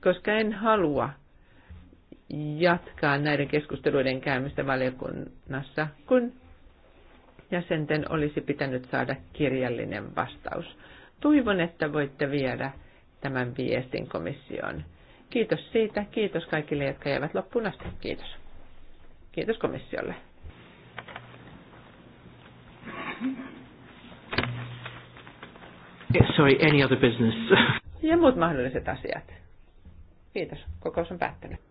koska en halua jatkaa näiden keskusteluiden käymistä valiokunnassa, kun jäsenten olisi pitänyt saada kirjallinen vastaus. Toivon, että voitte viedä tämän viestin komissioon. Kiitos siitä, kiitos kaikille, jotka jäivät loppuun asti. Kiitos. Kiitos komissiolle. Sorry, any other business? ja muut mahdolliset asiat. Kiitos. Kokous on päättynyt.